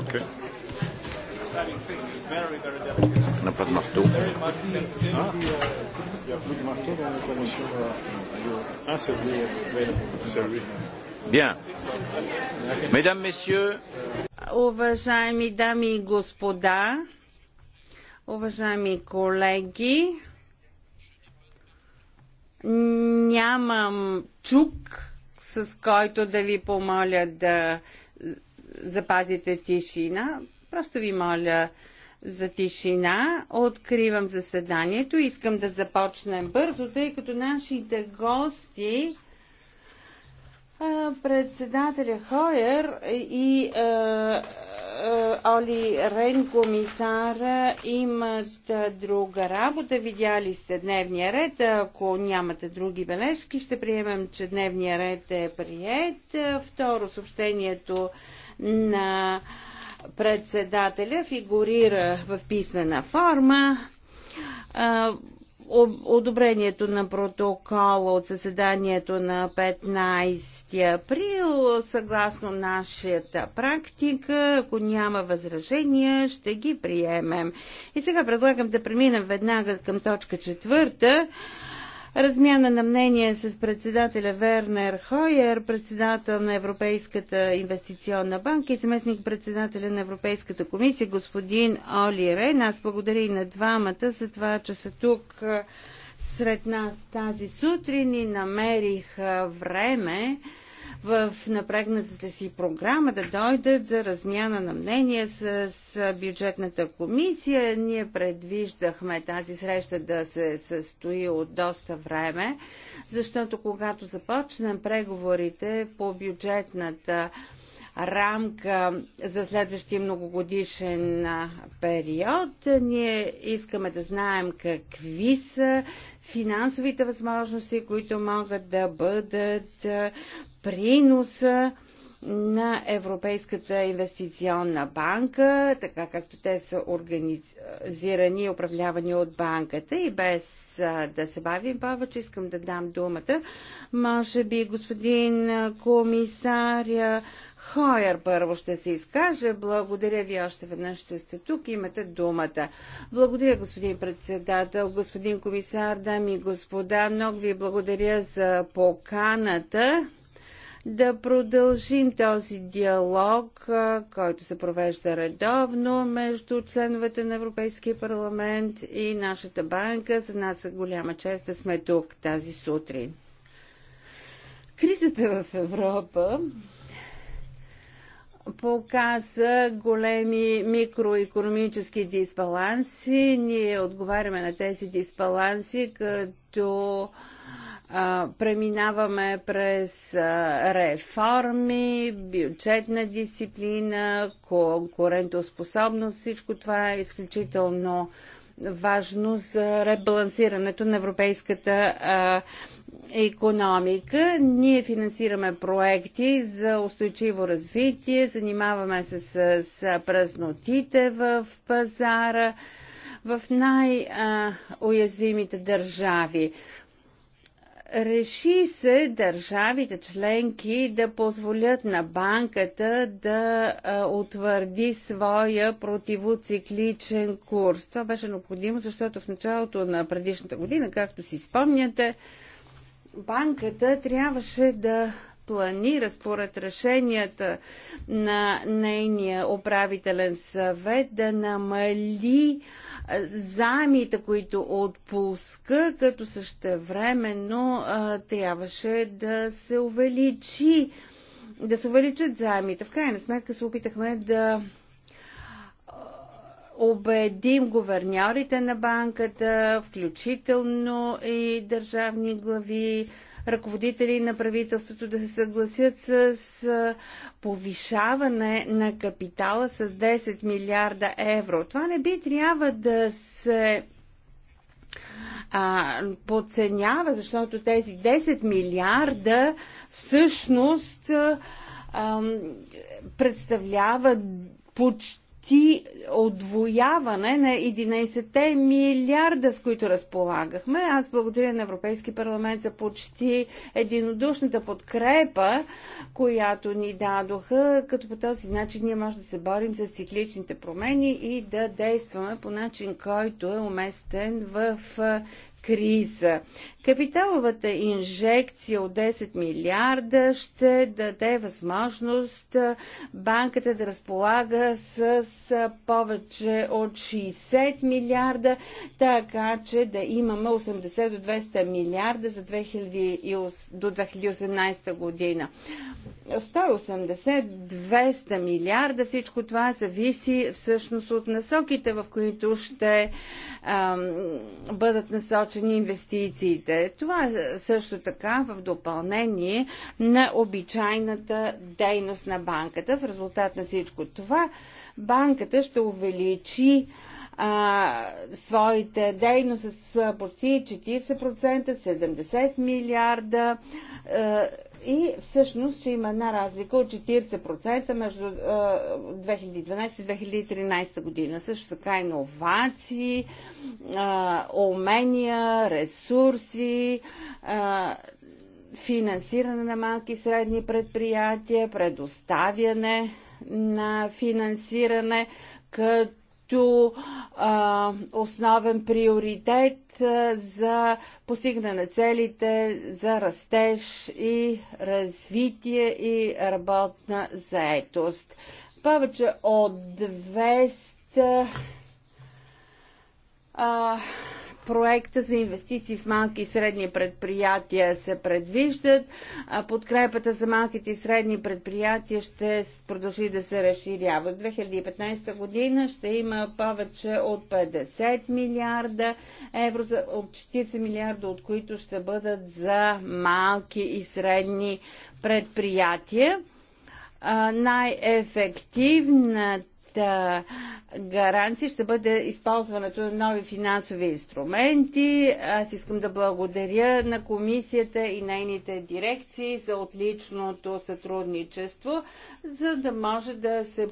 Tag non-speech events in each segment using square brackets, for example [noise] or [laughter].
Ok. On n'a pas de marteau. Il n'y a plus de marteau dans la commission. Ah, c'est lui. C'est lui. Bien. Mesdames, Messieurs. Уважаеми дами и господа, уважаеми колеги, нямам чук, с който да ви помоля да запазите тишина. Просто ви моля за тишина. Откривам заседанието. Искам да започнем бързо, тъй като нашите гости председателя Хойер и е, е, Оли Рен комисара имат друга работа. Видяли сте дневния ред. Ако нямате други бележки, ще приемем, че дневния ред е прият. Второ, съобщението на председателя фигурира в писмена форма. Одобрението на протокола от съседанието на 15 април, съгласно нашата практика, ако няма възражения, ще ги приемем. И сега предлагам да преминем веднага към точка четвърта размяна на мнение с председателя Вернер Хойер, председател на Европейската инвестиционна банка и заместник председателя на Европейската комисия господин Оли Рейн. Аз благодаря и на двамата за това, че са тук сред нас тази сутрин и намерих време в напрегнатата си програма да дойдат за размяна на мнение с, с бюджетната комисия. Ние предвиждахме тази среща да се състои от доста време, защото когато започнем преговорите по бюджетната рамка за следващия многогодишен период. Ние искаме да знаем какви са финансовите възможности, които могат да бъдат приноса на Европейската инвестиционна банка, така както те са организирани и управлявани от банката. И без да се бавим повече, искам да дам думата. Може би господин комисаря Хойер първо ще се изкаже. Благодаря ви още веднъж, че сте тук. Имате думата. Благодаря, господин председател, господин комисар, дами и господа. Много ви благодаря за поканата да продължим този диалог, който се провежда редовно между членовете на Европейския парламент и нашата банка. За нас е голяма чест да сме тук тази сутрин. Кризата в Европа показа големи микроекономически дисбаланси. Ние отговаряме на тези дисбаланси като преминаваме през реформи, бюджетна дисциплина, конкурентоспособност. Всичко това е изключително важно за ребалансирането на европейската економика. Ние финансираме проекти за устойчиво развитие, занимаваме се с, с празнотите в пазара, в най-уязвимите държави. Реши се държавите членки да позволят на банката да а, утвърди своя противоцикличен курс. Това беше необходимо, защото в началото на предишната година, както си спомняте, банката трябваше да планира според решенията на нейния управителен съвет да намали заемите, които отпуска, като същевременно трябваше да се увеличи да се увеличат заемите. В крайна сметка се опитахме да убедим говерньорите на банката, включително и държавни глави, ръководители на правителството да се съгласят с повишаване на капитала с 10 милиарда евро. Това не би трябва да се а, подценява, защото тези 10 милиарда всъщност а, представляват почти ти отвояване на 11 милиарда, с които разполагахме. Аз благодаря на Европейски парламент за почти единодушната подкрепа, която ни дадоха, като по този начин ние можем да се борим с цикличните промени и да действаме по начин, който е уместен в криза. Капиталовата инжекция от 10 милиарда ще даде възможност банката да разполага с повече от 60 милиарда, така че да имаме 80 до 200 милиарда за 2000, до 2018 година. 180-200 милиарда, всичко това зависи всъщност от насоките, в които ще ам, бъдат насочени насочени инвестициите. Това е също така в допълнение на обичайната дейност на банката. В резултат на всичко това банката ще увеличи а, своята дейност с почти 40%, 70 милиарда а, и всъщност ще има една разлика от 40% между 2012 и 2013 година. Също така иновации, умения, ресурси, финансиране на малки и средни предприятия, предоставяне на финансиране, като като а, основен приоритет а, за постигане на целите за растеж и развитие и работна заетост. Повече от 200 а, проекта за инвестиции в малки и средни предприятия се предвиждат. Подкрепата за малките и средни предприятия ще продължи да се разширява. В 2015 година ще има повече от 50 милиарда евро, от 40 милиарда, от които ще бъдат за малки и средни предприятия най-ефективната гаранция ще бъде използването на нови финансови инструменти. Аз искам да благодаря на комисията и нейните дирекции за отличното сътрудничество, за да може да се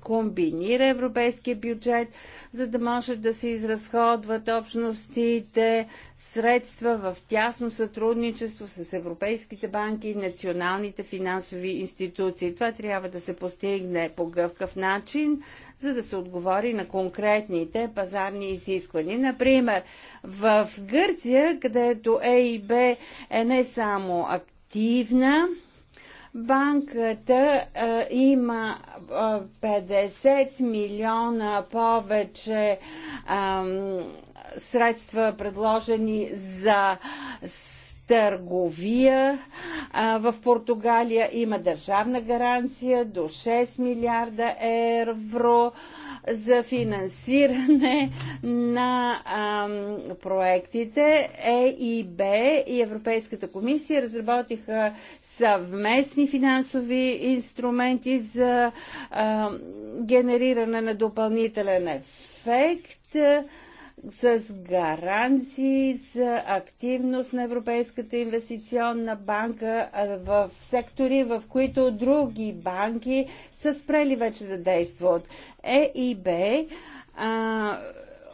комбинира европейския бюджет, за да може да се изразходват общностите средства в тясно сътрудничество с европейските банки и националните финансови институции. Това трябва да се постигне по гъвкав начин, за да се отговори на конкретните пазарни изисквания. Например, в Гърция, където ЕИБ е не само активна, банката а, има а, 50 милиона повече а, средства предложени за търговия. в Португалия има държавна гаранция до 6 милиарда евро за финансиране на а, проектите. Е и Европейската комисия разработиха съвместни финансови инструменти за а, генериране на допълнителен ефект с гаранции за активност на Европейската инвестиционна банка в сектори, в които други банки са спрели вече да действат. ЕИБ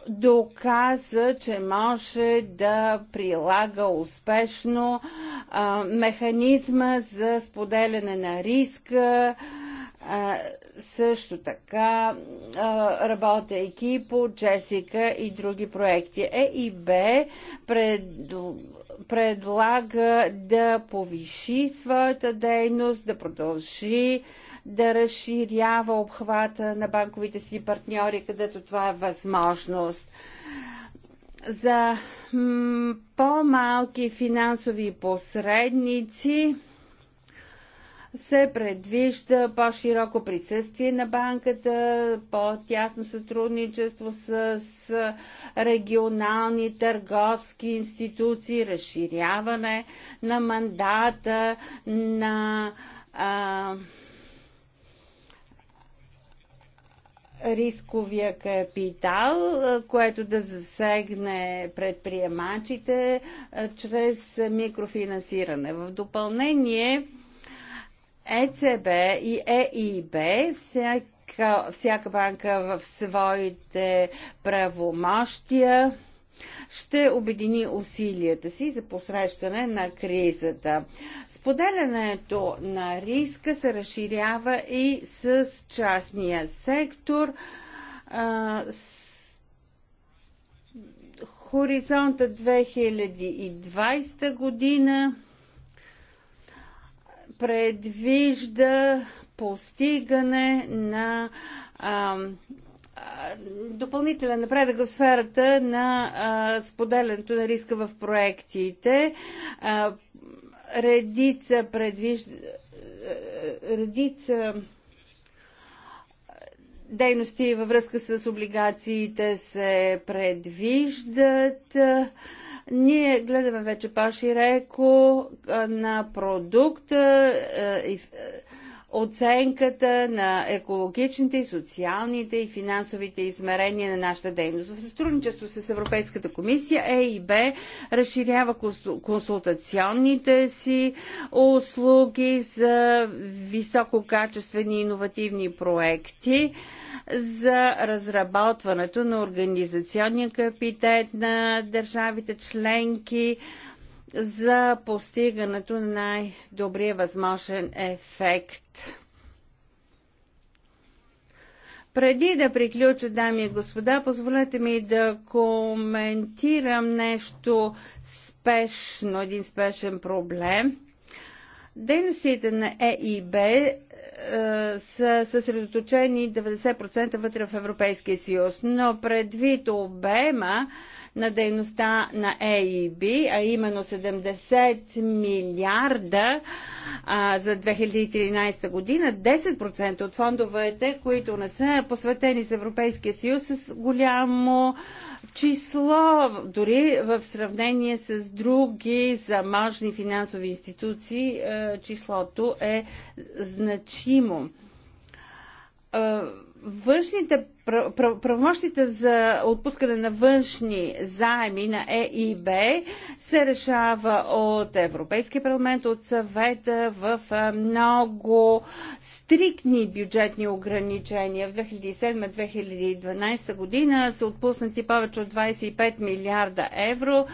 доказа, че може да прилага успешно а, механизма за споделяне на риска, а, а, също така а, работейки по Джесика и други проекти. Е и Б пред, предлага да повиши своята дейност, да продължи да разширява обхвата на банковите си партньори, където това е възможност за по-малки финансови посредници се предвижда по-широко присъствие на банката, по-тясно сътрудничество с, регионални търговски институции, разширяване на мандата на а, рисковия капитал, което да засегне предприемачите чрез микрофинансиране. В допълнение, ЕЦБ и ЕИБ, всяка, всяка банка в своите правомощия ще обедини усилията си за посрещане на кризата. Споделянето на риска се разширява и с частния сектор. А, с... Хоризонта 2020 година предвижда постигане на а, допълнителен напредък в сферата на а, споделянето на риска в проектите. А, редица предвижда редица дейности във връзка с облигациите се предвиждат. А, ние гледаме вече по реко на продукта и оценката на екологичните, социалните и финансовите измерения на нашата дейност. В сътрудничество с Европейската комисия ЕИБ разширява консултационните си услуги за висококачествени иновативни проекти за разработването на организационния капитет на държавите членки, за постигането на най-добрия възможен ефект. Преди да приключа, дами и господа, позволете ми да коментирам нещо спешно, един спешен проблем. Дейностите на ЕИБ е, са съсредоточени 90% вътре в Европейския съюз, но предвид обема, е, на дейността на ЕИБ, e а именно 70 милиарда а, за 2013 година. 10% от фондовете, които не са посветени с Европейския съюз, с голямо число, дори в сравнение с други замажни финансови институции, е, числото е значимо е, външните правомощите за отпускане на външни заеми на ЕИБ се решава от Европейския парламент, от съвета в много стриктни бюджетни ограничения. В 2007-2012 година са отпуснати повече от 25 милиарда евро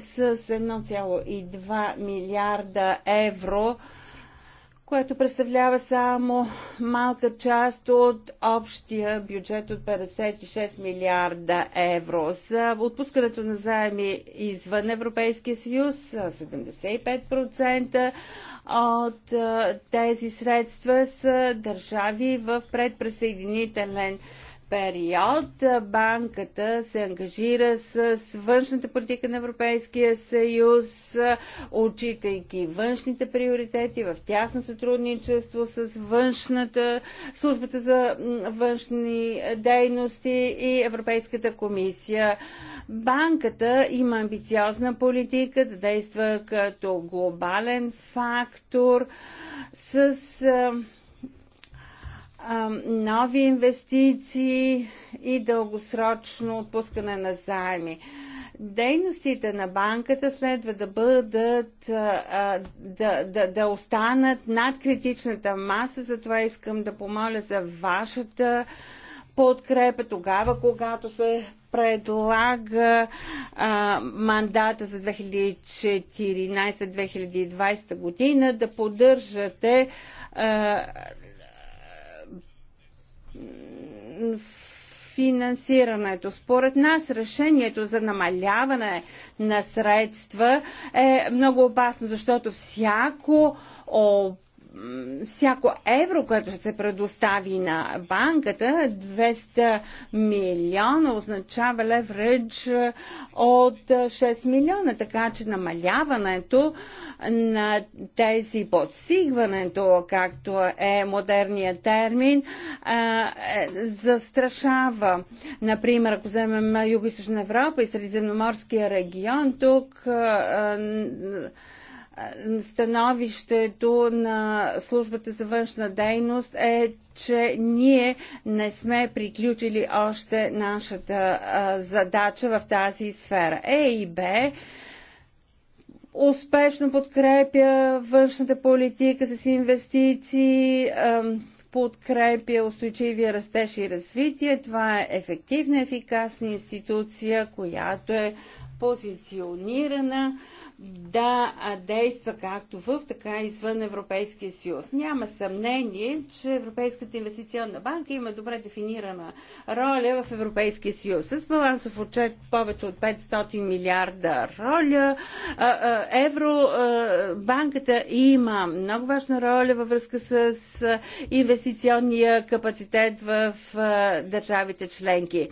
с 1,2 милиарда евро което представлява само малка част от общия бюджет от 56 милиарда евро. За отпускането на заеми извън Европейския съюз 75% от тези средства са държави в предпресъединителен период банката се ангажира с външната политика на Европейския съюз, отчитайки външните приоритети в тясно сътрудничество с външната службата за външни дейности и Европейската комисия. Банката има амбициозна политика да действа като глобален фактор с нови инвестиции и дългосрочно отпускане на заеми. Дейностите на банката следва да бъдат, да, да, да останат над критичната маса, затова искам да помоля за вашата подкрепа тогава, когато се предлага а, мандата за 2014-2020 година да поддържате а, финансирането. Според нас решението за намаляване на средства е много опасно, защото всяко всяко евро, което ще се предостави на банката, 200 милиона означава левредж от 6 милиона, така че намаляването на тези подсигването, както е модерният термин, е, застрашава. Например, ако вземем Юго-Источна Европа и Средиземноморския регион, тук становището на службата за външна дейност е, че ние не сме приключили още нашата а, задача в тази сфера. Е и Б успешно подкрепя външната политика с инвестиции, а, подкрепя устойчивия растеж и развитие. Това е ефективна, ефикасна институция, която е позиционирана. А, да действа както в, така и извън Европейския съюз. Няма съмнение, че Европейската инвестиционна банка има добре дефинирана роля в Европейския съюз. С балансов отчет повече от 500 милиарда роля, евро банката има много важна роля във връзка с инвестиционния капацитет в държавите членки.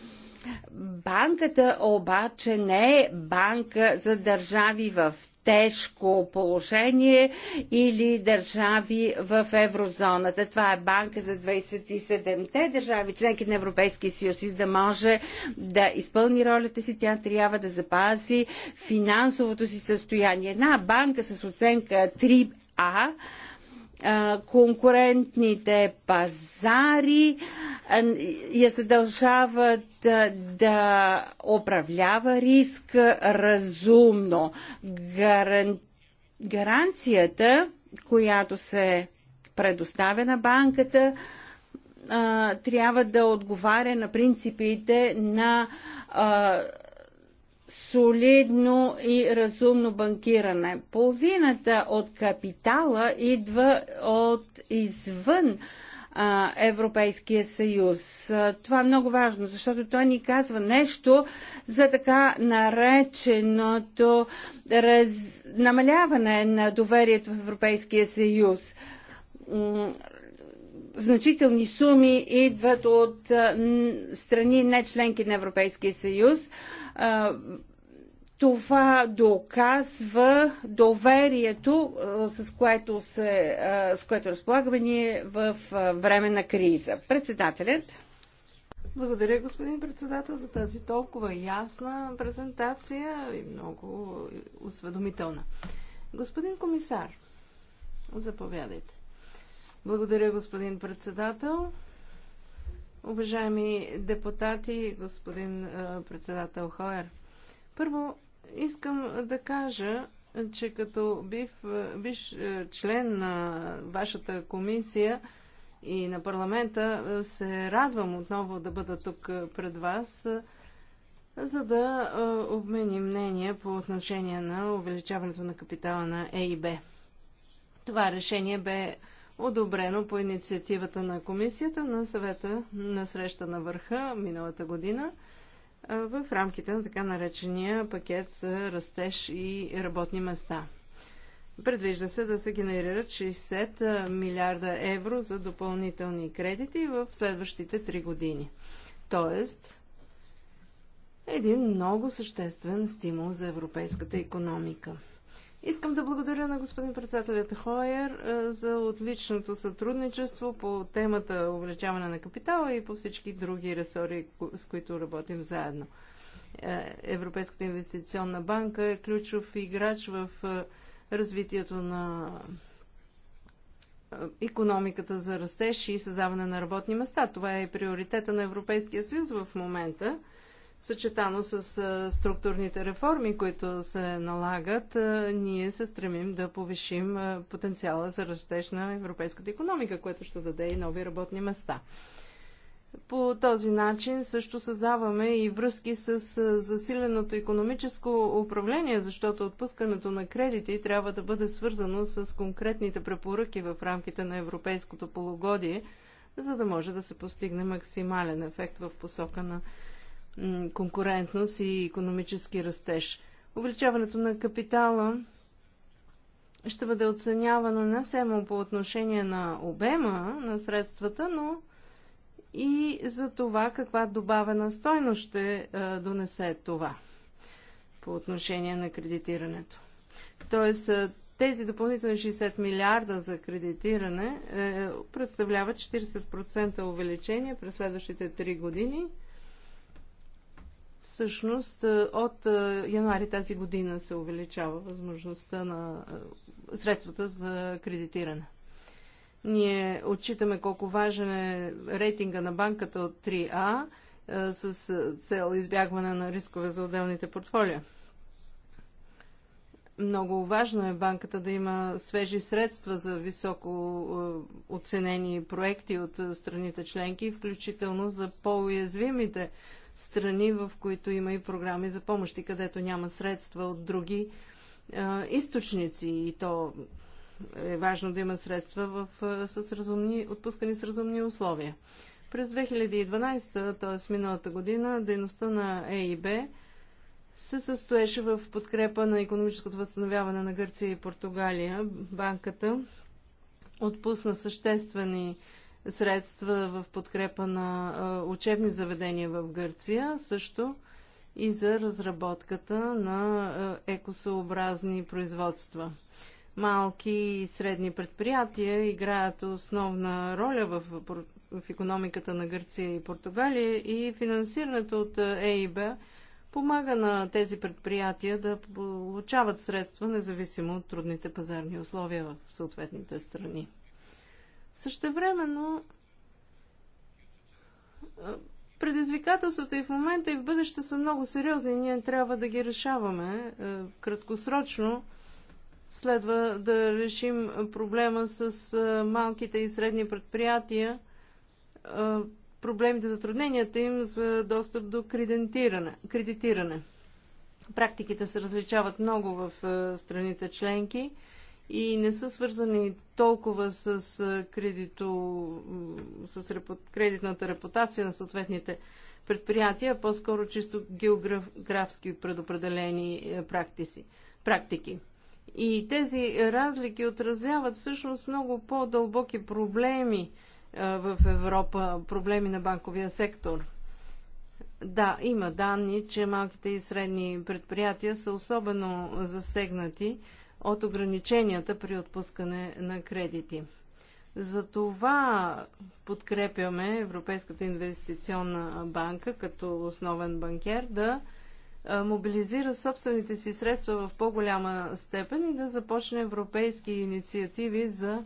Банката обаче не е банка за държави в тежко положение или държави в еврозоната. Това е банка за 27-те държави, членки на Европейския съюз. И за да може да изпълни ролята си, тя трябва да запази финансовото си състояние. Една банка с оценка 3А конкурентните пазари я задължават да управлява риск разумно. Гаран... Гаранцията, която се предоставя на банката, трябва да отговаря на принципите на солидно и разумно банкиране. Половината от капитала идва от извън а, Европейския съюз. Това е много важно, защото той ни казва нещо за така нареченото раз... намаляване на доверието в Европейския съюз значителни суми идват от страни не членки на Европейския съюз това доказва доверието, с което, се, с което разполагаме ние в време на криза. Председателят. Благодаря, господин председател, за тази толкова ясна презентация и много осведомителна. Господин комисар, заповядайте. Благодаря, господин председател уважаеми депутати, господин председател Хоер. Първо, искам да кажа, че като бив, биш член на вашата комисия и на парламента, се радвам отново да бъда тук пред вас, за да обменим мнение по отношение на увеличаването на капитала на ЕИБ. Това решение бе одобрено по инициативата на комисията на съвета на среща на върха миналата година в рамките на така наречения пакет за растеж и работни места. Предвижда се да се генерират 60 милиарда евро за допълнителни кредити в следващите 3 години. Тоест, един много съществен стимул за европейската економика. Искам да благодаря на господин председателят Хойер е, за отличното сътрудничество по темата увеличаване на капитала и по всички други ресори, с които работим заедно. Е, Европейската инвестиционна банка е ключов играч в е, развитието на економиката за растеж и създаване на работни места. Това е приоритета на Европейския съюз в момента – съчетано с структурните реформи, които се налагат, ние се стремим да повишим потенциала за растеж на европейската економика, което ще даде и нови работни места. По този начин също създаваме и връзки с засиленото економическо управление, защото отпускането на кредити трябва да бъде свързано с конкретните препоръки в рамките на европейското полугодие, за да може да се постигне максимален ефект в посока на конкурентност и економически растеж. Увеличаването на капитала ще бъде оценявано не само по отношение на обема на средствата, но и за това каква добавена стойност ще донесе това по отношение на кредитирането. Тоест, тези допълнителни 60 милиарда за кредитиране е, представляват 40% увеличение през следващите 3 години – Всъщност е, от е, януари тази година се увеличава възможността на е, средствата за кредитиране. Ние отчитаме колко важен е рейтинга на банката от 3А с цел избягване на рискове за отделните портфолия. Много важно е банката да има свежи средства за високо оценени проекти от страните членки, включително за по-уязвимите страни, в които има и програми за помощи, където няма средства от други а, източници. И то е важно да има средства в, с разумни, отпускани с разумни условия. През 2012, т.е. миналата година, дейността на ЕИБ се състоеше в подкрепа на економическото възстановяване на Гърция и Португалия. Банката отпусна съществени средства в подкрепа на учебни заведения в Гърция, също и за разработката на екосъобразни производства. Малки и средни предприятия играят основна роля в, в економиката на Гърция и Португалия и финансирането от ЕИБ помага на тези предприятия да получават средства, независимо от трудните пазарни условия в съответните страни. Същевременно предизвикателствата и в момента и в бъдеще са много сериозни. Ние трябва да ги решаваме краткосрочно. Следва да решим проблема с малките и средни предприятия, проблемите, затрудненията им за достъп до кредитиране. Практиките се различават много в страните членки и не са свързани толкова с, кредито, с репу, кредитната репутация на съответните предприятия, по-скоро чисто географски предопределени е, практици, практики. И тези разлики отразяват всъщност много по-дълбоки проблеми е, в Европа, проблеми на банковия сектор. Да, има данни, че малките и средни предприятия са особено засегнати от ограниченията при отпускане на кредити. Затова подкрепяме Европейската инвестиционна банка като основен банкер да мобилизира собствените си средства в по-голяма степен и да започне европейски инициативи за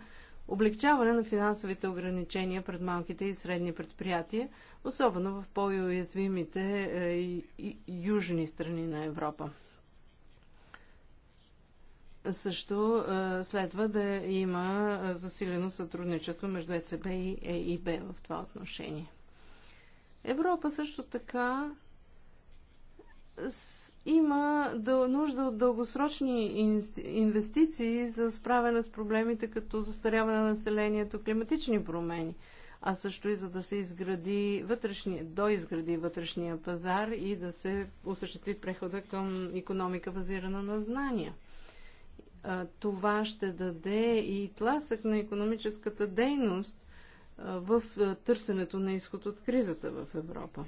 облегчаване на финансовите ограничения пред малките и средни предприятия, особено в по-уязвимите е, южни страни на Европа също е, следва да има е, засилено сътрудничество между ЕЦБ и ЕИБ в това отношение. Европа също така има нужда от дългосрочни инвестиции за справяне с проблемите като застаряване на населението, климатични промени, а също и за да се изгради вътрешния, доизгради вътрешния пазар и да се осъществи прехода към економика базирана на знания – това ще даде и тласък на економическата дейност в търсенето на изход от кризата в Европа.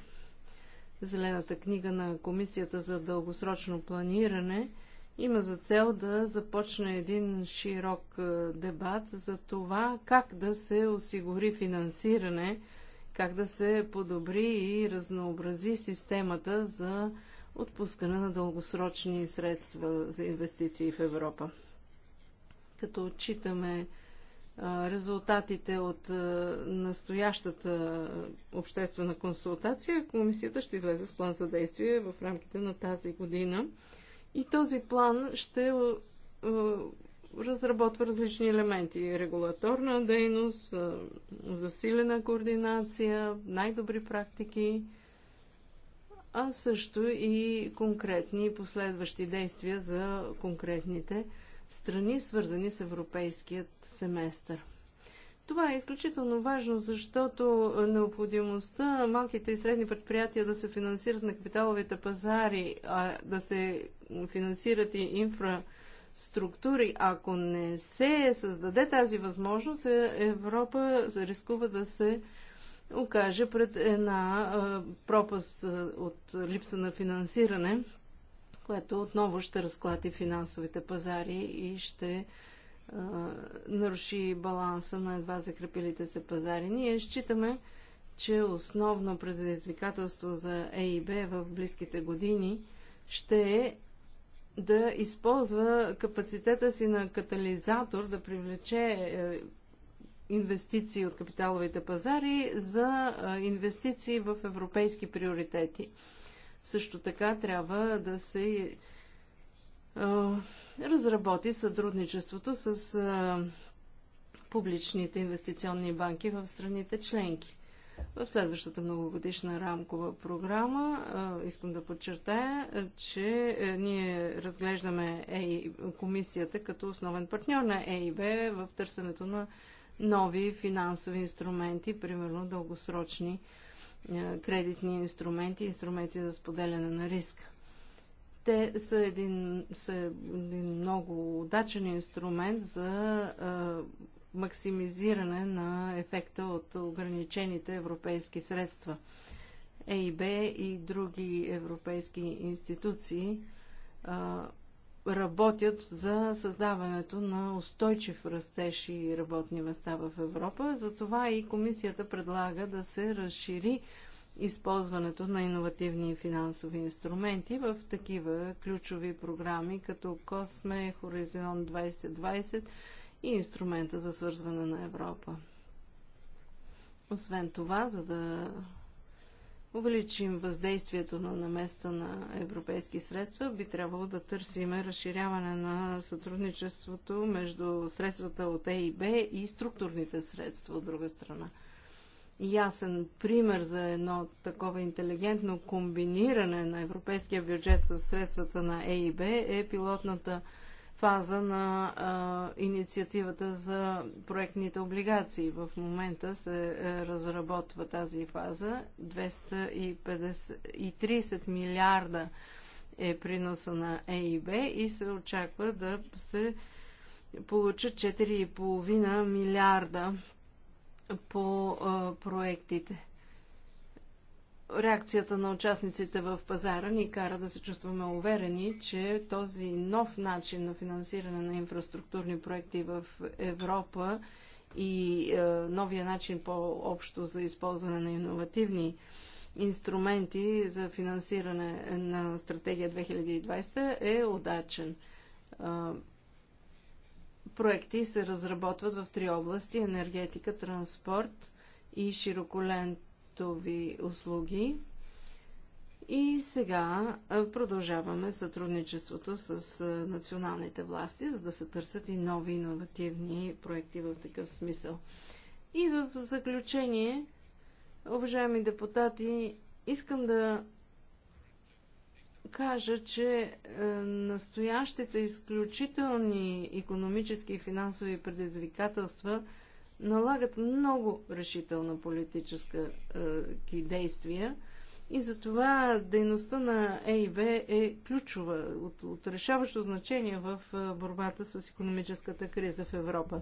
Зелената книга на Комисията за дългосрочно планиране има за цел да започне един широк дебат за това как да се осигури финансиране, как да се подобри и разнообрази системата за отпускане на дългосрочни средства за инвестиции в Европа като отчитаме резултатите от настоящата обществена консултация, комисията ще излезе с план за действие в рамките на тази година. И този план ще разработва различни елементи. Регулаторна дейност, засилена координация, най-добри практики, а също и конкретни последващи действия за конкретните страни, свързани с европейският семестър. Това е изключително важно, защото необходимостта малките и средни предприятия да се финансират на капиталовите пазари, а да се финансират и инфраструктури, ако не се създаде тази възможност, е, Европа рискува да се окаже пред една пропаст от липса на финансиране което отново ще разклати финансовите пазари и ще а, наруши баланса на едва закрепилите се пазари. Ние считаме, че основно предизвикателство за ЕИБ в близките години ще е да използва капацитета си на катализатор, да привлече е, инвестиции от капиталовите пазари за е, инвестиции в европейски приоритети. Също така трябва да се разработи сътрудничеството с публичните инвестиционни банки в страните членки. В следващата многогодишна рамкова програма искам да подчертая, че ние разглеждаме е комисията като основен партньор на ЕИБ в търсенето на нови финансови инструменти, примерно дългосрочни е, кредитни инструменти, инструменти за споделяне на риска. Те са един, са един много удачен инструмент за а, е, максимизиране на ефекта от ограничените европейски средства. ЕИБ и други европейски институции а, е, работят за създаването на устойчив растеж и работни места в Европа. Затова и комисията предлага да се разшири използването на иновативни финансови инструменти в такива ключови програми, като Косме, Хоризонт 2020 и инструмента за свързване на Европа. Освен това, за да увеличим въздействието на наместа на европейски средства, би трябвало да търсиме разширяване на сътрудничеството между средствата от ЕИБ и структурните средства от друга страна. Ясен пример за едно такова интелигентно комбиниране на европейския бюджет с средствата на ЕИБ е пилотната фаза на а, инициативата за проектните облигации. В момента се е, разработва тази фаза. 230 милиарда е приноса на ЕИБ и се очаква да се получат 4,5 милиарда по а, проектите реакцията на участниците в пазара ни кара да се чувстваме уверени, че този нов начин на финансиране на инфраструктурни проекти в Европа и е, новия начин по-общо за използване на иновативни инструменти за финансиране на стратегия 2020 е удачен. Е, проекти се разработват в три области енергетика, транспорт и широколент продуктови услуги. И сега продължаваме сътрудничеството с националните власти, за да се търсят и нови иновативни проекти в такъв смисъл. И в заключение, уважаеми депутати, искам да кажа, че настоящите изключителни економически и финансови предизвикателства – налагат много решителна политическа е, действия и затова дейността на ЕИБ е ключова, от, от решаващо значение в е, борбата с економическата криза в Европа.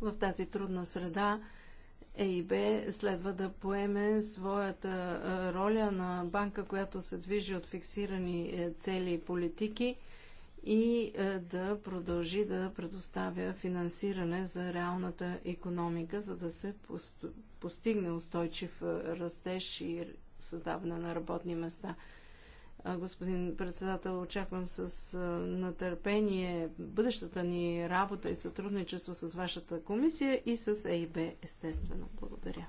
В тази трудна среда ЕИБ следва да поеме своята е, роля на банка, която се движи от фиксирани е, цели и политики – и е, да продължи да предоставя финансиране за реалната економика, за да се постигне устойчив е, растеж и създаване на работни места. Господин председател, очаквам с е, натърпение бъдещата ни работа и сътрудничество с вашата комисия и с ЕИБ, естествено. Благодаря.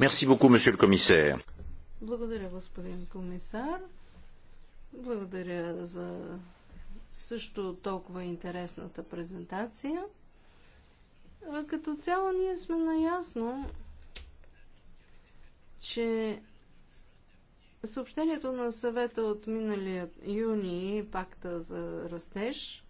Merci beaucoup, monsieur le commissaire. Благодаря, господин комисар. Благодаря за също толкова интересната презентация. Като цяло ние сме наясно, че съобщението на съвета от миналия юни, пакта за растеж,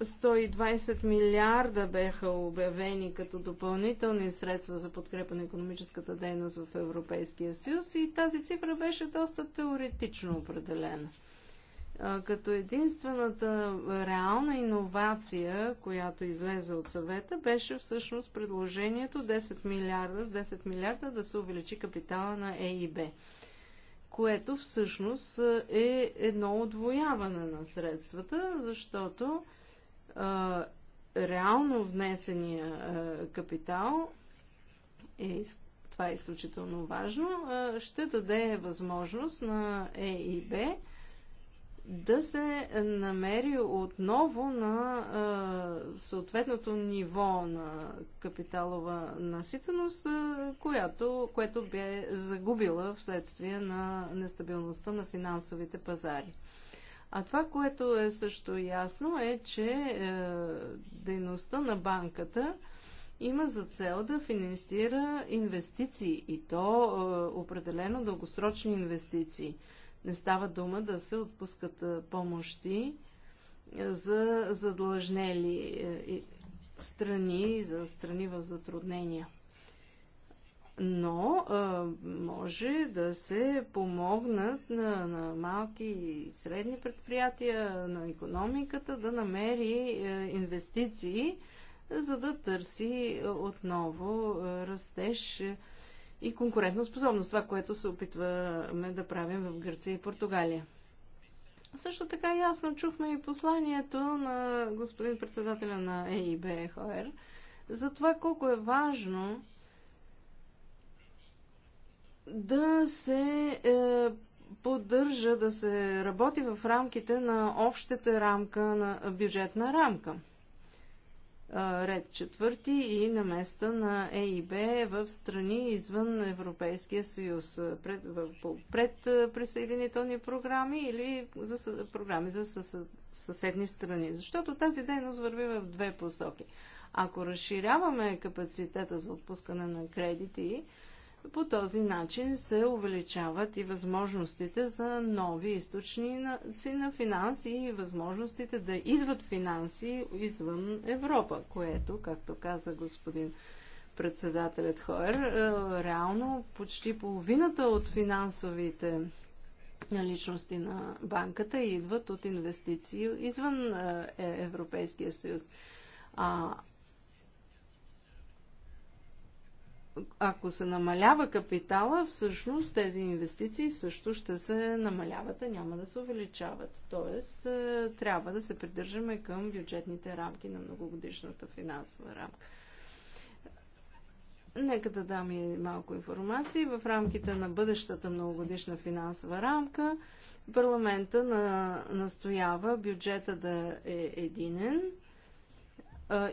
120 милиарда беха обявени като допълнителни средства за подкрепа на економическата дейност в Европейския съюз и тази цифра беше доста теоретично определена – като единствената реална иновация, която излезе от съвета, беше всъщност предложението 10 милиарда с 10 милиарда да се увеличи капитала на ЕИБ, което всъщност е едно отвояване на средствата, защото а, реално внесения а, капитал е това е изключително важно, а, ще даде възможност на ЕИБ да се намери отново на а, съответното ниво на капиталова наситеност, а, която, което бе загубила вследствие на нестабилността на финансовите пазари. А това, което е също ясно, е, че е, дейността на банката има за цел да финансира инвестиции и то е, определено дългосрочни инвестиции – не става дума да се отпускат помощи за задлъжнели е, страни, за страни в затруднения. Но а, може да се помогнат на, на малки и средни предприятия, на економиката да намери а, е, инвестиции, за да търси отново растеж. А, и конкурентна способност, това, което се опитваме да правим в Гърция и Португалия. Също така ясно чухме и посланието на господин председателя на ЕИБ ХОР за това колко е важно да се е, поддържа, да се работи в рамките на общата рамка на бюджетна рамка ред четвърти и на места на Б в страни извън Европейския съюз, пред, пред присъединителни програми или за, програми за със, съседни страни. Защото тази дейност върви в две посоки. Ако разширяваме капацитета за отпускане на кредити, по този начин се увеличават и възможностите за нови източници на финанси и възможностите да идват финанси извън Европа, което, както каза господин председателят Хоер, е, реално почти половината от финансовите наличности на банката идват от инвестиции извън е, Европейския съюз. А ако се намалява капитала, всъщност тези инвестиции също ще се намаляват, а няма да се увеличават. Тоест, е, трябва да се придържаме към бюджетните рамки на многогодишната финансова рамка. Нека да дам и малко информации. В рамките на бъдещата многогодишна финансова рамка парламента на, настоява бюджета да е единен,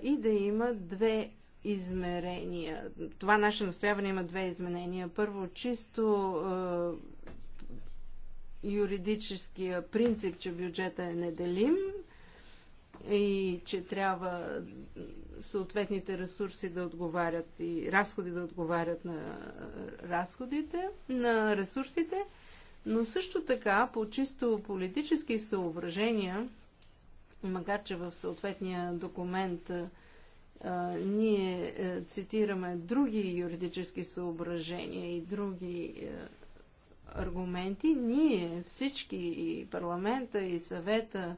и да има две измерения. Това наше настояване има две изменения. Първо, чисто е, юридическия принцип, че бюджета е неделим и че трябва съответните ресурси да отговарят и разходи да отговарят на разходите, на ресурсите, но също така по чисто политически съображения, макар че в съответния документ е, ние е, цитираме други юридически съображения и други е, аргументи, ние всички и парламента, и съвета,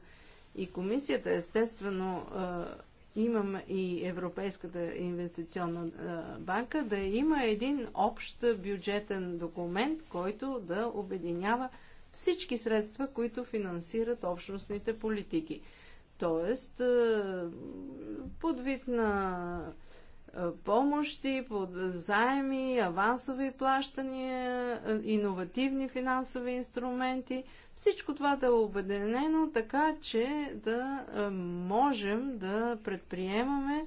и комисията, естествено, е, имаме и Европейската инвестиционна банка, да има един общ бюджетен документ, който да обединява всички средства, които финансират общностните политики. Тоест, под вид на помощи, под заеми, авансови плащания, иновативни финансови инструменти. Всичко това да е обединено така, че да можем да предприемаме,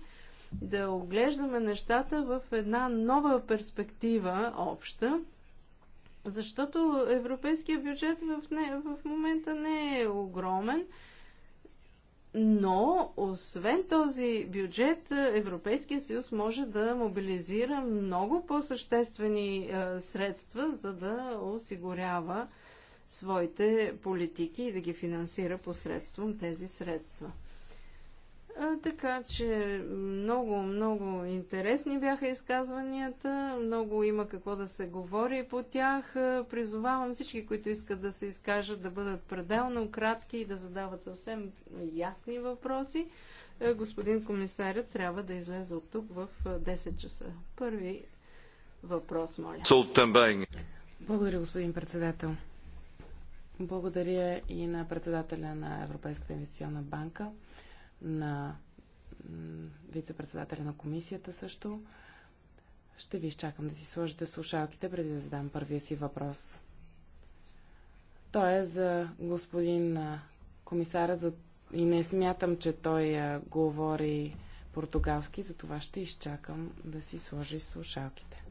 да оглеждаме нещата в една нова перспектива обща, защото европейския бюджет в, не, в момента не е огромен – но, освен този бюджет, Европейския съюз може да мобилизира много по-съществени е, средства, за да осигурява своите политики и да ги финансира посредством тези средства. Така че много, много интересни бяха изказванията, много има какво да се говори по тях. Призовавам всички, които искат да се изкажат, да бъдат пределно кратки и да задават съвсем ясни въпроси. Господин комисарят трябва да излезе от тук в 10 часа. Първи въпрос, моля. Благодаря, господин председател. Благодаря и на председателя на Европейската инвестиционна банка на вице-председателя на комисията също. Ще ви изчакам да си сложите слушалките, преди да задам първия си въпрос. Той е за господин комисара за... и не смятам, че той говори португалски, затова ще изчакам да си сложи слушалките.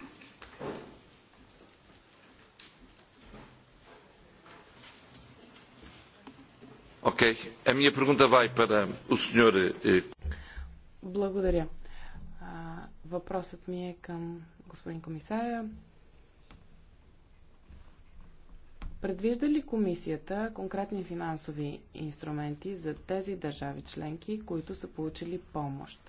Ok. A minha pergunta vai para o senhor. Eh, Благодаря. Въпросът ми е към господин комисаря. Предвижда ли комисията конкретни финансови инструменти за тези държави членки, които са получили помощ?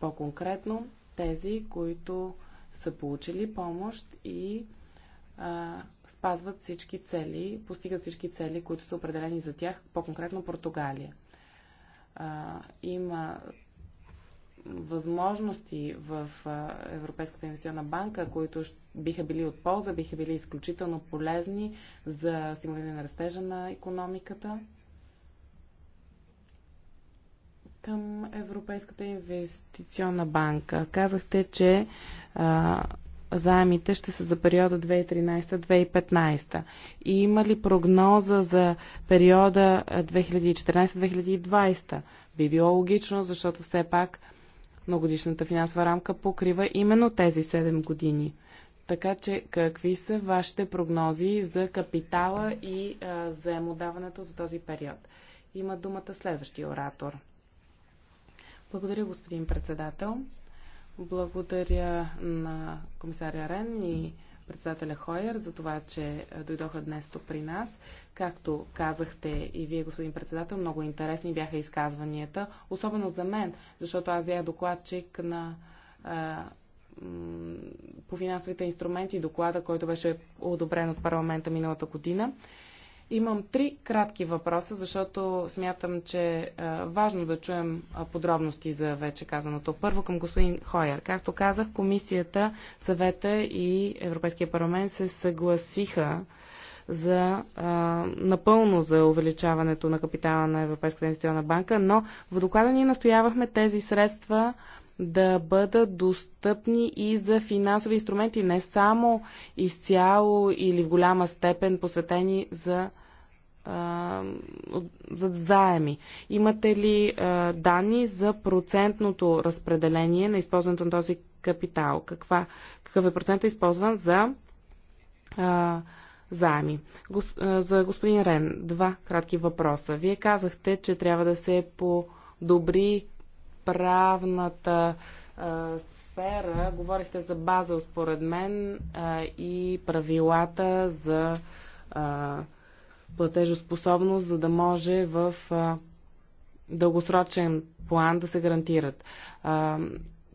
По-конкретно тези, които са получили помощ и спазват всички цели, постигат всички цели, които са определени за тях, по-конкретно Португалия. А, има възможности в Европейската инвестиционна банка, които биха били от полза, биха били изключително полезни за стимулиране на растежа на економиката. Към Европейската инвестиционна банка. Казахте, че а, заемите ще са за периода 2013-2015? И има ли прогноза за периода 2014-2020? Би било логично, защото все пак многодишната финансова рамка покрива именно тези 7 години. Така че какви са вашите прогнози за капитала и а, заемодаването за този период? Има думата следващия оратор. Благодаря, господин председател. Благодаря на комисаря Рен и председателя Хойер за това, че дойдоха днес тук при нас. Както казахте и вие, господин председател, много интересни бяха изказванията, особено за мен, защото аз бях докладчик на по финансовите инструменти доклада, който беше одобрен от парламента миналата година. Имам три кратки въпроса, защото смятам, че е важно да чуем подробности за вече казаното. Първо към господин Хойер. Както казах, комисията, съвета и Европейския парламент се съгласиха за а, напълно за увеличаването на капитала на Европейската инвестиционна банка, но в доклада ние настоявахме тези средства да бъдат достъпни и за финансови инструменти, не само изцяло или в голяма степен посветени за за заеми. Имате ли а, данни за процентното разпределение на използването на този капитал? Каква, какъв е процентът използван за а, заеми? Гос, а, за господин Рен, два кратки въпроса. Вие казахте, че трябва да се подобри правната а, сфера, говорихте за база, според мен, а, и правилата за а, платежоспособност, за да може в а, дългосрочен план да се гарантират. А,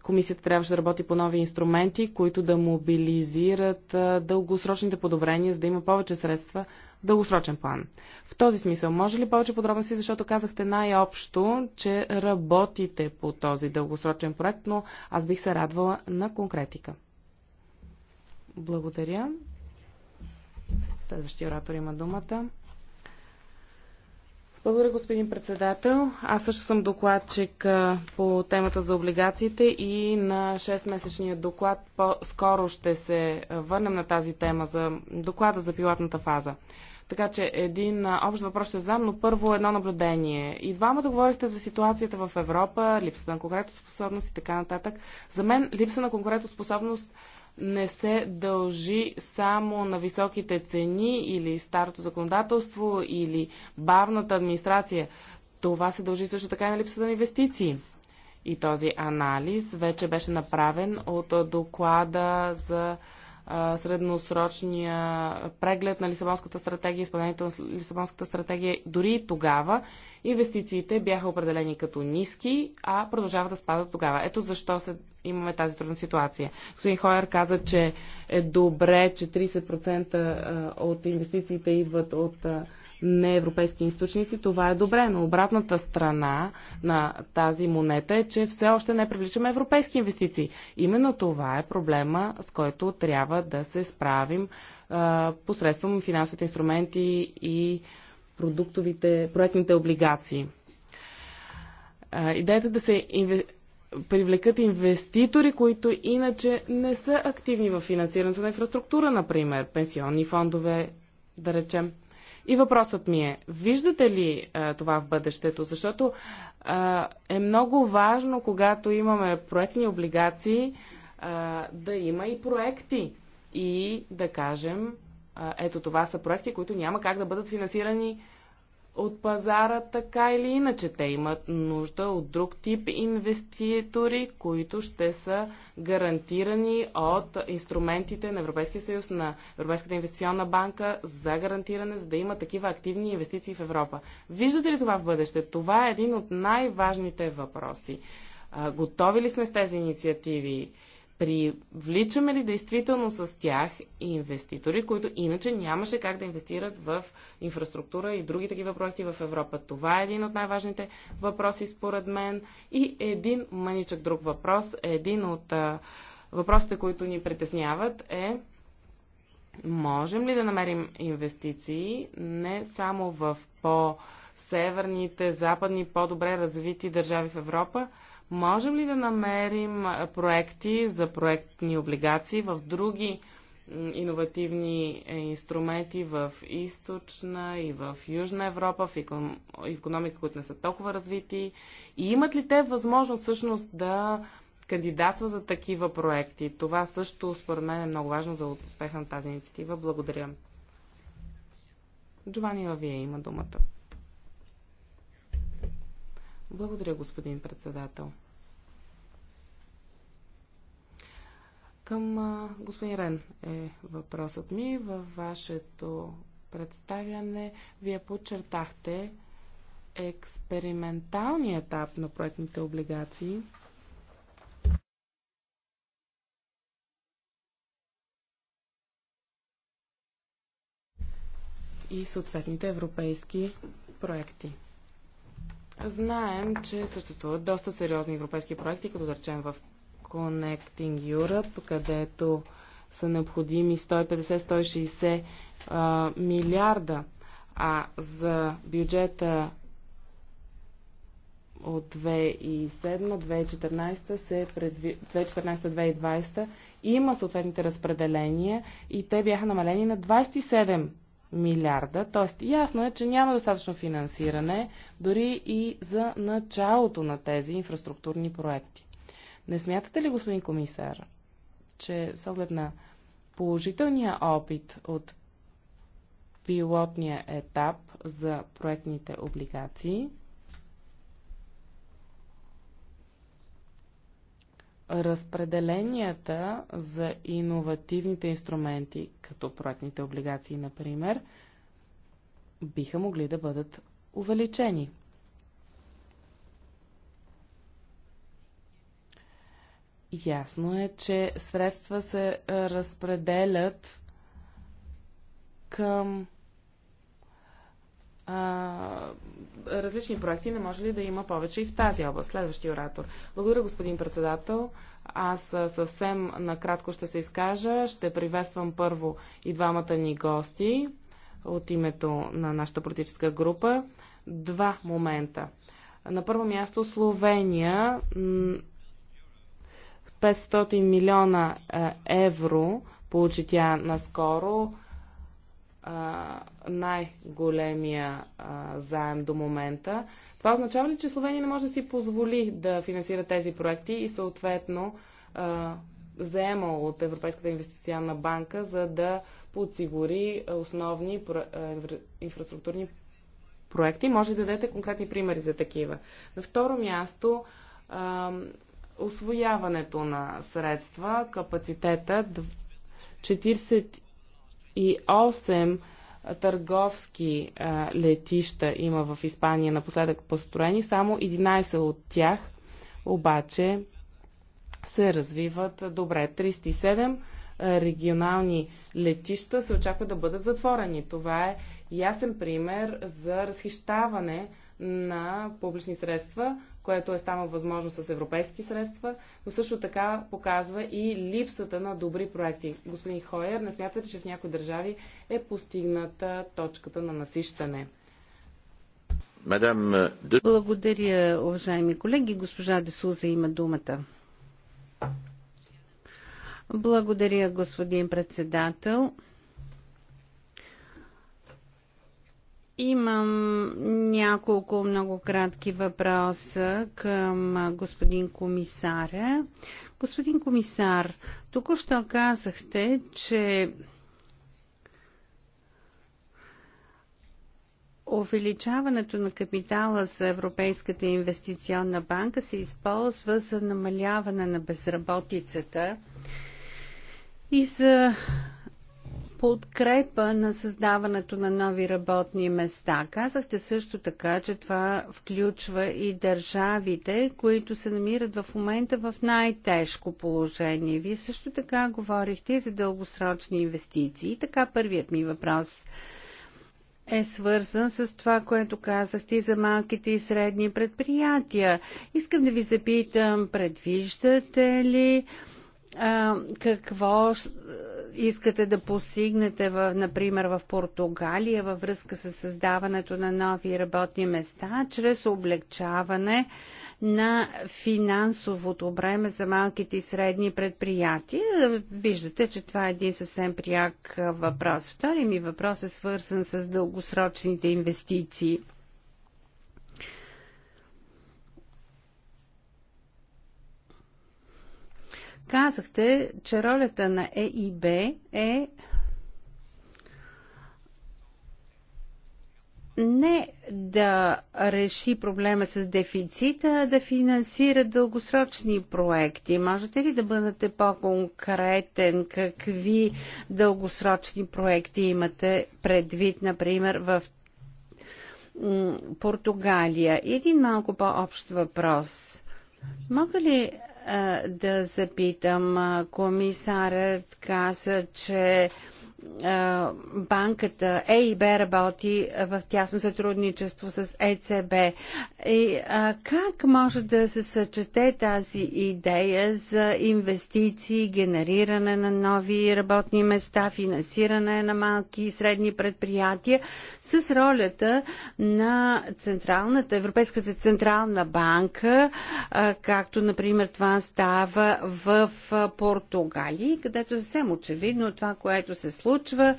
комисията трябваше да работи по нови инструменти, които да мобилизират а, дългосрочните подобрения, за да има повече средства дългосрочен план. В този смисъл, може ли повече подробности, защото казахте най-общо, че работите по този дългосрочен проект, но аз бих се радвала на конкретика. Благодаря. Следващия оратор има думата. Благодаря, господин председател. Аз също съм докладчик по темата за облигациите и на 6-месечния доклад по-скоро ще се върнем на тази тема за доклада за пилотната фаза. Така че един общ въпрос ще задам, но първо едно наблюдение. И двама да говорихте за ситуацията в Европа, липсата на способност и така нататък. За мен липса на способност не се дължи само на високите цени или старото законодателство или бавната администрация. Това се дължи също така и на липсата на инвестиции. И този анализ вече беше направен от доклада за средносрочния преглед на Лисабонската стратегия, изпълнението на Лисабонската стратегия, дори тогава инвестициите бяха определени като ниски, а продължават да спадат тогава. Ето защо се, имаме тази трудна ситуация. Господин Хойер каза, че е добре, че 30% от инвестициите идват от неевропейски източници, това е добре, но обратната страна на тази монета е, че все още не привличаме европейски инвестиции. Именно това е проблема, с който трябва да се справим а, посредством финансовите инструменти и продуктовите, проектните облигации. А, идеята да се инве... привлекат инвеститори, които иначе не са активни в финансирането на инфраструктура, например, пенсионни фондове, да речем. И въпросът ми е, виждате ли а, това в бъдещето? Защото а, е много важно, когато имаме проектни облигации, а, да има и проекти. И да кажем, а, ето това са проекти, които няма как да бъдат финансирани от пазара, така или иначе. Те имат нужда от друг тип инвеститори, които ще са гарантирани от инструментите на Европейския съюз, на Европейската инвестиционна банка за гарантиране, за да има такива активни инвестиции в Европа. Виждате ли това в бъдеще? Това е един от най-важните въпроси. Готови ли сме с тези инициативи? привличаме ли действително с тях инвеститори, които иначе нямаше как да инвестират в инфраструктура и други такива проекти в Европа. Това е един от най-важните въпроси според мен. И един мъничък друг въпрос, един от а, въпросите, които ни притесняват е можем ли да намерим инвестиции не само в по-северните, западни, по-добре развити държави в Европа, Можем ли да намерим проекти за проектни облигации в други иновативни е, инструменти в източна и в южна Европа, в економика, които не са толкова развити? И имат ли те възможност всъщност да кандидатства за такива проекти? Това също според мен е много важно за успеха на тази инициатива. Благодаря. Джовани вие има думата. Благодаря, господин председател. Към а, господин Рен е въпросът ми. Във вашето представяне вие подчертахте експерименталния етап на проектните облигации. и съответните европейски проекти. Знаем, че съществуват доста сериозни европейски проекти, като да речем в Connecting Europe, където са необходими 150-160 милиарда, а за бюджета от 2007-2014 се предви... 2014-2020 има съответните разпределения и те бяха намалени на 27 милиарда. Тоест, ясно е, че няма достатъчно финансиране дори и за началото на тези инфраструктурни проекти. Не смятате ли, господин комисар, че с оглед на положителния опит от пилотния етап за проектните облигации, разпределенията за иновативните инструменти, като проектните облигации, например, биха могли да бъдат увеличени. Ясно е, че средства се разпределят към а, различни проекти, не може ли да има повече и в тази област? Следващия оратор. Благодаря, господин председател. Аз съвсем накратко ще се изкажа. Ще приветствам първо и двамата ни гости от името на нашата политическа група. Два момента. На първо място Словения 500 милиона евро получи тя наскоро най-големия заем до момента. Това означава ли, че Словения не може да си позволи да финансира тези проекти и съответно а, заема от Европейската инвестиционна банка, за да подсигури основни инфраструктурни проекти? Може да дадете конкретни примери за такива. На второ място, освояването на средства, капацитета 40 28 търговски а, летища има в Испания напоследък построени, само 11 от тях обаче се развиват добре. 37 регионални летища се очаква да бъдат затворени. Това е ясен пример за разхищаване на публични средства което е станало възможно с европейски средства, но също така показва и липсата на добри проекти. Господин Хойер, не смятате, че в някои държави е постигната точката на насищане? Мадам... Благодаря, уважаеми колеги. Госпожа Десуза има думата. Благодаря, господин председател. Имам няколко много кратки въпроса към господин комисаря. Господин комисар, току-що казахте, че увеличаването на капитала за Европейската инвестиционна банка се използва за намаляване на безработицата и за подкрепа на създаването на нови работни места. Казахте също така, че това включва и държавите, които се намират в момента в най-тежко положение. Вие също така говорихте и за дългосрочни инвестиции. Така първият ми въпрос е свързан с това, което казахте за малките и средни предприятия. Искам да ви запитам, предвиждате ли а, какво искате да постигнете, в, например, в Португалия във връзка с създаването на нови работни места, чрез облегчаване на финансовото време за малките и средни предприятия. Виждате, че това е един съвсем пряк въпрос. Втори ми въпрос е свързан с дългосрочните инвестиции. Казахте, че ролята на ЕИБ е не да реши проблема с дефицита, а да финансира дългосрочни проекти. Можете ли да бъдете по-конкретен? Какви дългосрочни проекти имате предвид, например, в Португалия? Един малко по-общ въпрос. Мога ли е, да запитам. Комисарът каза, че банката ЕИБ работи в тясно сътрудничество с ЕЦБ. И а, как може да се съчете тази идея за инвестиции, генериране на нови работни места, финансиране на малки и средни предприятия с ролята на Централната, Европейската Централна банка, а, както, например, това става в Португалия, където е съвсем очевидно това, което се случва, случва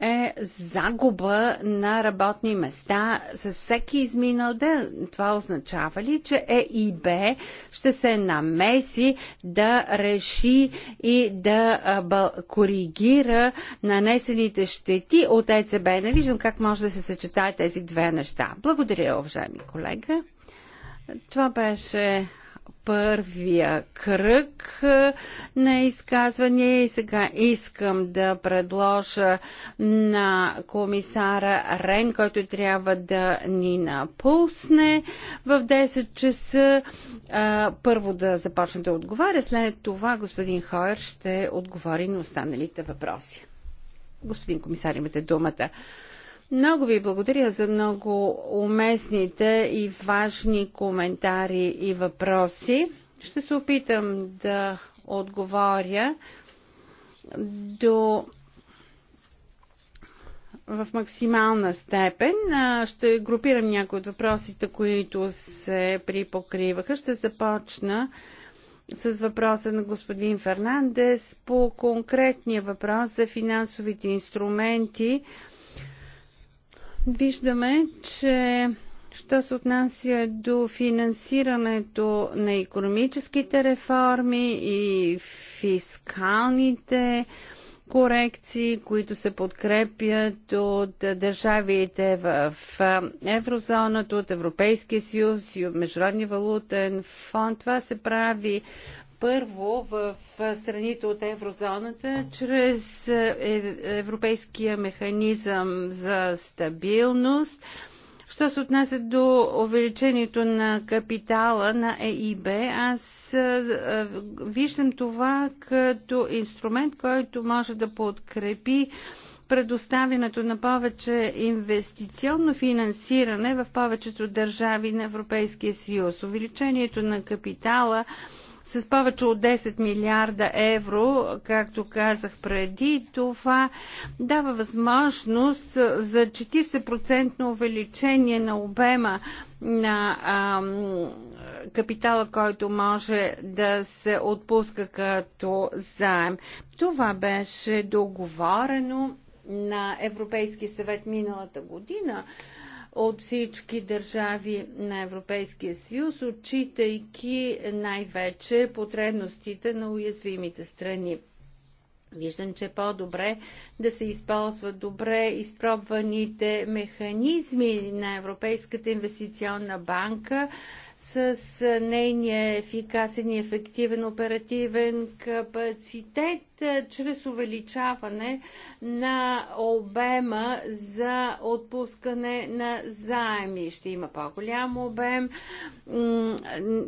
е загуба на работни места с всеки изминал ден. Това означава ли, че Е и Б, ще се намеси да реши и да коригира нанесените щети от ЕЦБ? Не виждам как може да се съчетаят тези две неща. Благодаря, уважаеми колега. Това беше първия кръг е, на изказвания и сега искам да предложа на комисара Рен, който трябва да ни напусне в 10 часа. Е, първо да започне да отговаря, след това господин Хойер ще отговори на останалите въпроси. Господин комисар, имате думата. Много ви благодаря за много уместните и важни коментари и въпроси. Ще се опитам да отговоря до в максимална степен. Ще групирам някои от въпросите, които се припокриваха. Ще започна с въпроса на господин Фернандес по конкретния въпрос за финансовите инструменти Виждаме, че що се отнася до финансирането на економическите реформи и фискалните корекции, които се подкрепят от държавите в еврозоната, от Европейския съюз и от Международния валутен фонд. Това се прави първо в страните от еврозоната чрез е, Европейския механизъм за стабилност. Що се отнася до увеличението на капитала на ЕИБ, аз виждам това като инструмент, който може да подкрепи предоставянето на повече инвестиционно финансиране в повечето държави на Европейския съюз. Увеличението на капитала с повече от 10 милиарда евро, както казах преди, това дава възможност за 40% увеличение на обема на а, капитала, който може да се отпуска като заем. Това беше договорено на Европейски съвет миналата година от всички държави на Европейския съюз, отчитайки най-вече потребностите на уязвимите страни. Виждам, че е по-добре да се използват добре изпробваните механизми на Европейската инвестиционна банка, с нейния ефикасен и ефективен оперативен капацитет чрез увеличаване на обема за отпускане на заеми. Ще има по-голям обем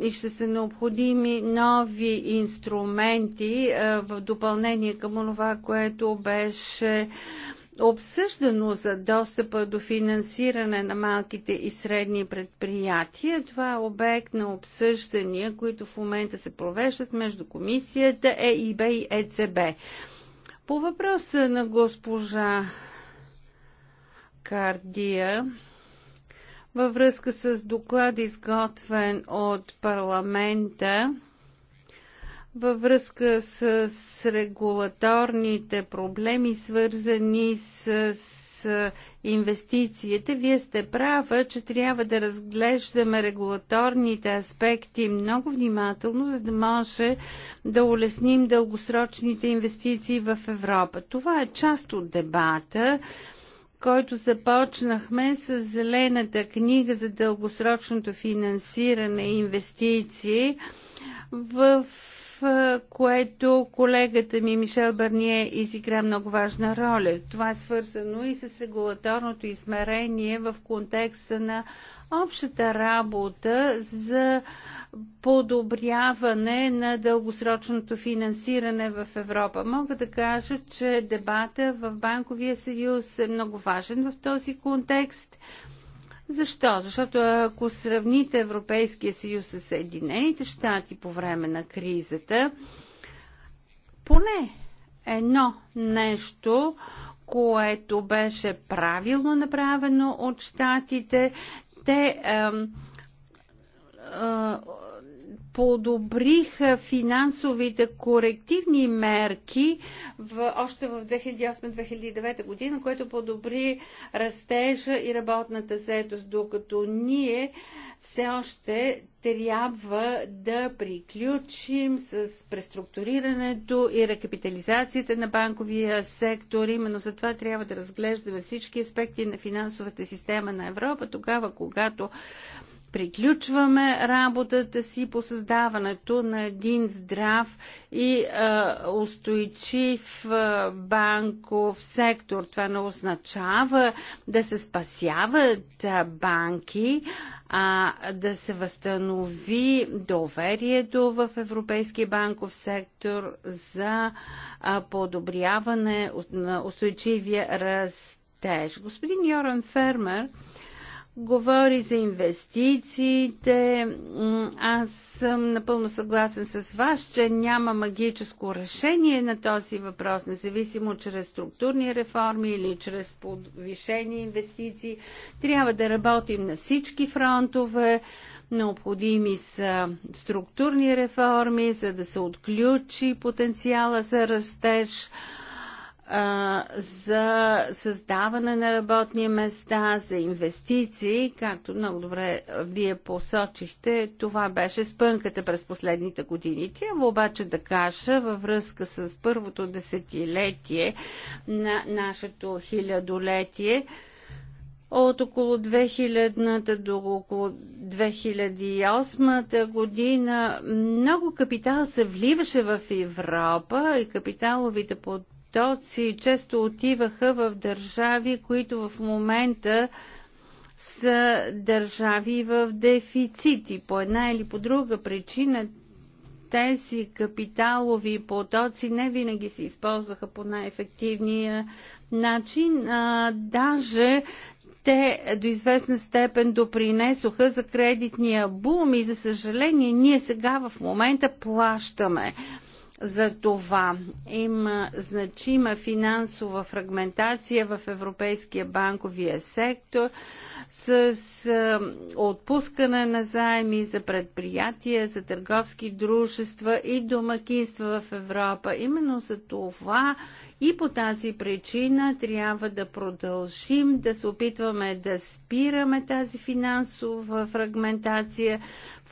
и ще са необходими нови инструменти в допълнение към това, което беше обсъждано за достъпа до финансиране на малките и средни предприятия. Това е обект на обсъждания, които в момента се провеждат между комисията ЕИБ и ЕЦБ. Е По въпроса на госпожа Кардия, във връзка с доклад, изготвен от парламента, във връзка с, с регулаторните проблеми, свързани с, с инвестициите. Вие сте права, че трябва да разглеждаме регулаторните аспекти много внимателно, за да може да улесним дългосрочните инвестиции в Европа. Това е част от дебата който започнахме с Зелената книга за дългосрочното финансиране и инвестиции в което колегата ми Мишел Барние изигра много важна роля. Това е свързано и с регулаторното измерение в контекста на общата работа за подобряване на дългосрочното финансиране в Европа. Мога да кажа, че дебата в Банковия съюз е много важен в този контекст – защо? Защото ако сравните Европейския съюз с Съединените щати по време на кризата, поне едно нещо, което беше правилно направено от щатите, те ем, е, подобриха финансовите корективни мерки в, още в 2008-2009 година, което подобри растежа и работната заедост, докато ние все още трябва да приключим с преструктурирането и рекапитализацията на банковия сектор. Именно за това трябва да разглеждаме всички аспекти на финансовата система на Европа, тогава когато приключваме работата си по създаването на един здрав и а, е, устойчив а, е, банков сектор. Това не означава да се спасяват а, е, банки, а да се възстанови доверието в Европейския банков сектор за а, подобряване на устойчивия растеж. Господин Йоран Фермер говори за инвестициите. Аз съм напълно съгласен с вас, че няма магическо решение на този въпрос, независимо чрез структурни реформи или чрез повишени инвестиции. Трябва да работим на всички фронтове. Необходими са структурни реформи, за да се отключи потенциала за растеж а, за създаване на работни места, за инвестиции, както много добре вие посочихте, това беше спънката през последните години. Трябва обаче да кажа във връзка с първото десетилетие на нашето хилядолетие, от около 2000-та до около 2008-та година много капитал се вливаше в Европа и капиталовите потоци потоци често отиваха в държави, които в момента са държави в дефицити. По една или по друга причина тези капиталови потоци не винаги се използваха по най-ефективния начин. А, даже те до известна степен допринесоха за кредитния бум и за съжаление ние сега в момента плащаме за това. Има значима финансова фрагментация в европейския банковия сектор с отпускане на заеми за предприятия, за търговски дружества и домакинства в Европа. Именно за това и по тази причина трябва да продължим да се опитваме да спираме тази финансова фрагментация,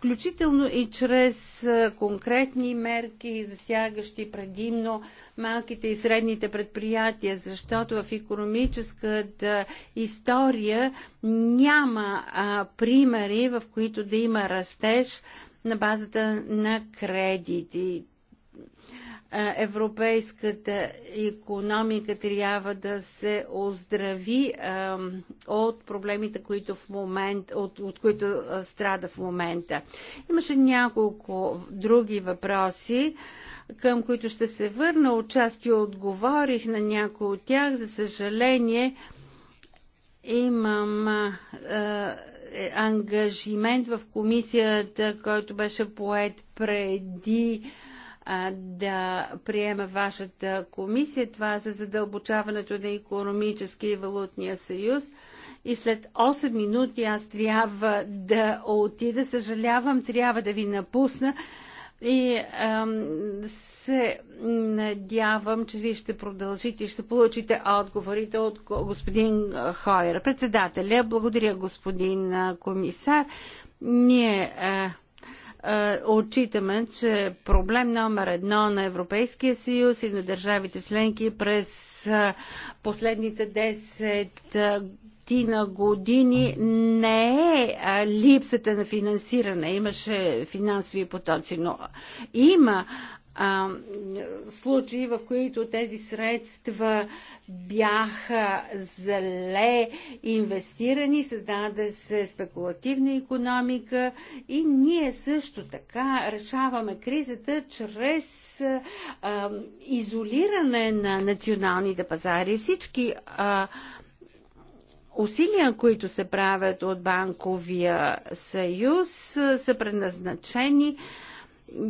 включително и чрез конкретни мерки, засягащи предимно малките и средните предприятия, защото в економическата история няма а, примери, в които да има растеж на базата на кредити европейската економика трябва да се оздрави от проблемите, които в момент, от, от които страда в момента. Имаше няколко други въпроси, към които ще се върна. Отчасти отговорих на някои от тях. За съжаление, имам а, ангажимент в комисията, който беше поет преди да приема вашата комисия. Това е за задълбочаването на економически и валутния съюз. И след 8 минути аз трябва да отида. Съжалявам, трябва да ви напусна. И ам, се надявам, че вие ще продължите и ще получите отговорите от господин Хойер. Председателя, благодаря господин комисар. Ние. А, е, отчитаме, че проблем номер едно на Европейския съюз и на държавите членки през е, последните 10 е, на години не е липсата на финансиране. Имаше финансови потоци, но има а, случаи, в които тези средства бяха зле инвестирани, създаде се спекулативна економика и ние също така решаваме кризата чрез а, изолиране на националните пазари. Всички а, усилия, които се правят от Банковия съюз, са предназначени а,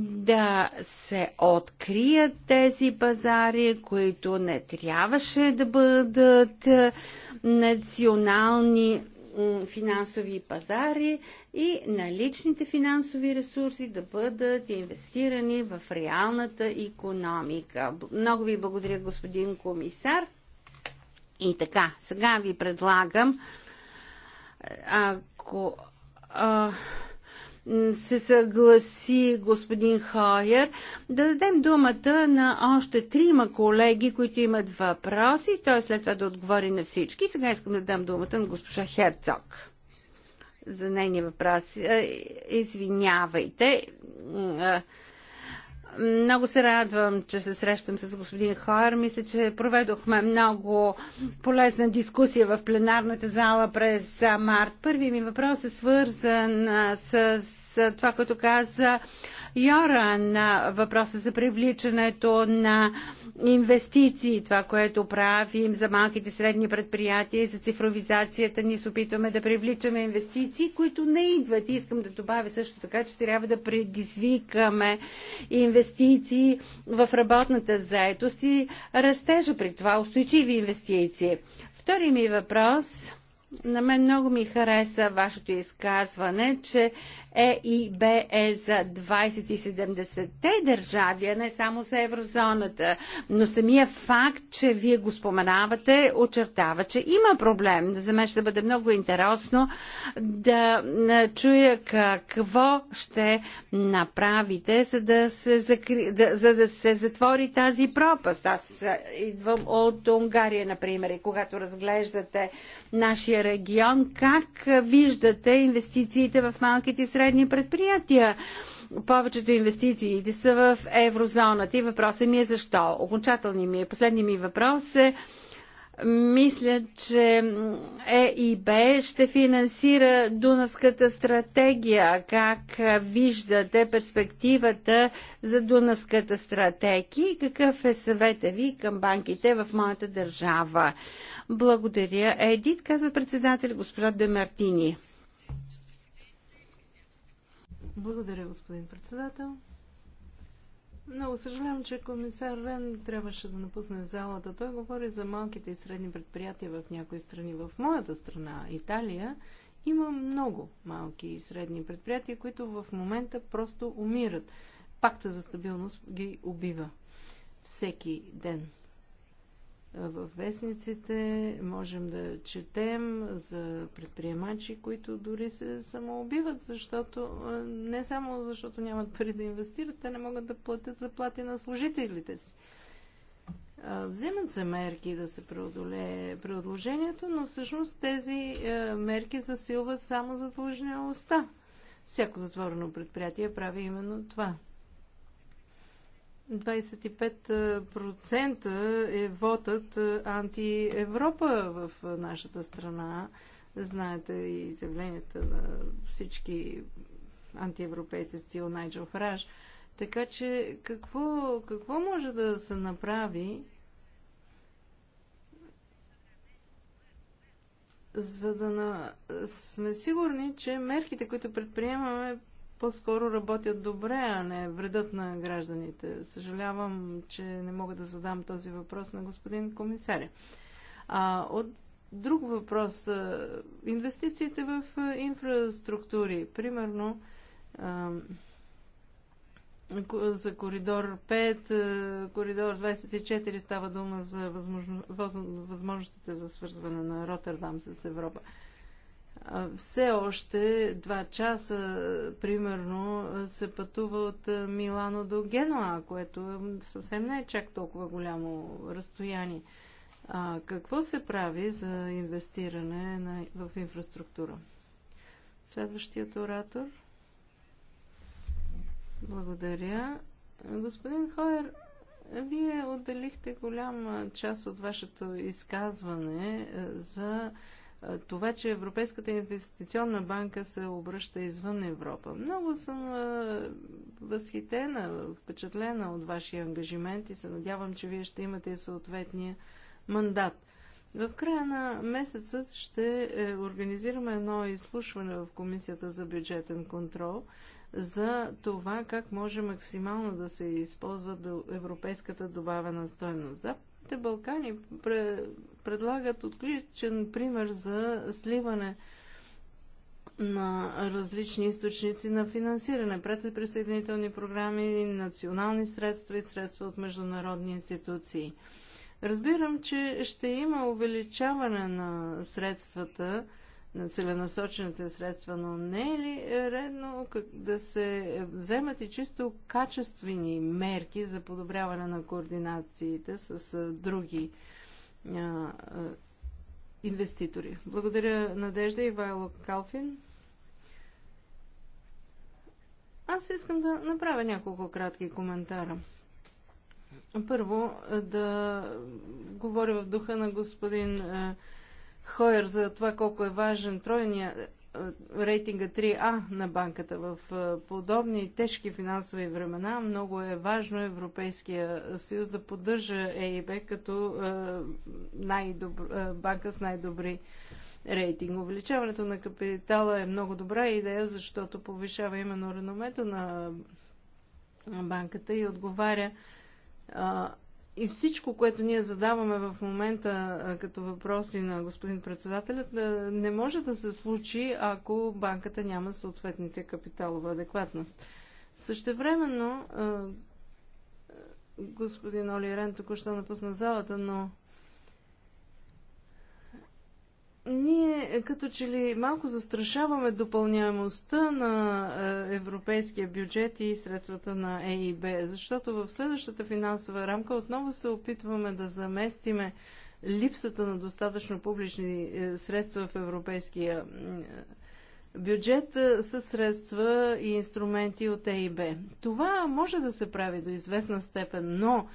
да се открият тези пазари, които не трябваше да бъдат е, национални финансови пазари и наличните финансови ресурси да бъдат инвестирани в реалната економика. Много ви благодаря, господин комисар. И така, сега ви предлагам, е, ако. А, се съгласи господин Хойер, да дадем думата на още трима колеги, които имат въпроси, той след това да отговори на всички. Сега искам да дам думата на госпожа Херцог за нейния въпрос. Е, извинявайте, е, много се радвам, че се срещам с господин Хоер. Мисля, че проведохме много полезна дискусия в пленарната зала през март. Първи ми въпрос е свързан с това, което каза Йоран, въпроса за привличането на инвестиции, това, което правим за малките и средни предприятия и за цифровизацията. Ние се опитваме да привличаме инвестиции, които не идват. И искам да добавя също така, че трябва да предизвикаме инвестиции в работната заетост и растежа при това устойчиви инвестиции. Втори ми въпрос на мен много ми хареса вашето изказване, че ЕИБ е за 2070-те държави, а не само за еврозоната. Но самия факт, че вие го споменавате, очертава, че има проблем. За мен ще бъде много интересно да чуя какво ще направите, за да се, закри... да, за да се затвори тази пропаст. Аз идвам от Унгария, например, и когато разглеждате нашия регион, как виждате инвестициите в малките и средни средни предприятия. Повечето инвестициите са в еврозоната и въпросът ми е защо. Окончателният ми, е последният ми въпрос е мисля, че ЕИБ ще финансира Дунавската стратегия. Как виждате перспективата за Дунавската стратегия и какъв е съвета ви към банките в моята държава? Благодаря. Едит, казва председател госпожа Демартини. Благодаря, господин председател. Много съжалявам, че комисар Рен трябваше да напусне залата. Той говори за малките и средни предприятия в някои страни. В моята страна, Италия, има много малки и средни предприятия, които в момента просто умират. Пакта за стабилност ги убива всеки ден в вестниците, можем да четем за предприемачи, които дори се самоубиват, защото не само защото нямат пари да инвестират, те не могат да платят заплати на служителите си. Вземат се мерки да се преодолее предложението, но всъщност тези мерки засилват само задлъжнялостта. Всяко затворено предприятие прави именно това – 25% е вотът антиевропа в нашата страна. Знаете и изявленията на всички антиевропейци стил Найджел Фраж. Така че какво, какво може да се направи, за да на... сме сигурни, че мерките, които предприемаме, по-скоро работят добре, а не вредът на гражданите. Съжалявам, че не мога да задам този въпрос на господин комисаря. А, от друг въпрос. Инвестициите в инфраструктури. Примерно за коридор 5, коридор 24 става дума за възможно, възможностите за свързване на Роттердам с Европа все още два часа, примерно, се пътува от Милано до Генуа, което е съвсем не е чак толкова голямо разстояние. А, какво се прави за инвестиране на, в инфраструктура? Следващият оратор. Благодаря. Господин Хойер, вие отделихте голяма част от вашето изказване за това, че Европейската инвестиционна банка се обръща извън Европа. Много съм възхитена, впечатлена от вашия ангажимент и се надявам, че вие ще имате съответния мандат. В края на месеца ще е, организираме едно изслушване в Комисията за бюджетен контрол за това как може максимално да се използва европейската добавена стойност. Западните Балкани предлагат отличен пример за сливане на различни източници на финансиране, предприсъединителни програми, национални средства и средства от международни институции. Разбирам, че ще има увеличаване на средствата, на целенасочените средства, но не е ли редно да се вземат и чисто качествени мерки за подобряване на координациите с други инвеститори. Благодаря, Надежда и Вайло Калфин. Аз искам да направя няколко кратки коментара. Първо, да говоря в духа на господин Хойер за това колко е важен тройния рейтинга 3А на банката в подобни тежки финансови времена, много е важно Европейския съюз да поддържа ЕИБ като банка с най-добри рейтинг. Увеличаването на капитала е много добра идея, защото повишава именно реномето на банката и отговаря и всичко, което ние задаваме в момента като въпроси на господин председателят, не може да се случи, ако банката няма съответните капиталова адекватност. Същевременно, господин Оли Рен току-що напусна залата, но ние е, като че ли малко застрашаваме допълняемостта на е, европейския бюджет и средствата на ЕИБ, защото в следващата финансова рамка отново се опитваме да заместиме липсата на достатъчно публични е, средства в европейския бюджет с средства и инструменти от ЕИБ. Това може да се прави до известна степен, но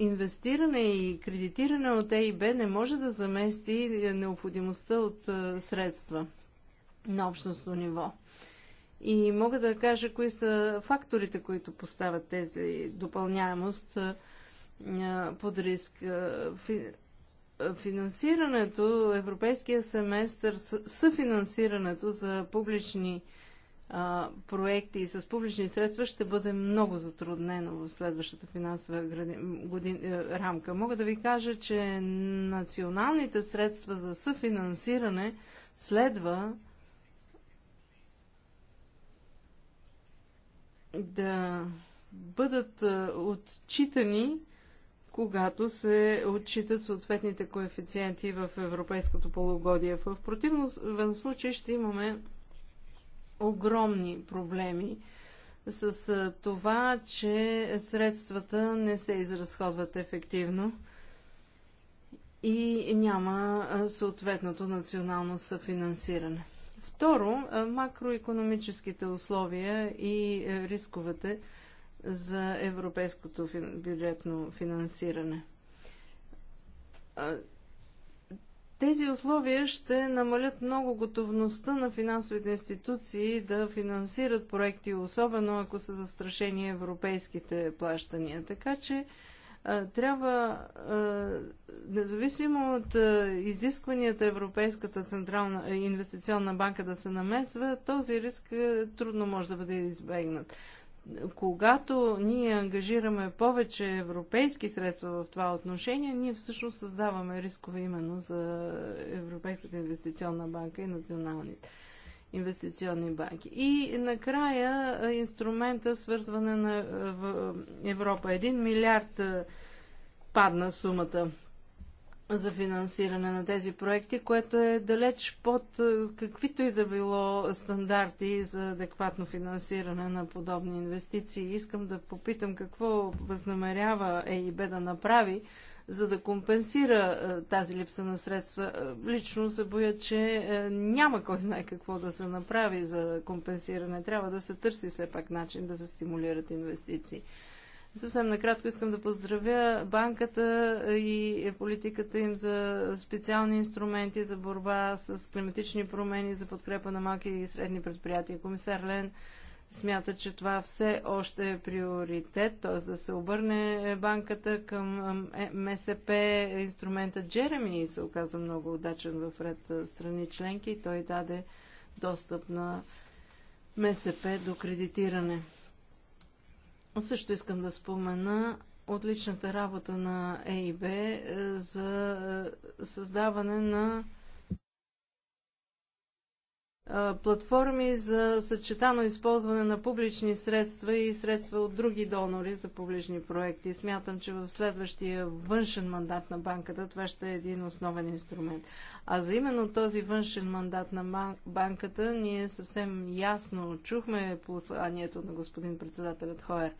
инвестиране и кредитиране от ЕИБ не може да замести необходимостта от средства на общностно ниво. И мога да кажа кои са факторите, които поставят тези допълняемост под риск. Финансирането, европейския семестър, съфинансирането за публични а, проекти с публични средства ще бъде много затруднено в следващата финансова гради, годин, е, рамка. Мога да ви кажа, че националните средства за съфинансиране следва да бъдат е, отчитани, когато се отчитат съответните коефициенти в европейското полугодие. В противен случай ще имаме огромни проблеми с това, че средствата не се изразходват ефективно и няма съответното национално съфинансиране. Второ, макроекономическите условия и рисковете за европейското бюджетно финансиране. Тези условия ще намалят много готовността на финансовите институции да финансират проекти, особено ако са застрашени европейските плащания. Така че трябва, независимо от изискванията Европейската Централна инвестиционна банка да се намесва, този риск е, трудно може да бъде избегнат когато ние ангажираме повече европейски средства в това отношение, ние всъщност създаваме рискове именно за Европейската инвестиционна банка и националните инвестиционни банки. И накрая инструмента свързване на Европа. един милиард падна сумата за финансиране на тези проекти, което е далеч под е, каквито и да било стандарти за адекватно финансиране на подобни инвестиции. Искам да попитам какво възнамерява ЕИБ да направи, за да компенсира е, тази липса на средства. Е, лично се боя, че няма кой знае какво да се направи за компенсиране. Трябва да се търси все пак начин да се стимулират инвестиции. Съвсем накратко искам да поздравя банката и политиката им за специални инструменти за борба с климатични промени, за подкрепа на малки и средни предприятия. Комисар Лен смята, че това все още е приоритет, т.е. да се обърне банката към МСП. Инструмента Джереми се оказа много удачен в ред страни членки и той даде достъп на МСП до кредитиране. Също искам да спомена отличната работа на ЕИБ е, за е, създаване на платформи за съчетано използване на публични средства и средства от други донори за публични проекти. Смятам, че в следващия външен мандат на банката това ще е един основен инструмент. А за именно този външен мандат на банката ние съвсем ясно чухме посланието на господин председателят Хоер.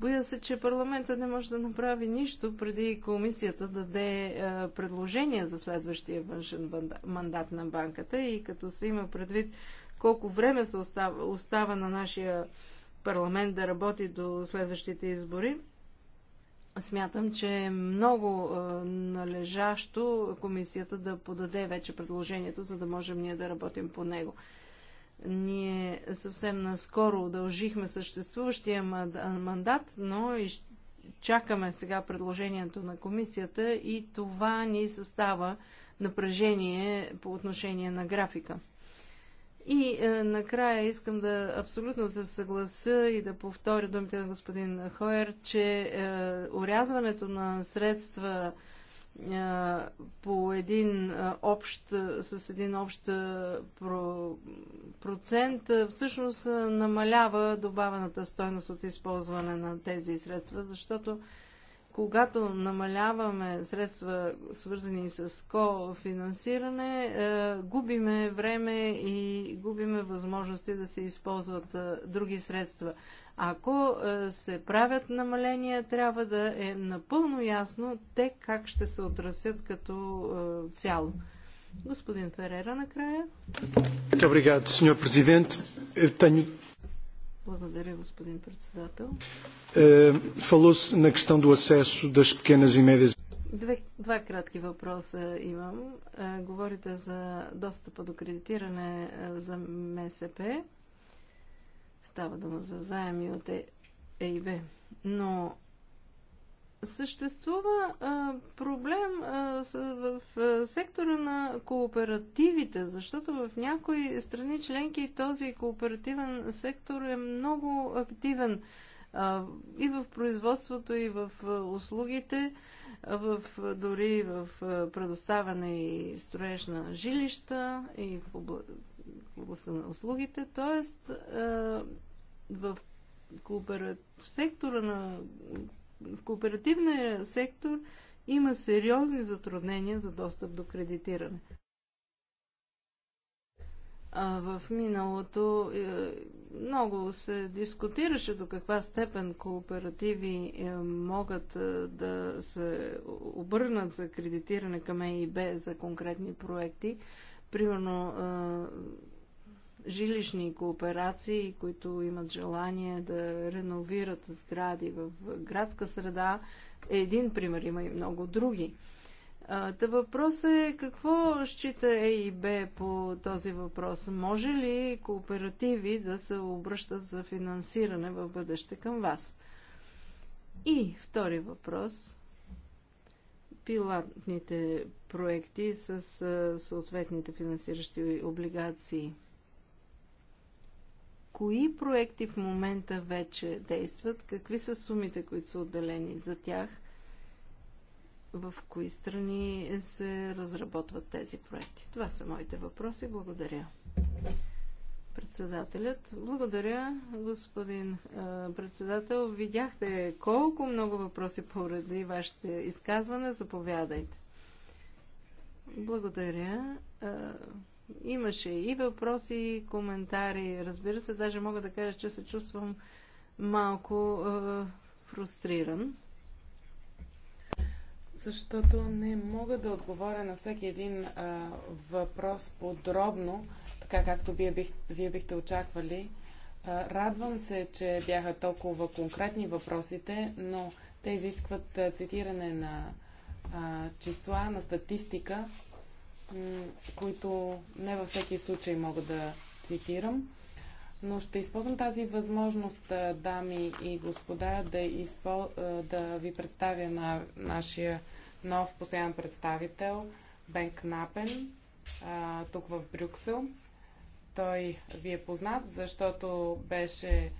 Боя се, че парламента не може да направи нищо преди комисията да даде е, предложение за следващия външен мандат на банката и като се има предвид колко време се остава, остава на нашия парламент да работи до следващите избори, смятам, че е много е, належащо комисията да подаде вече предложението, за да можем ние да работим по него. Ние съвсем наскоро удължихме съществуващия мандат, но и чакаме сега предложението на комисията и това ни състава напрежение по отношение на графика. И е, накрая искам да абсолютно се съглася и да повторя думите на господин Хоер, че е, урязването на средства по един общ, с един общ процент, всъщност намалява добавената стойност от използване на тези средства, защото когато намаляваме средства, свързани с кофинансиране, е, губиме време и губиме възможности да се използват е, други средства. Ако е, се правят намаления, трябва да е напълно ясно те как ще се отрасят като цяло. Господин Ферера, накрая. Muito господин президент. Благодаря, господин председател. Falou-se na questão do acesso das pequenas e médias. два кратки въпроса имам. Е, говорите за достъпа до кредитиране е, за МСП. Става дума за заеми от ЕИБ. Е Но Съществува а, проблем а, с, в а, сектора на кооперативите, защото в някои страни членки този кооперативен сектор е много активен а, и в производството, и в а, услугите, а, в, дори в а, предоставяне и строеж на жилища и в, обла... в областта на услугите. Тоест, а, в кооператив сектора на в кооперативния сектор има сериозни затруднения за достъп до кредитиране. А в миналото е, много се дискутираше до каква степен кооперативи е, могат е, да се обърнат за кредитиране към ЕИБ за конкретни проекти. Примерно жилищни кооперации, които имат желание да реновират сгради в градска среда, е един пример, има и много други. Та въпрос е какво счита е и Б по този въпрос? Може ли кооперативи да се обръщат за финансиране в бъдеще към вас? И втори въпрос. Пилатните проекти с съответните финансиращи облигации – кои проекти в момента вече действат, какви са сумите, които са отделени за тях, в кои страни се разработват тези проекти. Това са моите въпроси. Благодаря. Председателят. Благодаря, господин председател. Видяхте колко много въпроси поради вашите изказване. Заповядайте. Благодаря. Имаше и въпроси, и коментари. Разбира се, даже мога да кажа, че се чувствам малко е, фрустриран. Защото не мога да отговоря на всеки един е, въпрос подробно, така както вие, бих, вие бихте очаквали. Е, радвам се, че бяха толкова конкретни въпросите, но те изискват цитиране на числа, на статистика които не във всеки случай мога да цитирам. Но ще използвам тази възможност, дами и господа, да, изпол... да ви представя на нашия нов постоянен представител Бен Кнапен, тук в Брюксел. Той ви е познат, защото беше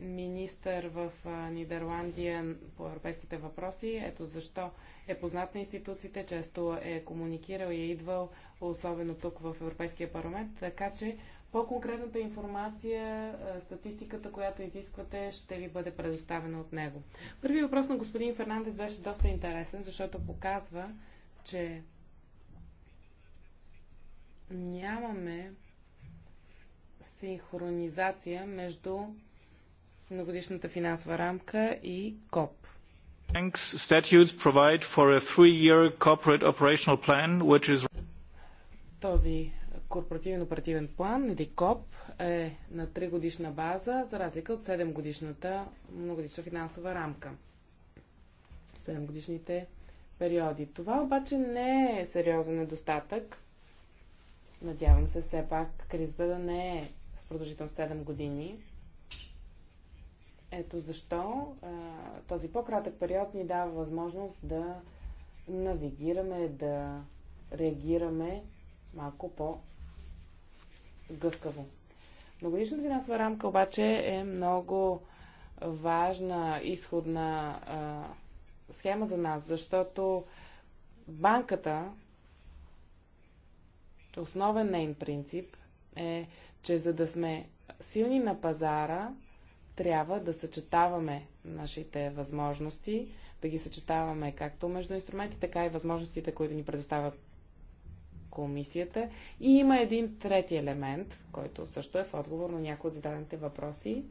министър в Нидерландия по европейските въпроси. Ето защо е познат на институциите, често е комуникирал и е идвал, особено тук в Европейския парламент. Така че по-конкретната информация, статистиката, която изисквате, ще ви бъде предоставена от него. Първият въпрос на господин Фернандес беше доста интересен, защото показва, че нямаме синхронизация между многодишната финансова рамка и КОП. Banks statutes provide for a three-year corporate operational plan, which is... Този корпоративен оперативен план или КОП е на 3 годишна база, за разлика от 7 годишната многодишна финансова рамка. 7 годишните периоди. Това обаче не е сериозен недостатък. Надявам се все пак кризата да не е с продължителност 7 години. Ето защо а, този по-кратък период ни дава възможност да навигираме, да реагираме малко по-гъвкаво. Многогодишната финансова рамка обаче е много важна изходна а, схема за нас, защото банката, основен нейн принцип е, че за да сме силни на пазара, трябва да съчетаваме нашите възможности, да ги съчетаваме както между инструменти, така и възможностите, които ни предоставя комисията. И има един трети елемент, който също е в отговор на някои от зададените въпроси.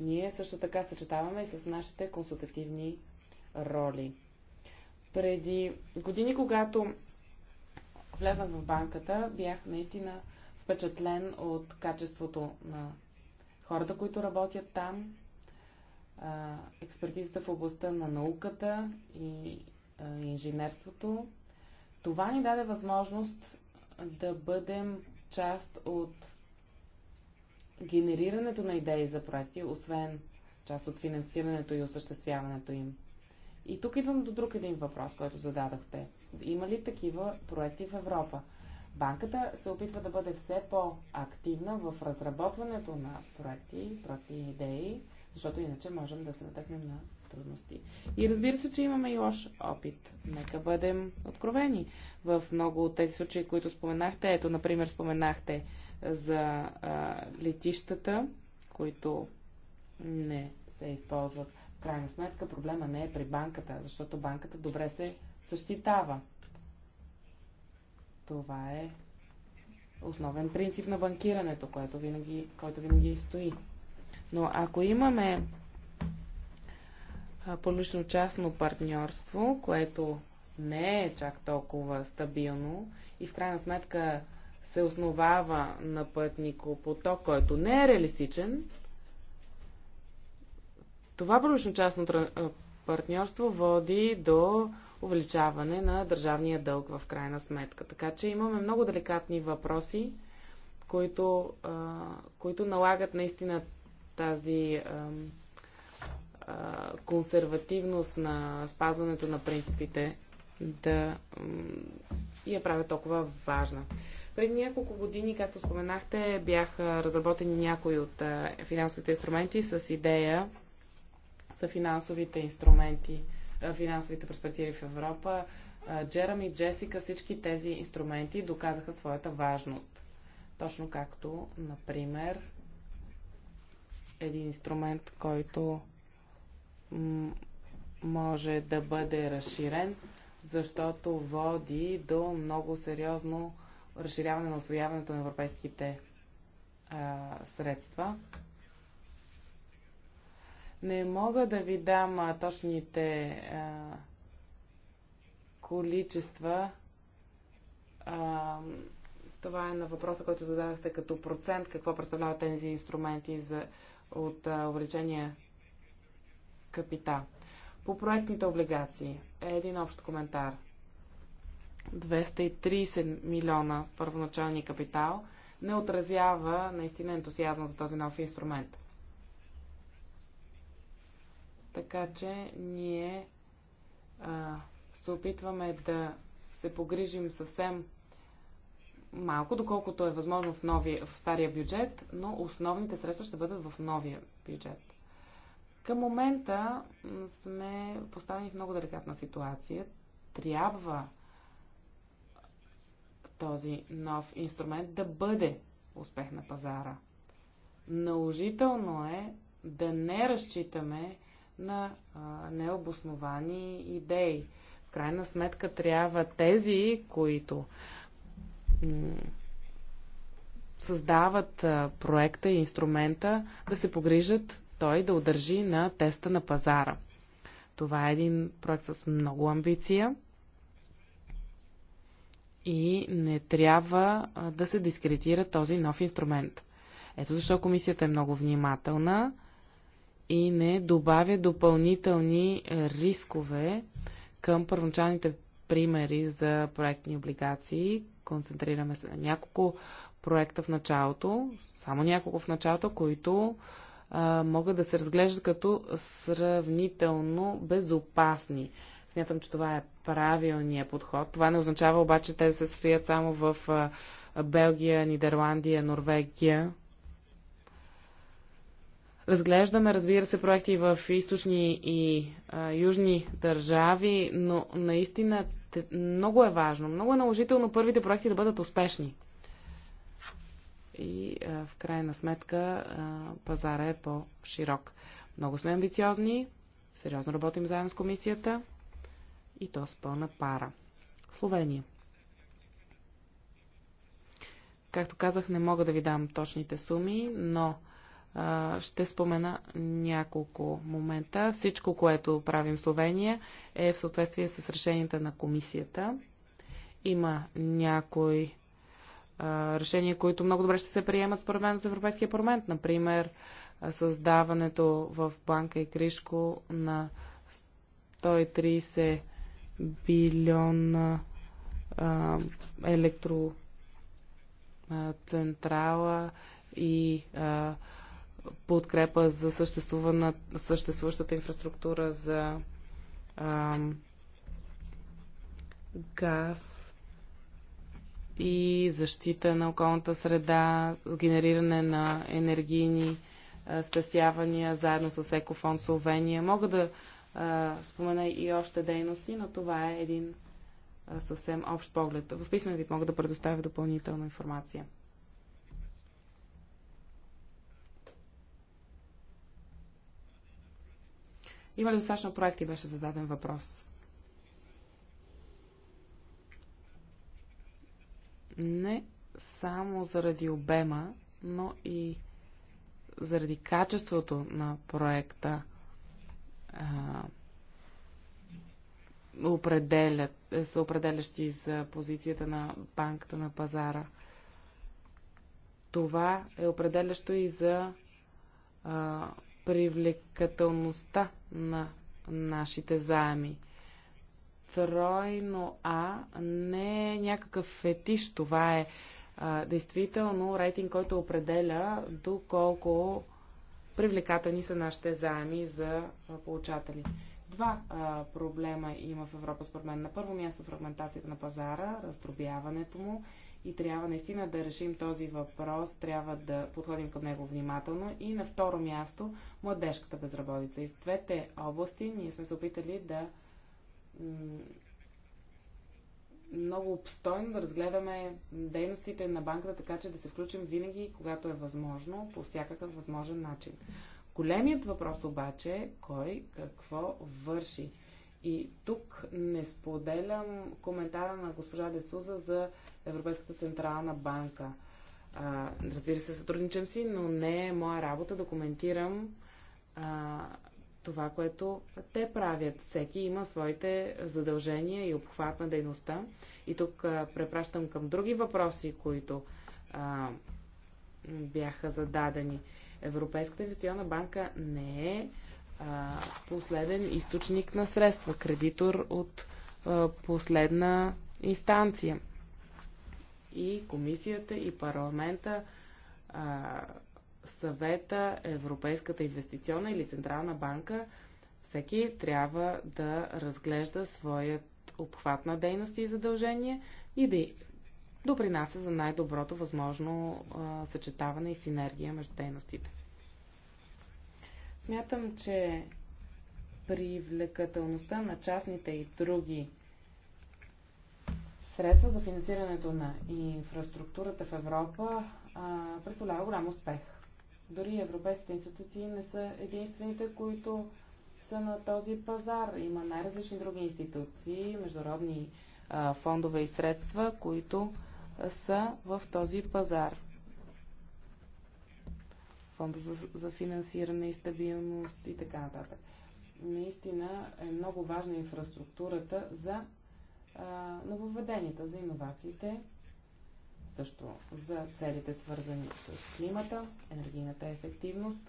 Ние също така съчетаваме и с нашите консултативни роли. Преди години, когато влезнах в банката, бях наистина впечатлен от качеството на хората, които работят там, експертизата в областта на науката и инженерството. Това ни даде възможност да бъдем част от генерирането на идеи за проекти, освен част от финансирането и осъществяването им. И тук идвам до друг един въпрос, който зададахте. Има ли такива проекти в Европа? Банката се опитва да бъде все по-активна в разработването на проекти, проекти и идеи, защото иначе можем да се натъкнем на трудности. И разбира се, че имаме и лош опит. Нека бъдем откровени. В много от тези случаи, които споменахте, ето, например, споменахте за а, летищата, които не се използват. В крайна сметка проблема не е при банката, защото банката добре се защитава. Това е основен принцип на банкирането, който винаги, който винаги стои. Но ако имаме публично-частно партньорство, което не е чак толкова стабилно и в крайна сметка се основава на пътнико поток, който не е реалистичен, това публично-частно партньорство води до увеличаване на държавния дълг в крайна сметка. Така че имаме много деликатни въпроси, които, а, които налагат наистина тази а, а, консервативност на спазването на принципите да я правят толкова важна. Преди няколко години, както споменахте, бяха разработени някои от финансовите инструменти с идея за финансовите инструменти финансовите перспективи в Европа. Джерами, Джесика, всички тези инструменти доказаха своята важност. Точно както, например, един инструмент, който може да бъде разширен, защото води до много сериозно разширяване на освояването на европейските а, средства. Не мога да ви дам точните а, количества. А, това е на въпроса, който зададахте като процент, какво представляват тези инструменти за, от а, увеличение капитал. По проектните облигации е един общ коментар. 230 милиона първоначалния капитал не отразява наистина ентусиазма за този нов инструмент. Така че ние а, се опитваме да се погрижим съвсем малко, доколкото е възможно в, нови, в стария бюджет, но основните средства ще бъдат в новия бюджет. Към момента сме поставени в много деликатна ситуация. Трябва този нов инструмент да бъде успех на пазара. Наложително е да не разчитаме на а, необосновани идеи. В крайна сметка трябва тези, които създават а, проекта и инструмента, да се погрижат той да удържи на теста на пазара. Това е един проект с много амбиция и не трябва а, да се дискредитира този нов инструмент. Ето защо комисията е много внимателна и не добавя допълнителни е, рискове към първоначалните примери за проектни облигации. Концентрираме се на няколко проекта в началото, само няколко в началото, които а, е, могат да се разглеждат като сравнително безопасни. Смятам, че това е правилният подход. Това не означава обаче те да се скрият само в а, е, Белгия, Нидерландия, Норвегия Разглеждаме, разбира се, проекти в източни и а, южни държави, но наистина те, много е важно, много е наложително първите проекти да бъдат успешни. И а, в крайна сметка а, пазара е по-широк. Много сме амбициозни, сериозно работим заедно с комисията и то с пълна пара. Словения. Както казах, не мога да ви дам точните суми, но ще спомена няколко момента. Всичко, което правим в Словения, е в съответствие с решенията на комисията. Има някои решения, които много добре ще се приемат според мен от Европейския парламент. Например, създаването в Банка и Кришко на 130 билиона електроцентрала и а, подкрепа за съществуващата инфраструктура за а, газ и защита на околната среда, генериране на енергийни а, спестявания заедно с Екофонд Словения. Мога да а, спомена и още дейности, но това е един съвсем общ поглед. В писмен вид мога да предоставя допълнителна информация. Има ли достатъчно проекти, беше зададен въпрос. Не само заради обема, но и заради качеството на проекта определят, са определящи за позицията на банката на пазара. Това е определящо и за а, привлекателността на нашите заеми. Тройно А не е някакъв фетиш, това е а, действително рейтинг, който определя доколко привлекателни са нашите заеми за получатели. Два а, проблема има в Европа, според мен. На първо място фрагментацията на пазара, раздробяването му и трябва наистина да решим този въпрос, трябва да подходим към него внимателно. И на второ място, младежката безработица. И в двете области ние сме се опитали да много обстойно да разгледаме дейностите на банката, така че да се включим винаги, когато е възможно, по всякакъв възможен начин. Големият въпрос обаче е кой какво върши. И тук не споделям коментара на госпожа Десуза за Европейската централна банка. А, разбира се, сътрудничам си, но не е моя работа да коментирам а, това, което те правят. Всеки има своите задължения и обхват на дейността. И тук а, препращам към други въпроси, които а, бяха зададени. Европейската инвестиционна банка не е последен източник на средства, кредитор от последна инстанция. И комисията, и парламента, съвета, Европейската инвестиционна или Централна банка, всеки трябва да разглежда своят обхват на дейности и задължения и да допринася за най-доброто възможно съчетаване и синергия между дейностите. Смятам, че привлекателността на частните и други средства за финансирането на инфраструктурата в Европа а, представлява голям успех. Дори европейските институции не са единствените, които са на този пазар. Има най-различни други институции, международни а, фондове и средства, които са в този пазар фонда за, за финансиране и стабилност и така нататък. Наистина е много важна инфраструктурата за а, нововведенията, за иновациите, също за целите свързани с климата, енергийната ефективност.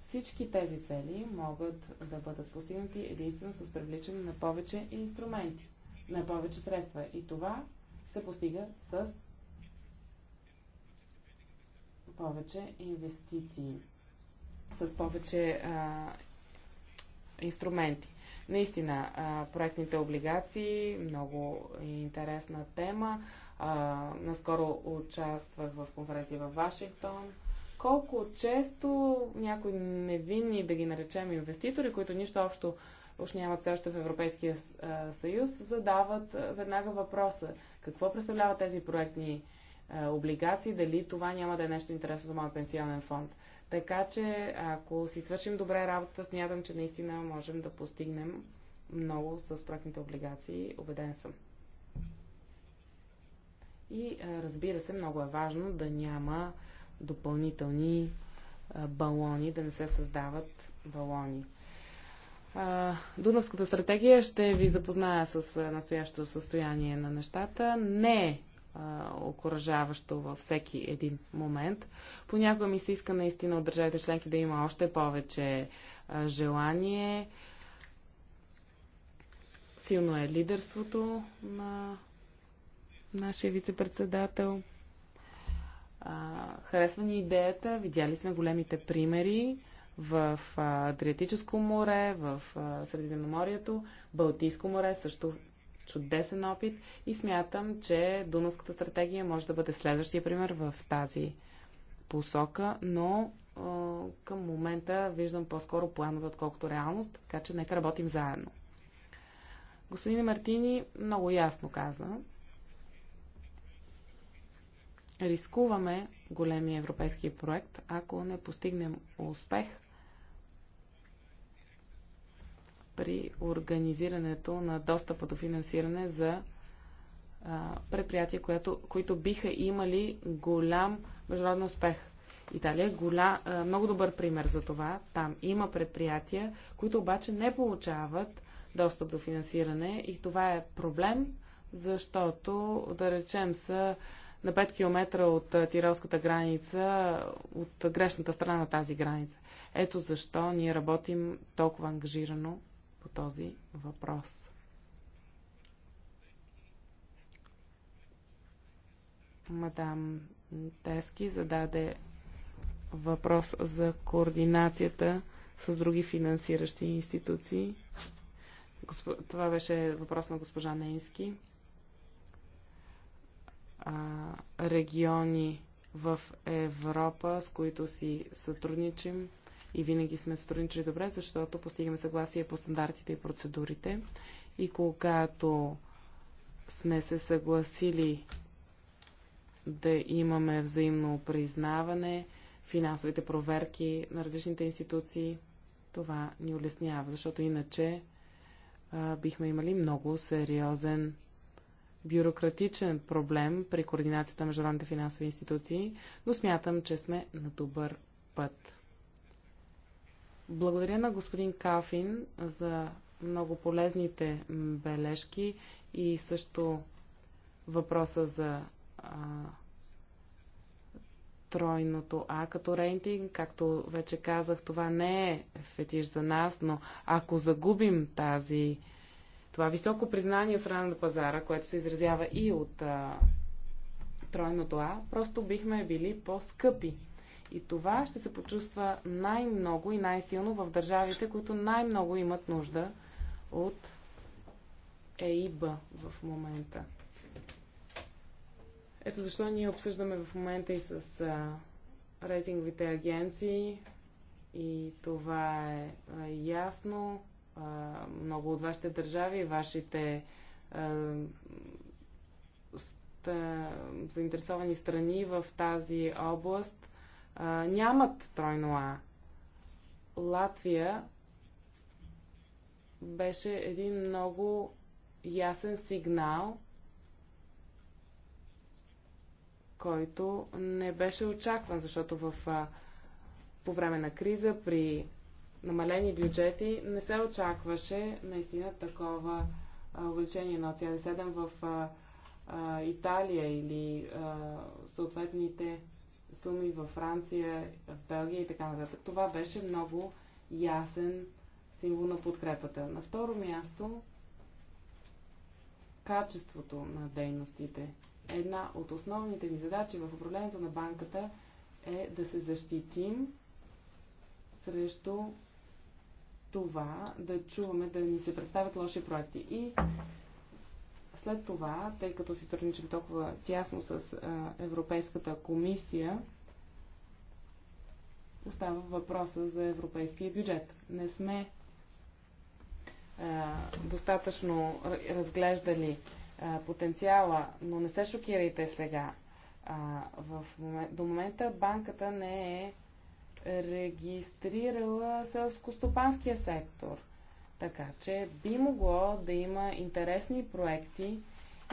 Всички тези цели могат да бъдат постигнати единствено с привличане на повече инструменти, на повече средства. И това се постига с повече инвестиции, с повече а, инструменти. Наистина, а, проектните облигации, много интересна тема. А, наскоро участвах в конференция във Вашингтон. Колко често някои невинни, да ги наречем инвеститори, които нищо общо още нямат все още в Европейския съюз, задават веднага въпроса какво представляват тези проектни е, облигации, дали това няма да е нещо интересно за моят пенсионен фонд. Така че, ако си свършим добре работата, смятам, че наистина можем да постигнем много с проектните облигации, убеден съм. И е, разбира се, много е важно да няма допълнителни е, балони, да не се създават балони. Дунавската стратегия ще ви запозная с настоящото състояние на нещата. Не е окоръжаващо във всеки един момент. Понякога ми се иска наистина от държавите членки да има още повече желание. Силно е лидерството на нашия вице-председател. Харесва ни идеята, видяли сме големите примери в Адриатическо море, в Средиземноморието, Балтийско море също чудесен опит и смятам, че Дунавската стратегия може да бъде следващия пример в тази посока, но а, към момента виждам по-скоро планове, отколкото реалност, така че нека работим заедно. Господин Мартини много ясно каза, рискуваме големия европейски проект, ако не постигнем успех – при организирането на достъпа до финансиране за предприятия, което, които биха имали голям международен успех. Италия е голям, много добър пример за това. Там има предприятия, които обаче не получават достъп до финансиране и това е проблем, защото, да речем, са на 5 км от тиролската граница, от грешната страна на тази граница. Ето защо ние работим толкова ангажирано по този въпрос. Мадам Тески зададе въпрос за координацията с други финансиращи институции. Това беше въпрос на госпожа Нейнски. региони в Европа, с които си сътрудничим и винаги сме сътрудничали добре, защото постигаме съгласие по стандартите и процедурите. И когато сме се съгласили да имаме взаимно признаване, финансовите проверки на различните институции, това ни улеснява, защото иначе а, бихме имали много сериозен бюрократичен проблем при координацията на международните финансови институции, но смятам, че сме на добър път. Благодаря на господин Калфин за много полезните бележки и също въпроса за а, тройното А като рейтинг. Както вече казах, това не е фетиш за нас, но ако загубим тази, това високо признание от страна на пазара, което се изразява и от а, тройното А, просто бихме били по-скъпи. И това ще се почувства най-много и най-силно в държавите, които най-много имат нужда от ЕИБ в момента. Ето защо ние обсъждаме в момента и с а, рейтинговите агенции и това е а, ясно. А, много от вашите държави, вашите а, ста, заинтересовани страни в тази област а, нямат тройно А. Латвия беше един много ясен сигнал, който не беше очакван, защото в, а, по време на криза при намалени бюджети не се очакваше наистина такова а, увеличение на 1,7 в а, Италия или съответните суми във Франция, в Белгия и така нататък. Това беше много ясен символ на подкрепата. На второ място, качеството на дейностите. Една от основните ни задачи в управлението на банката е да се защитим срещу това да чуваме, да ни се представят лоши проекти. И след това, тъй като си сътрудничим толкова тясно с Европейската комисия, остава въпроса за европейския бюджет. Не сме а, достатъчно разглеждали а, потенциала, но не се шокирайте сега. А, в момент, до момента банката не е регистрирала селско-стопанския сектор. Така че би могло да има интересни проекти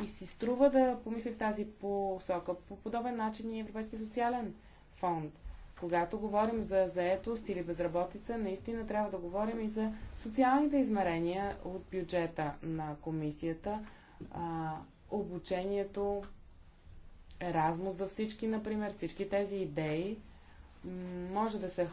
и си струва да помисли в тази посока. По подобен начин и Европейски социален фонд. Когато говорим за заетост или безработица, наистина трябва да говорим и за социалните измерения от бюджета на комисията, а, обучението, Еразмус за всички, например, всички тези идеи, може да се,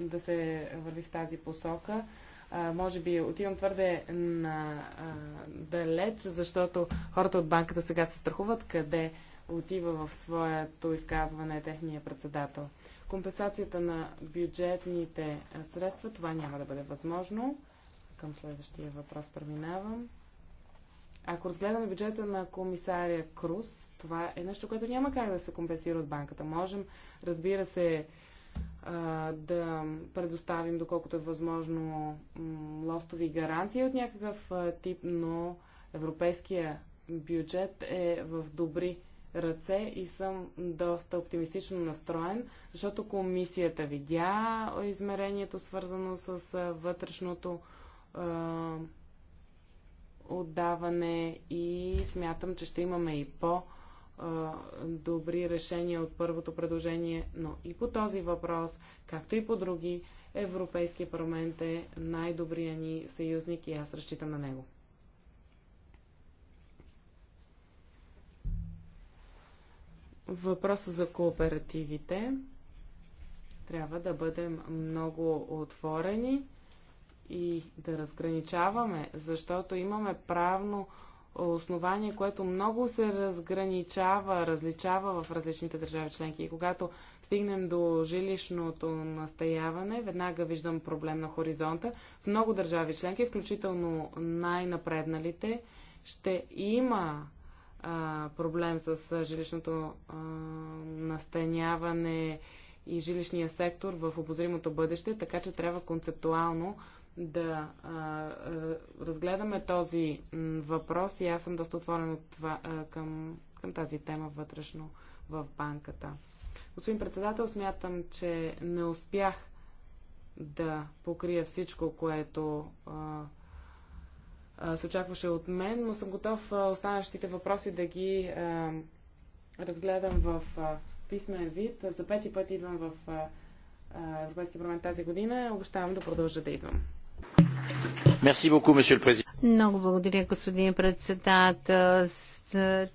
да се върви в тази посока а, може би отивам твърде на, а, далеч, защото хората от банката сега се страхуват къде отива в своето изказване техния председател. Компенсацията на бюджетните средства, това няма да бъде възможно. Към следващия въпрос преминавам. Ако разгледаме бюджета на комисаря Круз, това е нещо, което няма как да се компенсира от банката. Можем, разбира се, да предоставим, доколкото е възможно, лостови гаранции от някакъв тип, но европейския бюджет е в добри ръце и съм доста оптимистично настроен, защото комисията видя измерението свързано с вътрешното отдаване и смятам, че ще имаме и по- добри решения от първото предложение, но и по този въпрос, както и по други, Европейския парламент е най-добрия ни съюзник и аз разчитам на него. Въпросът за кооперативите. Трябва да бъдем много отворени и да разграничаваме, защото имаме правно основание, което много се разграничава, различава в различните държави членки. И когато стигнем до жилищното настояване, веднага виждам проблем на хоризонта. В много държави членки, включително най-напредналите, ще има а, проблем с жилищното а, настаняване и жилищния сектор в обозримото бъдеще, така че трябва концептуално да а, разгледаме този въпрос и аз съм доста отворен от това, а, към, към тази тема вътрешно в банката. Господин председател, смятам, че не успях да покрия всичко, което а, а, се очакваше от мен, но съм готов а, останащите въпроси да ги а, разгледам в а, писмен вид. За пети път идвам в а, Европейския парламент тази година. Обещавам да продължа да идвам. Много благодаря, господин председател.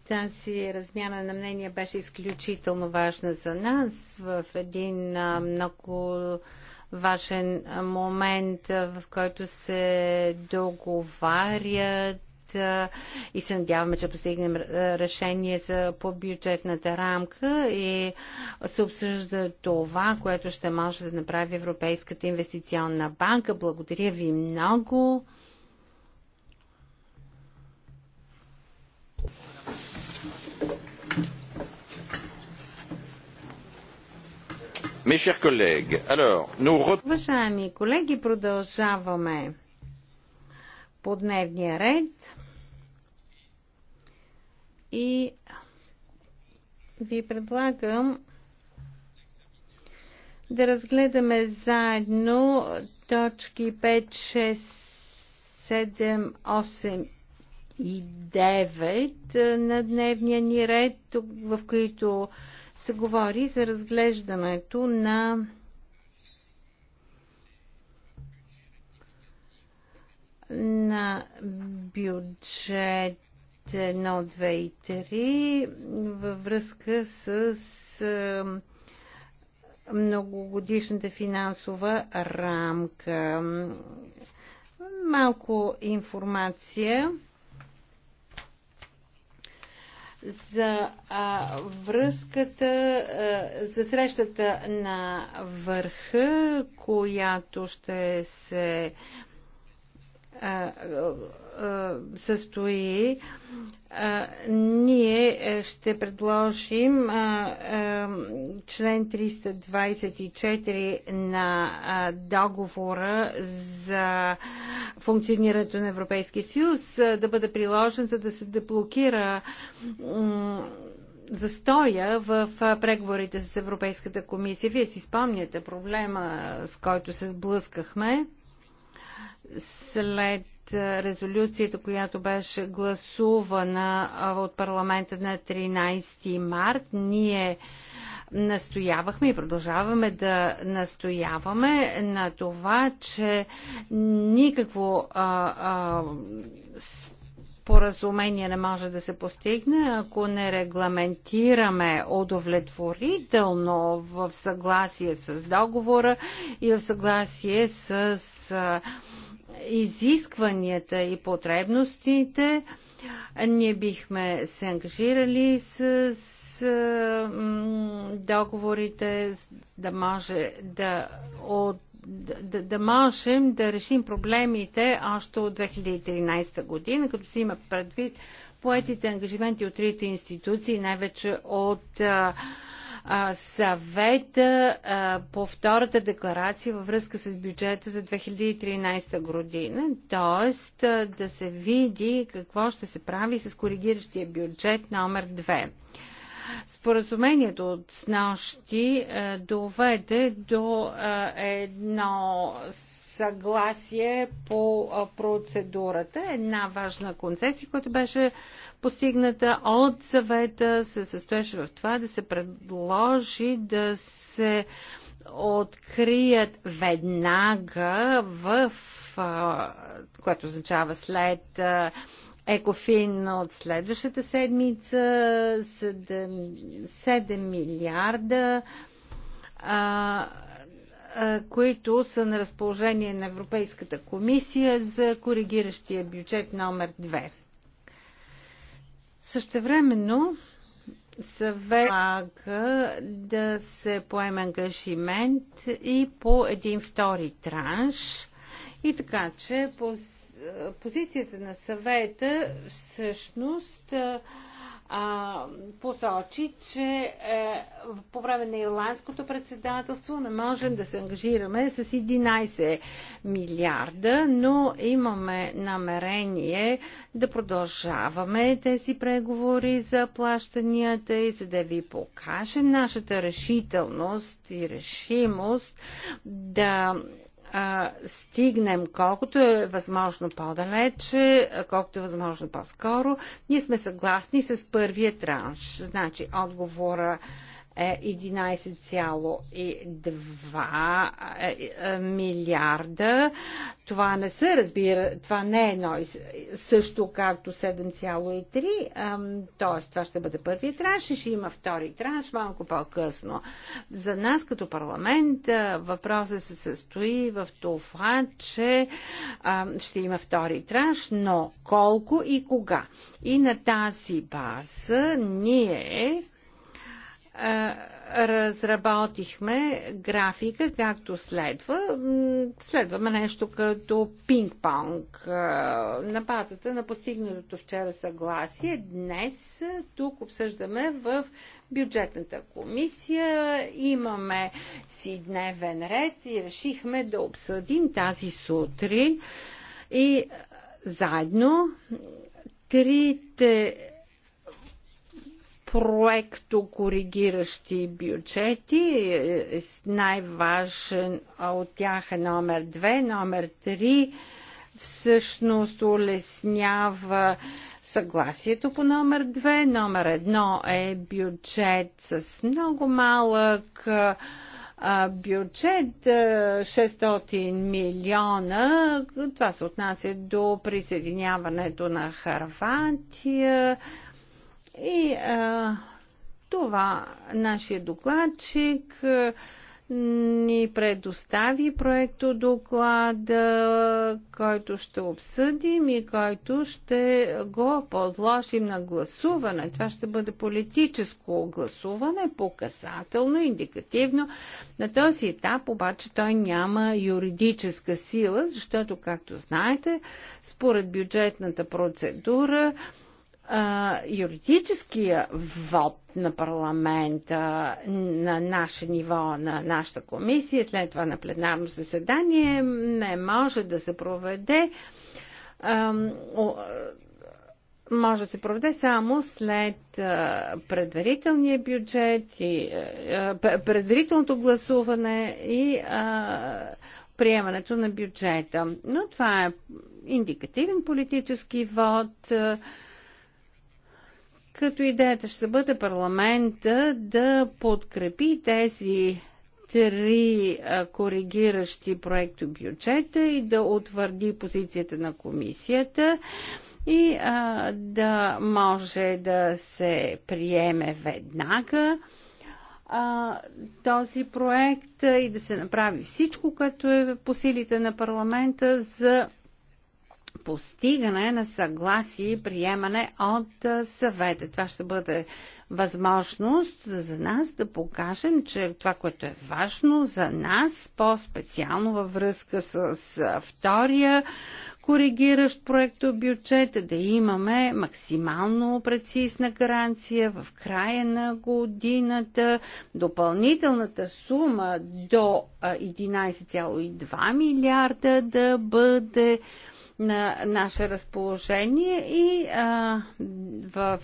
Тази размяна на мнения беше изключително важна за нас в един много важен момент, в който се договарят и се надяваме, че постигнем решение за по бюджетната рамка и се обсъжда това, което ще може да направи Европейската инвестиционна банка. Благодаря ви много. Mes chers collègues, alors, nous... Уважаеми колеги, продължаваме по дневния ред и ви предлагам да разгледаме заедно точки 5, 6, 7, 8 и 9 на дневния ни ред, в които се говори за разглеждането на на бюджет 1, 2 и 3 във връзка с многогодишната финансова рамка. Малко информация за а, връзката, а, за срещата на върха, която ще се състои, ние е, ще предложим член 324 на договора за функционирането на Европейския съюз да бъде приложен, за да се деблокира застоя в преговорите с Европейската комисия. Вие си спомняте проблема, с който се сблъскахме след резолюцията, която беше гласувана от парламента на 13 март, ние настоявахме и продължаваме да настояваме на това, че никакво а, а, споразумение не може да се постигне, ако не регламентираме удовлетворително в съгласие с договора и в съгласие с а, изискванията и потребностите. Ние бихме се ангажирали с, с договорите, да може да от да, да можем да решим проблемите още от 2013 година, като се има предвид поетите ангажименти от трите институции, най-вече от а, а, съвета а, по втората декларация във връзка с бюджета за 2013 година, т.е. да се види какво ще се прави с коригиращия бюджет номер 2. Споразумението от снощи доведе до едно съгласие по процедурата. Една важна концесия, която беше постигната от съвета, се състоеше в това да се предложи да се открият веднага в, което означава след Екофин от следващата седмица 7, 7 милиарда които са на разположение на Европейската комисия за коригиращия бюджет номер 2. Същевременно съвета да се поеме ангажимент и по един втори транш и така, че позицията на съвета всъщност а, посочи, че а, е, по време на ирландското председателство не можем да се ангажираме с 11 милиарда, но имаме намерение да продължаваме тези преговори за плащанията и за да ви покажем нашата решителност и решимост да стигнем колкото е възможно по-далече, колкото е възможно по-скоро. Ние сме съгласни с първия транш. Значи отговора 11,2 е е, е, милиарда. Това не се разбира, това не е едно също както 7,3, т.е. това ще бъде първи транш и ще има втори транш малко по-късно. За нас като парламент въпросът се състои в това, че ще има втори транш, но колко и кога. И на тази база ние разработихме графика както следва. Следваме нещо като пинг-понг. На базата на постигнатото вчера съгласие, днес тук обсъждаме в бюджетната комисия. Имаме си дневен ред и решихме да обсъдим тази сутрин и заедно трите проекто коригиращи бюджети. Е, е, най-важен от тях е номер 2, номер 3 всъщност улеснява съгласието по номер 2. Номер 1 е бюджет с много малък бюджет 600 милиона. Това се отнася до присъединяването на Харватия, и а, това нашия докладчик ни предостави проекто доклада, който ще обсъдим и който ще го подложим на гласуване. Това ще бъде политическо гласуване, показателно, индикативно. На този етап обаче той няма юридическа сила, защото, както знаете, според бюджетната процедура, а, юридическия вод на парламента на наше ниво, на нашата комисия, след това на пленарно заседание, не може да се проведе. А, може да се проведе само след предварителния бюджет и предварителното гласуване и а, приемането на бюджета. Но това е индикативен политически вод. А, като идеята ще бъде парламента да подкрепи тези три коригиращи проекто бюджета и да утвърди позицията на комисията и а, да може да се приеме веднага а, този проект и да се направи всичко, което е по силите на парламента за постигане на съгласие и приемане от съвета. Това ще бъде възможност за нас да покажем, че това, което е важно за нас, по-специално във връзка с втория коригиращ проекто бюджета, да имаме максимално прецизна гаранция в края на годината. Допълнителната сума до 11,2 милиарда да бъде на наше разположение и а, в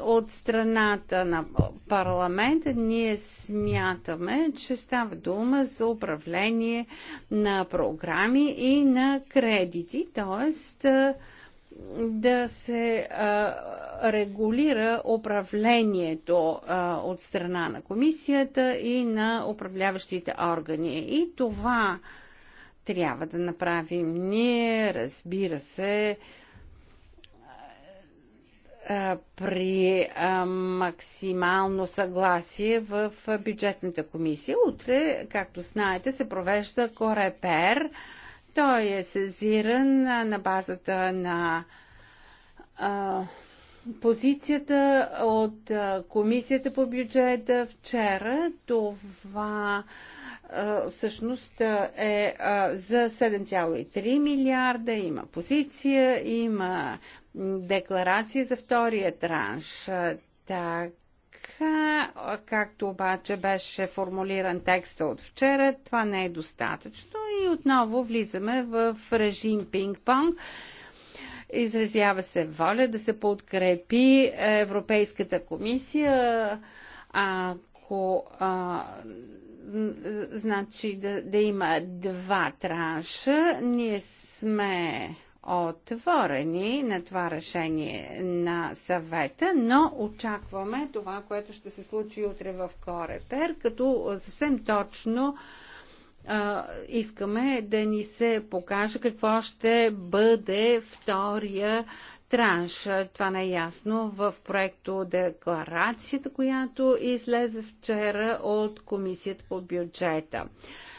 от страната на парламента ние смятаме, че става дума за управление на програми и на кредити, т.е. да се регулира управлението от страна на комисията и на управляващите органи. И това трябва да направим ние, разбира се, при максимално съгласие в бюджетната комисия. Утре, както знаете, се провежда Корепер. Той е сезиран на базата на позицията от комисията по бюджета вчера. Това всъщност е за 7,3 милиарда, има позиция, има декларация за втория транш. Така, както обаче беше формулиран текста от вчера, това не е достатъчно и отново влизаме в режим пинг-понг. Изразява се воля да се подкрепи Европейската комисия, ако а, значи да, да има два транша. Ние сме отворени на това решение на съвета, но очакваме това, което ще се случи утре в Корепер, като съвсем точно а, искаме да ни се покаже какво ще бъде втория транш. Това не е ясно в проекто декларацията, която излезе вчера от Комисията по бюджета.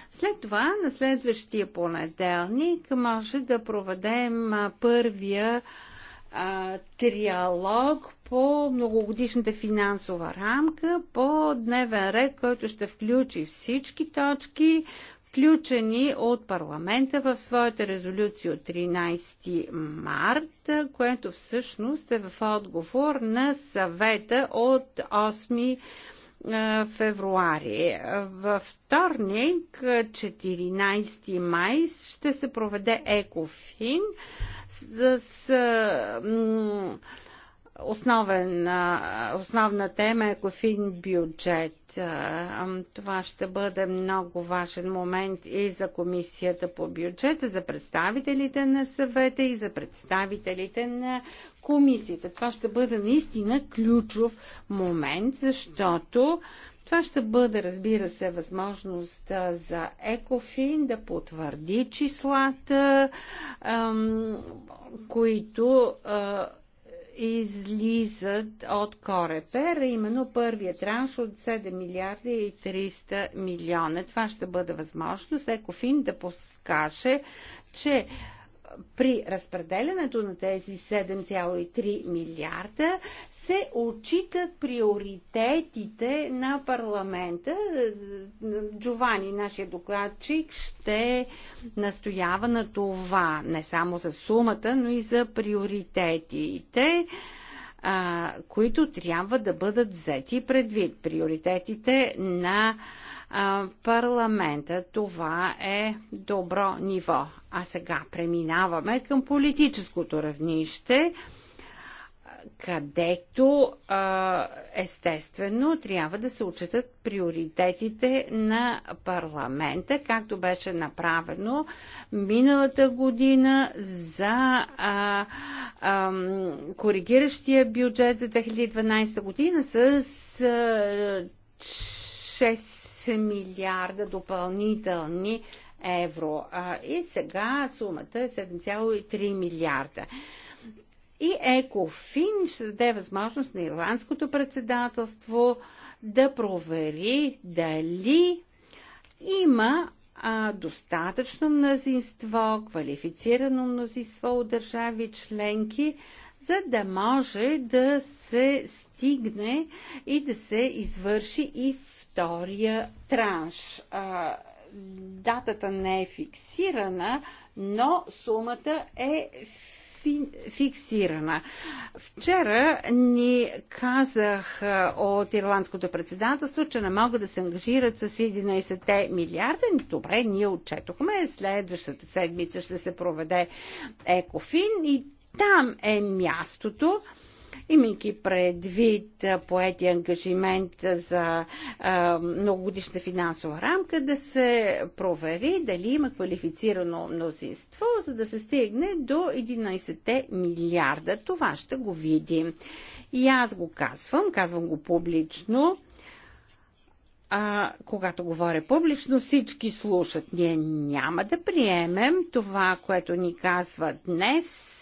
След това, на следващия понеделник, може да проведем първия а, триалог по многогодишната финансова рамка, по дневен ред, който ще включи всички точки, включени от парламента в своята резолюция от 13 март, което всъщност е в отговор на съвета от 8 е, февруари. Във вторник, 14 май, ще се проведе Екофин с, с Основен, основна тема е кофин бюджет. Това ще бъде много важен момент и за комисията по бюджета, за представителите на съвета и за представителите на комисията. Това ще бъде наистина ключов момент, защото това ще бъде, разбира се, възможност за Екофин да потвърди числата, които излизат от Корепер, именно първият транш от 7 милиарда и 300 милиона. Това ще бъде възможност Екофин да подскаже, че при разпределянето на тези 7,3 милиарда се отчитат приоритетите на парламента. Джовани, нашия докладчик, ще настоява на това не само за сумата, но и за приоритетите които трябва да бъдат взети предвид. Приоритетите на парламента. Това е добро ниво. А сега преминаваме към политическото равнище където естествено трябва да се отчитат приоритетите на парламента, както беше направено миналата година за коригиращия бюджет за 2012 година с 6 8 милиарда допълнителни евро. И сега сумата е 7,3 милиарда. И Екофин ще даде възможност на ирландското председателство да провери дали има а, достатъчно мнозинство, квалифицирано мнозинство от държави членки, за да може да се стигне и да се извърши и втория транш. А, датата не е фиксирана, но сумата е фиксирана. Вчера ни казах от Ирландското председателство, че не могат да се ангажират с 11 милиарда. Добре, ние отчетохме. Следващата седмица ще се проведе Екофин и там е мястото Имайки предвид поети ангажимент за а, многогодишна финансова рамка, да се провери дали има квалифицирано мнозинство, за да се стигне до 11 милиарда. Това ще го видим. И аз го казвам, казвам го публично. А, когато говоря публично, всички слушат. Ние няма да приемем това, което ни казва днес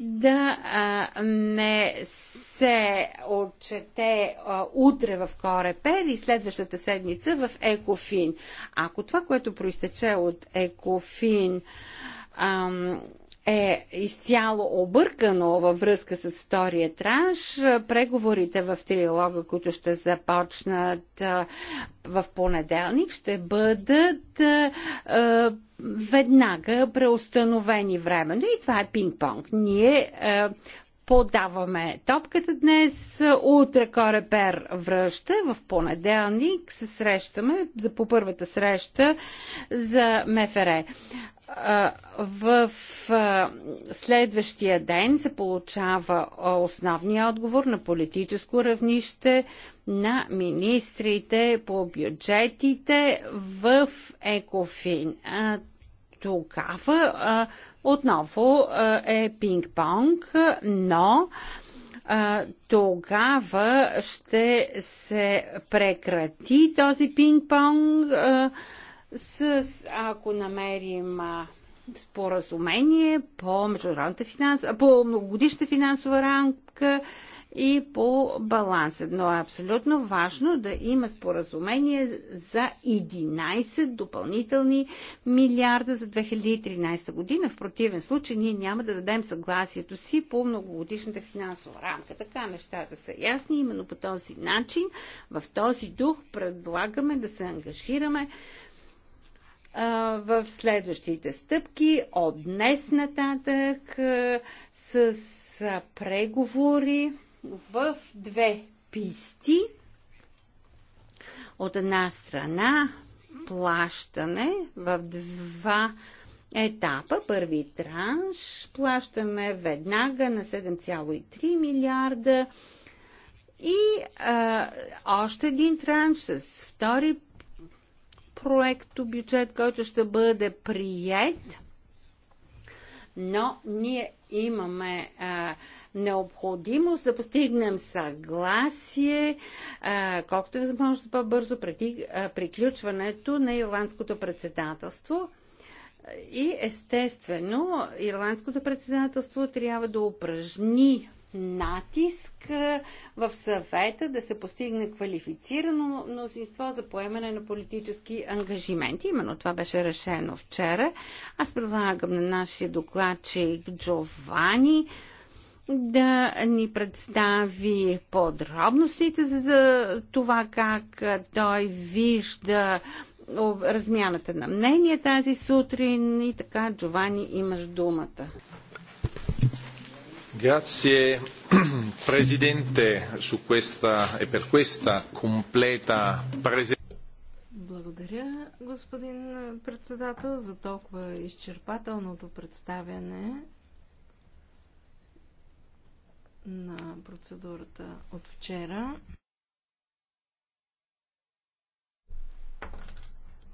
да а, не се отчете а, утре в Корепер и следващата седмица в Екофин. Ако това, което проистече от Екофин, ам, е изцяло объркано във връзка с втория транш. Преговорите в трилога, които ще започнат в понеделник, ще бъдат веднага преустановени времено, и това е пинг-понг. Ние подаваме топката днес. Утре Корепер връща. В понеделник се срещаме за по първата среща за МФР в следващия ден се получава основния отговор на политическо равнище на министрите по бюджетите в Екофин. Тогава отново е пинг-понг, но тогава ще се прекрати този пинг-понг с, ако намерим споразумение по международната финансова, по многогодишната финансова рамка и по баланс. Но е абсолютно важно да има споразумение за 11 допълнителни милиарда за 2013 година. В противен случай ние няма да дадем съгласието си по многогодишната финансова рамка. Така нещата са ясни. Именно по този начин, в този дух предлагаме да се ангажираме в следващите стъпки от днес нататък с преговори в две писти. От една страна плащане в два етапа. Първи транш плащаме веднага на 7,3 милиарда и а, още един транш с втори проекто бюджет, който ще бъде прият, но ние имаме а, необходимост да постигнем съгласие, а, колкото е възможно по-бързо преди а, приключването на ирландското председателство. И естествено, ирландското председателство трябва да упражни натиск в съвета да се постигне квалифицирано мнозинство за поемане на политически ангажименти. Именно това беше решено вчера. Аз предлагам на нашия докладчик Джовани да ни представи подробностите за това как той вижда размяната на мнение тази сутрин и така, Джовани, имаш думата. Grazie [clears throat] Presidente su questa e per questa completa presentazione. Благодаря, господин председател, за толкова изчерпателното представяне на процедурата от вчера.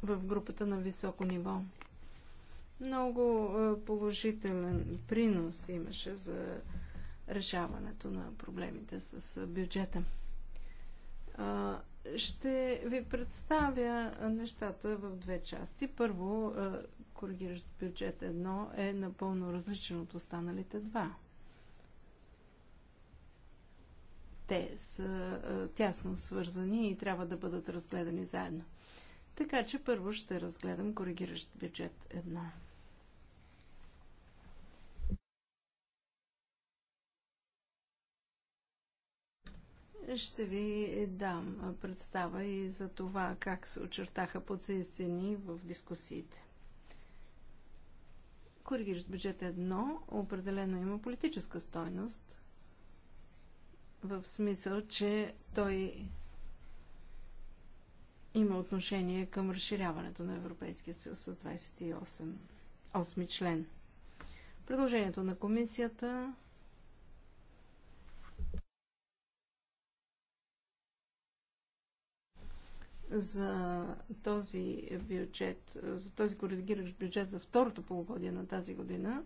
в групата на високо ниво. Много е, положителен принос имаше за решаването на проблемите с е, бюджета. Ще ви представя нещата в две части. Първо, е, коригиращ бюджет едно е напълно различен от останалите два. Те са тясно свързани и трябва да бъдат разгледани заедно. Така че първо ще разгледам коригиращ бюджет едно. Ще ви дам представа и за това как се очертаха подсъединени в дискусиите. Коригираш бюджет едно, определено има политическа стойност, в смисъл, че той има отношение към разширяването на Европейския съюз с 28 8 член. Предложението на комисията за този бюджет, за този коригиращ бюджет за второто полугодие на тази година,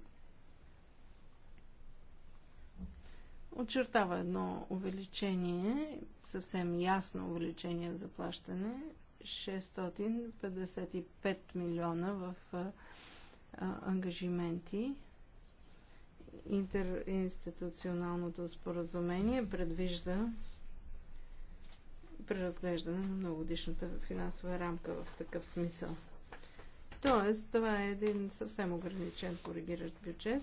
очертава едно увеличение, съвсем ясно увеличение за плащане, 655 милиона в а, ангажименти. Интеринституционалното споразумение предвижда преразглеждане на многодишната финансова рамка в такъв смисъл. Тоест, това е един съвсем ограничен коригиращ бюджет.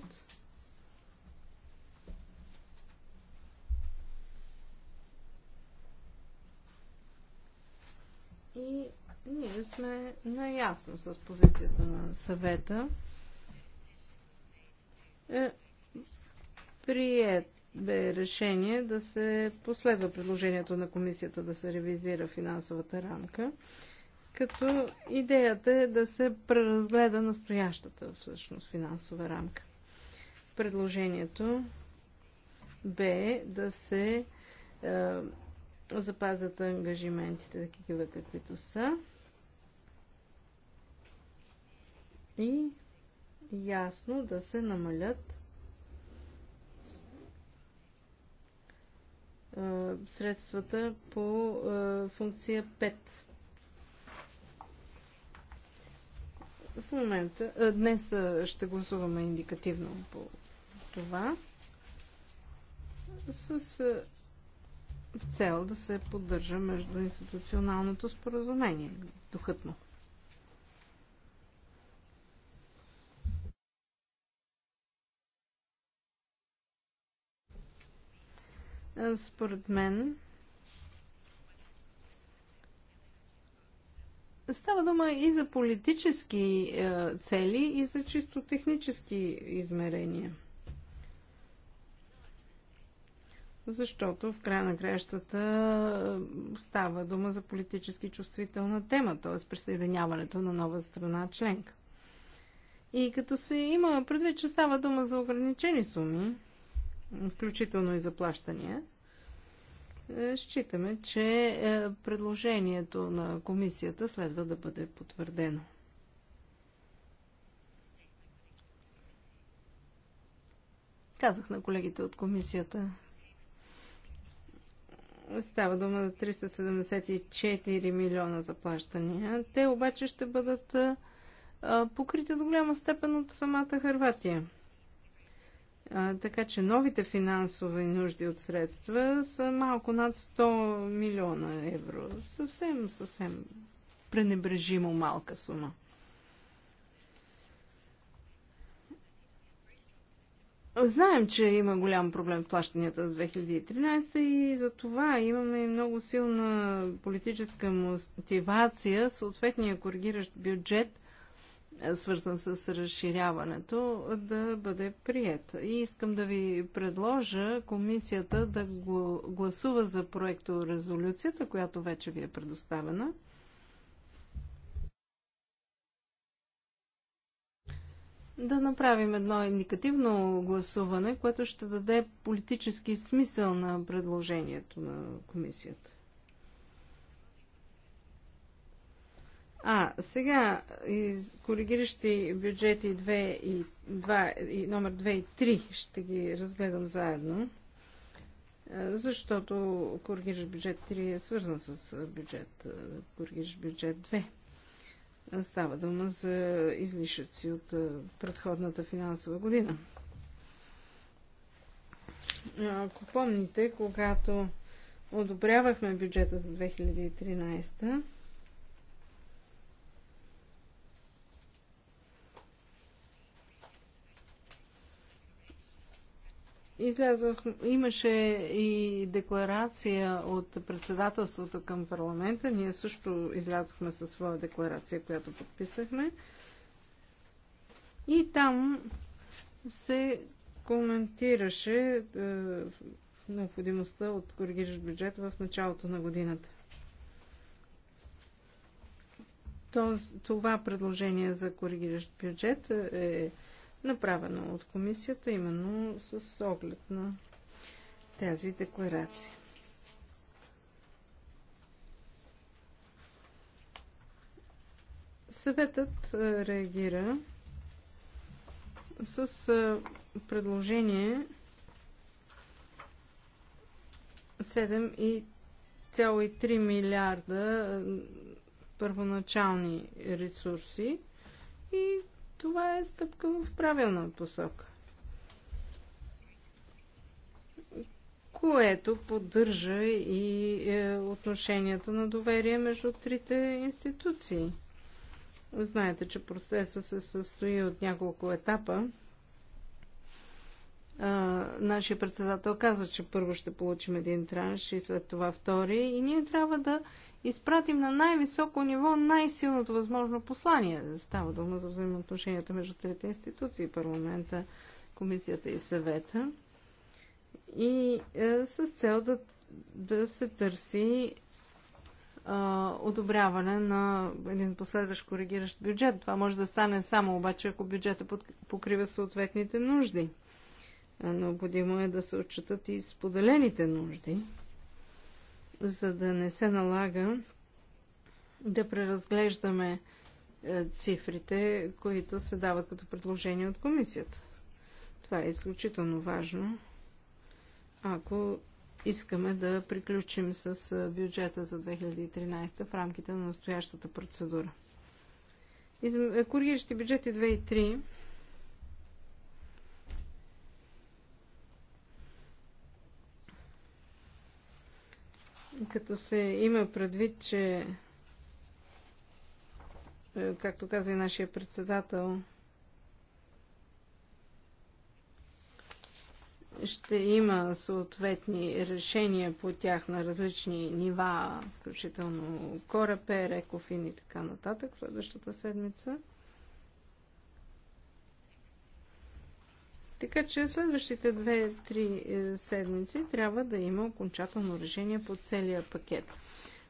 И ние сме наясно с позицията на съвета. Е, прият бе решение да се последва предложението на комисията да се ревизира финансовата рамка, като идеята е да се преразгледа настоящата всъщност финансова рамка. Предложението бе да се е, запазят ангажиментите такива каквито са и ясно да се намалят средствата по функция 5. В момента, днес ще гласуваме индикативно по това с цел да се поддържа между институционалното споразумение, духът му. Е, според мен, Става дума и за политически е, цели, и за чисто технически измерения. Защото в края на краищата е, става дума за политически чувствителна тема, т.е. присъединяването на нова страна членка. И като се има предвид, че става дума за ограничени суми, включително и заплащания, е, считаме, че е, предложението на комисията следва да бъде потвърдено. Казах на колегите от комисията. Става дума за 374 милиона заплащания. Те обаче ще бъдат е, покрити до голяма степен от самата Харватия. Така че новите финансови нужди от средства са малко над 100 милиона евро. Съвсем, съвсем пренебрежимо малка сума. Знаем, че има голям проблем в плащанията за 2013 и за това имаме много силна политическа мотивация, съответния коригиращ бюджет – свързан с разширяването, да бъде прият. И искам да ви предложа комисията да гласува за проекто резолюцията, която вече ви е предоставена. Да направим едно индикативно гласуване, което ще даде политически смисъл на предложението на комисията. А, сега, коригиращи бюджети 2 и 2, и номер 2 и 3 ще ги разгледам заедно, защото коригиращ бюджет 3 е свързан с бюджет, коригиращ бюджет 2. Става дума за излишъци от предходната финансова година. Ако помните, когато одобрявахме бюджета за 2013 Излязох, имаше и декларация от председателството към парламента. Ние също излязохме със своя декларация, която подписахме. И там се коментираше е, необходимостта от коригиращ бюджет в началото на годината. То, това предложение за коригиращ бюджет е направено от комисията, именно с оглед на тази декларация. Съветът реагира с предложение 7,3 милиарда първоначални ресурси и това е стъпка в правилна посока. което поддържа и е, отношенията на доверие между трите институции. Знаете, че процесът се състои от няколко етапа а, нашия председател каза, че първо ще получим един транш и след това втори. И ние трябва да изпратим на най-високо ниво най-силното възможно послание. Става дума за взаимоотношенията между трите институции, парламента, комисията и съвета. И а, е, с цел да, да се търси одобряване на един последващ коригиращ бюджет. Това може да стане само обаче, ако бюджета покрива съответните нужди. Необходимо е да се отчитат и споделените нужди, за да не се налага да преразглеждаме е, цифрите, които се дават като предложение от комисията. Това е изключително важно, ако искаме да приключим с е, бюджета за 2013 в рамките на настоящата процедура. Е, коригиращи бюджети 2 и 3 Като се има предвид, че е, както каза и нашия председател, ще има съответни решения по тях на различни нива, включително Корапер, Рекофин и така нататък следващата седмица. Така че следващите 2-3 е, седмици трябва да има окончателно решение по целия пакет.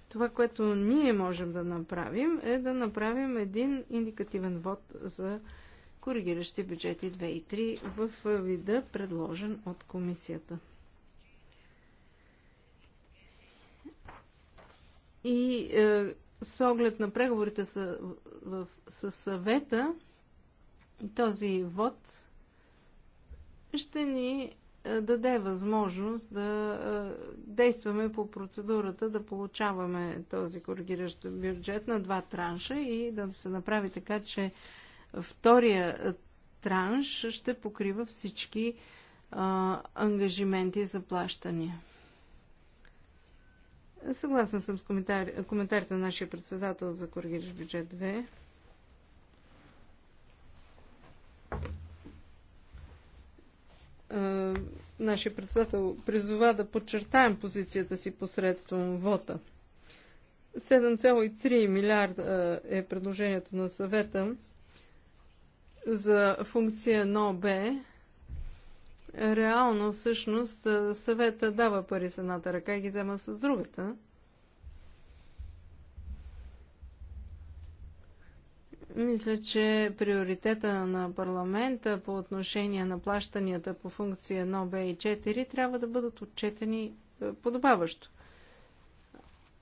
Това, което ние можем да направим, е да направим един индикативен вод за коригиращи бюджети 2 и 3 в е, вида предложен от комисията. И е, с оглед на преговорите с, в, с съвета, този вод ще ни е, даде възможност да е, действаме по процедурата да получаваме този коригиращ бюджет на два транша и да се направи така, че втория е, транш ще покрива всички а, ангажименти за плащания. Съгласен съм с коментар... коментарите на нашия председател за коригиращ бюджет 2. нашия председател призова да подчертаем позицията си посредством вота. 7,3 милиарда е предложението на съвета за функция НОБ. б Реално, всъщност, съвета дава пари с едната ръка и ги взема с другата. Мисля, че приоритета на парламента по отношение на плащанията по функция 1, Б и 4 трябва да бъдат отчетени е, подобаващо.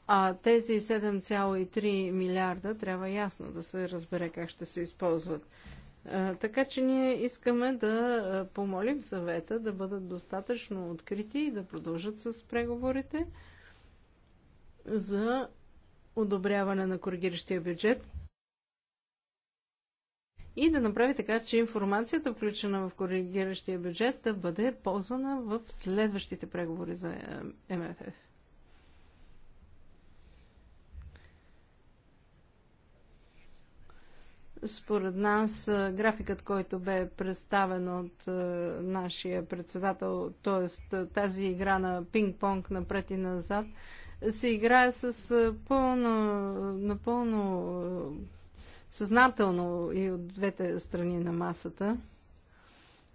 А тези 7,3 милиарда трябва ясно да се разбере как ще се използват. Е, така че ние искаме да е, помолим съвета да бъдат достатъчно открити и да продължат с преговорите за одобряване на коригиращия бюджет и да направи така, че информацията, включена в коригиращия бюджет, да бъде ползвана в следващите преговори за е, МФФ. Според нас е, графикът, който бе представен от е, нашия председател, т.е. тази игра на пинг-понг напред и назад, се играе с пълно, напълно съзнателно и от двете страни на масата.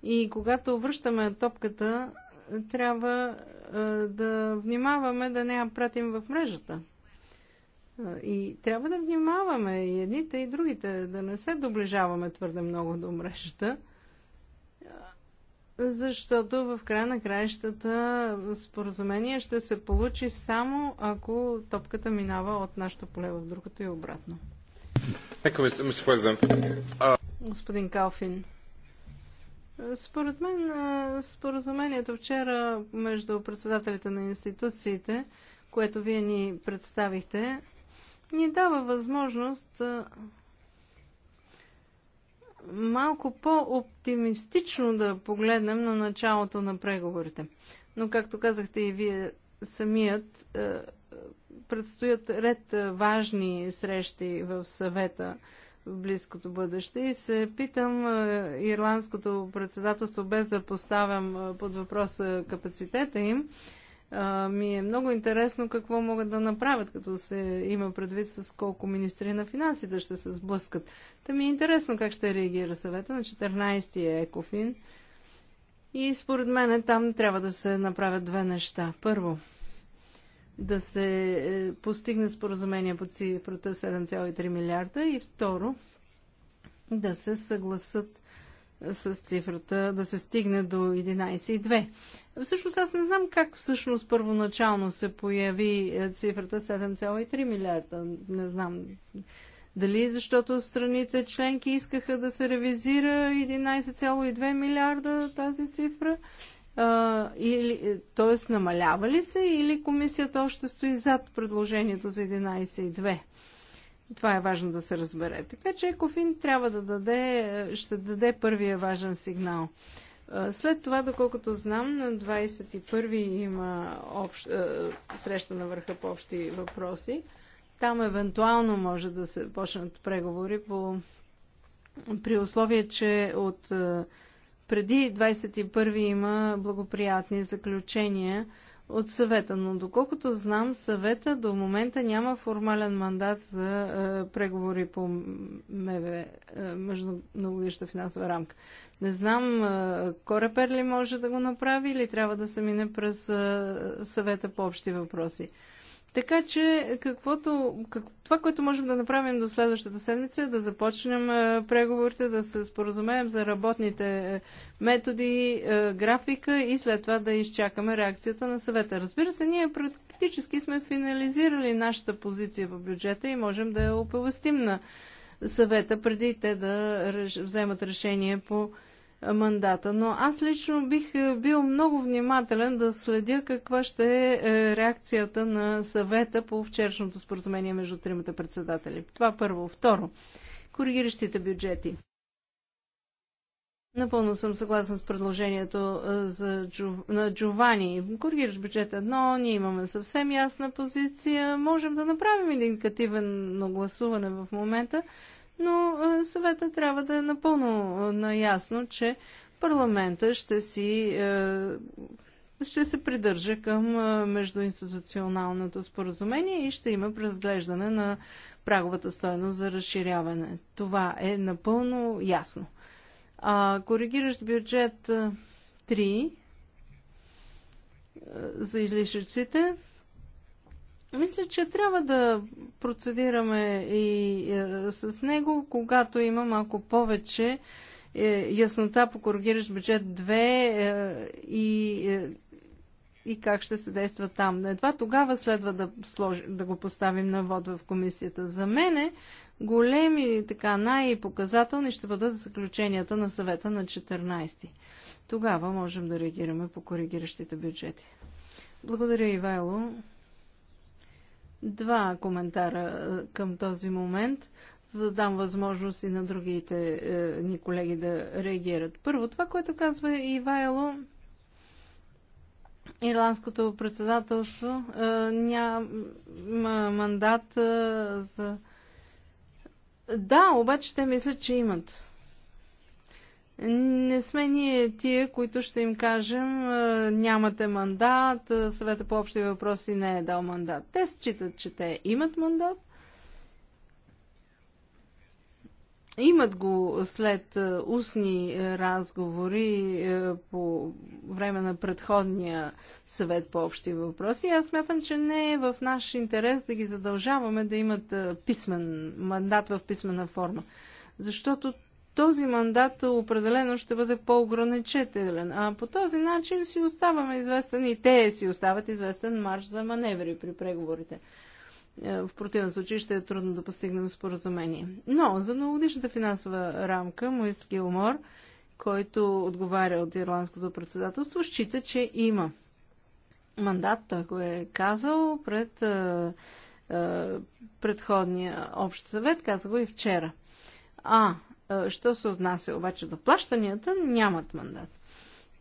И когато връщаме топката, трябва да внимаваме да не я пратим в мрежата. И трябва да внимаваме и едните, и другите, да не се доближаваме твърде много до мрежата, защото в края на краищата споразумение ще се получи само ако топката минава от нашото поле в другото и обратно. Господин Калфин, според мен споразумението вчера между председателите на институциите, което вие ни представихте, ни дава възможност малко по-оптимистично да погледнем на началото на преговорите. Но, както казахте и вие самият, предстоят ред важни срещи в съвета в близкото бъдеще и се питам ирландското председателство, без да поставям под въпроса капацитета им, ми е много интересно какво могат да направят, като се има предвид с колко министри на финансите ще се сблъскат. Та ми е интересно как ще реагира съвета на 14-ти Екофин. И според мен там трябва да се направят две неща. Първо, да се е, постигне споразумение по цифрата 7,3 милиарда и второ да се съгласат с цифрата, да се стигне до 11,2. Всъщност аз не знам как всъщност първоначално се появи е, цифрата 7,3 милиарда. Не знам дали защото страните членки искаха да се ревизира 11,2 милиарда тази цифра или, т.е. намалява ли се или комисията още стои зад предложението за 2? Това е важно да се разбере. Така че Екофин трябва да даде, ще даде първия важен сигнал. След това, доколкото знам, на 21 има общ, е, среща на върха по общи въпроси. Там евентуално може да се почнат преговори по, при условие, че от е, преди 21 има благоприятни заключения от съвета, но доколкото знам, съвета до момента няма формален мандат за е, преговори по МВ, е, междуногодишна финансова рамка. Не знам, е, Корепер ли може да го направи или трябва да се мине през е, съвета по общи въпроси. Е, така че каквото, как, това, което можем да направим до следващата седмица е да започнем е, преговорите, да се споразумеем за работните е, методи, е, графика и след това да изчакаме реакцията на съвета. Разбира се, ние практически сме финализирали нашата позиция в бюджета и можем да я оповестим на съвета преди те да реш, вземат решение по мандата. Но аз лично бих е, бил много внимателен да следя каква ще е, е реакцията на съвета по вчерашното споразумение между тримата председатели. Това първо. Второ, коригиращите бюджети. Напълно съм съгласен с предложението е, за Джу... на Джовани. Коригираш бюджет едно, ние имаме съвсем ясна позиция. Можем да направим индикативно гласуване в момента, но съвета трябва да е напълно наясно, че парламента ще си е, ще се придържа към междуинституционалното споразумение и ще има преразглеждане на праговата стойност за разширяване. Това е напълно ясно. А, коригиращ бюджет 3 за излишъците мисля, че трябва да процедираме и е, с него, когато има малко повече е, яснота по коригиращ бюджет 2 е, и, е, и как ще се действа там. Едва тогава следва да, сложи, да го поставим на вод в комисията. За мене големи, така най-показателни ще бъдат заключенията на съвета на 14. Тогава можем да реагираме по коригиращите бюджети. Благодаря, Ивайло. Два коментара към този момент, за да дам възможност и на другите е, ни колеги да реагират. Първо, това, което казва Ивайло, Ирландското председателство е, няма мандат е, за. Да, обаче те мислят, че имат. Не сме ние тия, които ще им кажем нямате мандат, съвета по общи въпроси не е дал мандат. Те считат, че те имат мандат. Имат го след устни разговори по време на предходния съвет по общи въпроси. Аз смятам, че не е в наш интерес да ги задължаваме да имат писмен мандат в писмена форма. Защото този мандат определено ще бъде по-ограничителен. А по този начин си оставаме известен и те си остават известен марш за маневри при преговорите. Е, в противен случай ще е трудно да постигнем споразумение. Но за многогодишната финансова рамка Моиски Умор, който отговаря от Ирландското председателство, счита, че има мандат. Той го е казал пред е, е, предходния общ съвет, каза го и вчера. А Що се отнася обаче до плащанията, нямат мандат.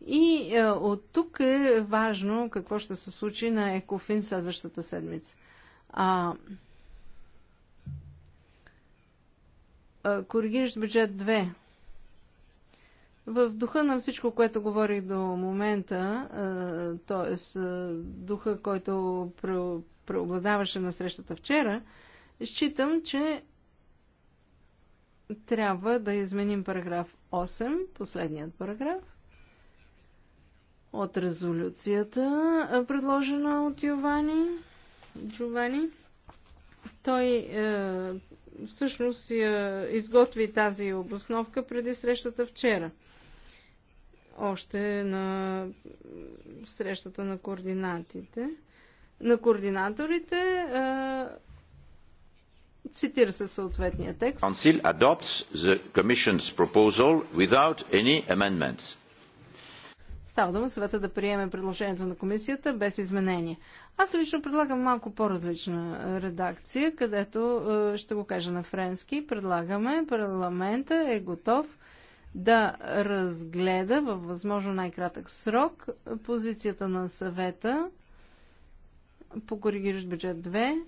И от тук е важно какво ще се случи на Екофин следващата седмица. А, коригиращ бюджет 2. В духа на всичко, което говорих до момента, т.е. духа, който преобладаваше на срещата вчера, считам, че трябва да изменим параграф 8, последният параграф от резолюцията, предложена от Йовани. Джовани. Той е, всъщност е, изготви тази обосновка преди срещата вчера. Още на срещата на координатите. На координаторите е, Цитира се съответния текст. Council adopts the Commission's proposal without any amendments. Става дума съвета да приеме предложението на комисията без изменение. Аз лично предлагам малко по-различна редакция, където е, ще го кажа на френски. Предлагаме парламента е готов да разгледа във възможно най-кратък срок позицията на съвета по коригиращ бюджет 2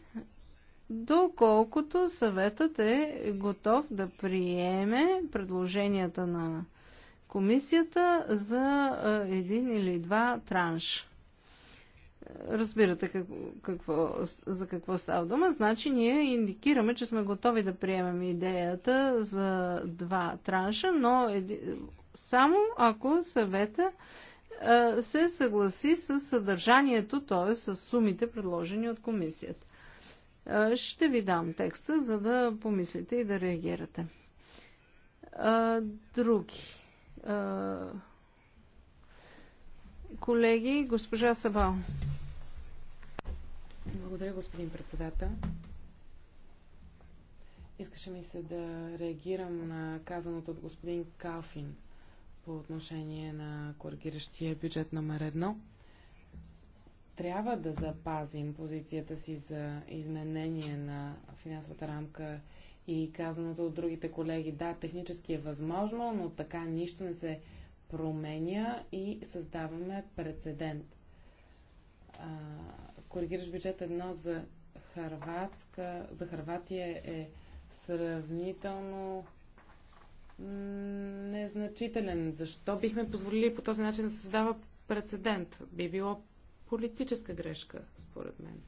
доколкото съветът е готов да приеме предложенията на комисията за един или два транш. Разбирате какво, какво, за какво става дума. Значи ние индикираме, че сме готови да приемем идеята за два транша, но еди... само ако съвета се съгласи с съдържанието, т.е. с сумите, предложени от комисията. Ще ви дам текста, за да помислите и да реагирате. Други. Колеги, госпожа Сабал. Благодаря, господин председател. Искаше ми се да реагирам на казаното от господин Калфин по отношение на коригиращия бюджет номер едно трябва да запазим позицията си за изменение на финансовата рамка и казаното от другите колеги. Да, технически е възможно, но така нищо не се променя и създаваме прецедент. А, коригираш бюджет едно за Харватска, за Харватия е сравнително незначителен. Защо бихме позволили по този начин да се създава прецедент? Би било политическа грешка, според мен.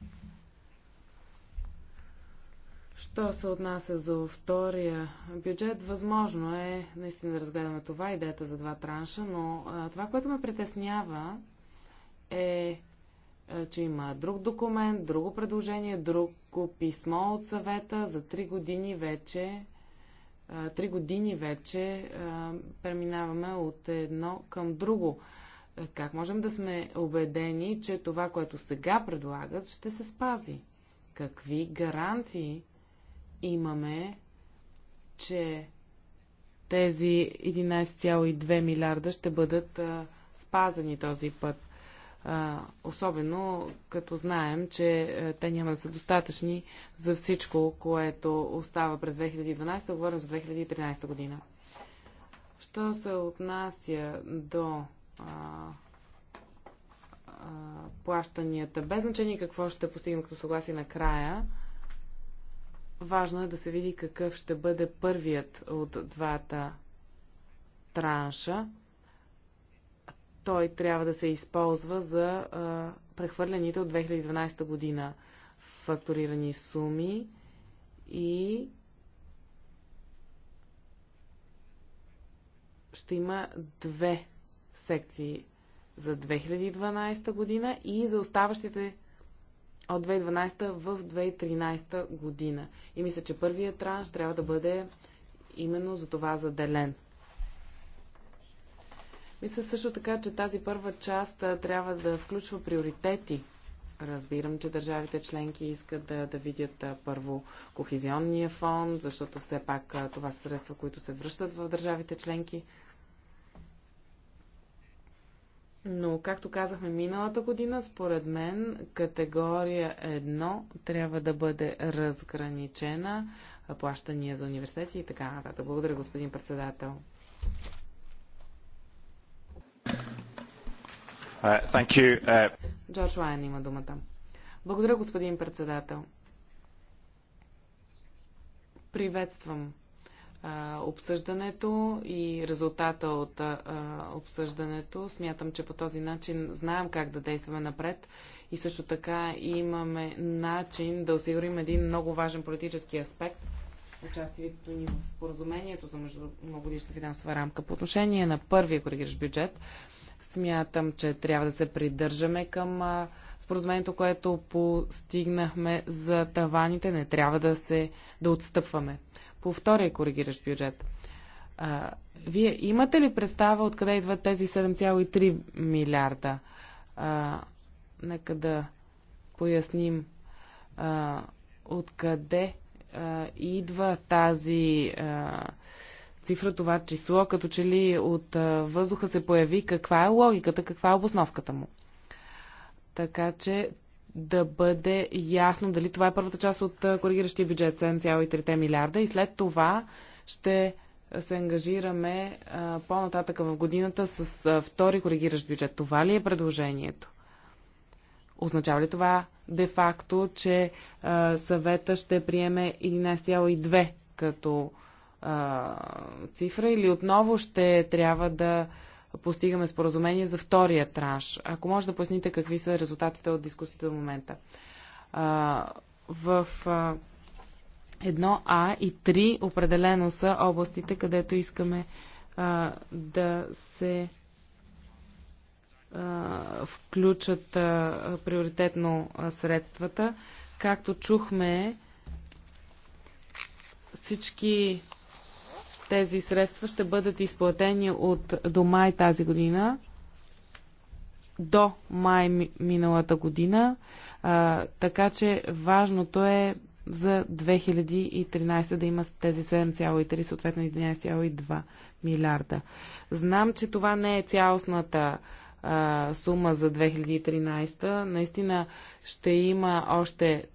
Що се отнася за втория бюджет, възможно е наистина да разгледаме това, идеята за два транша, но а, това, което ме притеснява е, а, че има друг документ, друго предложение, друго писмо от съвета за три години вече. А, три години вече а, преминаваме от едно към друго. А, как можем да сме убедени, че това, което сега предлагат, ще се спази? Какви гаранции имаме, че тези 11,2 милиарда ще бъдат а, спазени този път? А, особено като знаем, че а, те няма да са достатъчни за всичко, което остава през 2012, говорим за 2013 година. Що се отнася до а, а, плащанията, без значение какво ще постигнем като съгласие накрая, важно е да се види какъв ще бъде първият от двата транша. Той трябва да се използва за а, прехвърляните от 2012 година фактурирани суми и ще има две секции за 2012 година и за оставащите от 2012 в 2013 година. И мисля, че първият транш трябва да бъде именно за това заделен. Мисля също така, че тази първа част трябва да включва приоритети. Разбирам, че държавите членки искат да, да видят първо кохезионния фонд, защото все пак това са средства, които се връщат в държавите членки. Но, както казахме миналата година, според мен категория 1 трябва да бъде разграничена, плащания за университети и така нататък. Благодаря, господин председател. Uh, Uh... Джордж Лайен има думата. Благодаря, господин председател. Приветствам а, обсъждането и резултата от а, обсъждането. Смятам, че по този начин знаем как да действаме напред и също така имаме начин да осигурим един много важен политически аспект участието ни в споразумението за многогодишна финансова рамка. По отношение на първия коригиращ бюджет, смятам, че трябва да се придържаме към споразумението, което постигнахме за таваните, не трябва да се да отстъпваме по втория коригиращ бюджет. А, вие имате ли представа откъде идват тези 7,3 милиарда? А, нека да поясним а, откъде а, идва тази а, цифра, това число, като че ли от а, въздуха се появи каква е логиката, каква е обосновката му. Така че да бъде ясно дали това е първата част от коригиращия бюджет 7,3 милиарда и след това ще се ангажираме по-нататък в годината с а, втори коригиращ бюджет. Това ли е предложението? Означава ли това де-факто, че а, съвета ще приеме 11,2 като а, цифра или отново ще трябва да постигаме споразумение за втория транш. Ако може да поясните какви са резултатите от дискусията до момента. А, в а, 1А и 3 определено са областите, където искаме а, да се а, включат а, приоритетно а, средствата. Както чухме, всички тези средства ще бъдат изплатени от до май тази година до май миналата година, а, така че важното е за 2013 да има тези 7,3, съответно 11,2 милиарда. Знам, че това не е цялостната а, сума за 2013. Наистина ще има още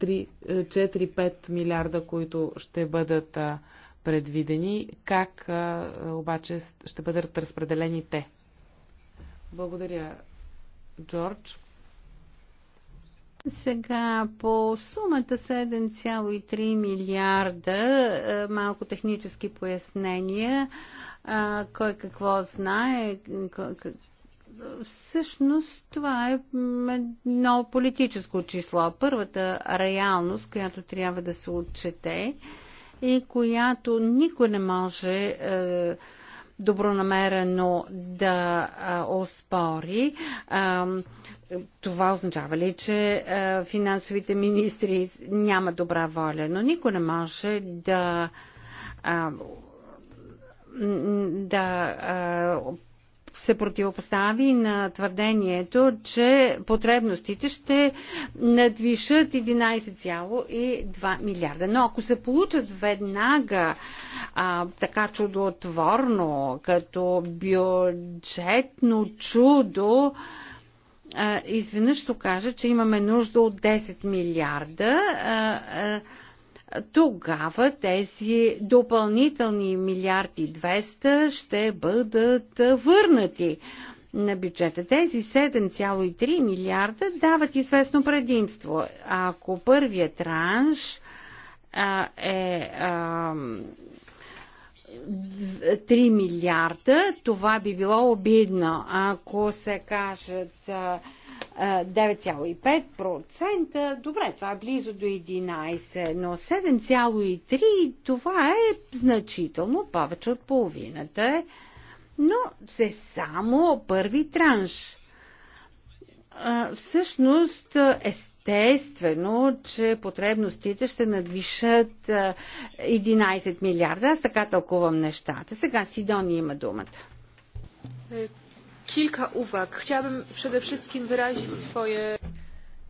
4-5 е, милиарда, които ще бъдат а, предвидени. Как а, обаче ще бъдат разпределени те? Благодаря, Джордж. Сега по сумата 7,3 милиарда, малко технически пояснения, кой какво знае, всъщност това е едно политическо число. Първата реалност, която трябва да се отчете, и която никой не може е, добронамерено да е, оспори. Е, това означава ли, че финансовите министри няма добра воля, но никой не може да да а, се противопостави на твърдението, че потребностите ще надвишат 11,2 милиарда. Но ако се получат веднага а, така чудотворно, като бюджетно чудо, изведнъж ще кажа, че имаме нужда от 10 милиарда. А, а, тогава тези допълнителни милиарди 200 ще бъдат върнати на бюджета. Тези 7,3 милиарда дават известно предимство. Ако първият транш а, е а, 3 милиарда, това би било обидно. Ако се кажат а, 9,5%, добре, това е близо до 11%, но 7,3% това е значително повече от половината, но се само първи транш. Всъщност, естествено, че потребностите ще надвишат 11 милиарда. Аз така тълкувам нещата. Сега Сидони има думата. Е, Kilka uwag. Chciałabym przede wszystkim wyrazić swoje...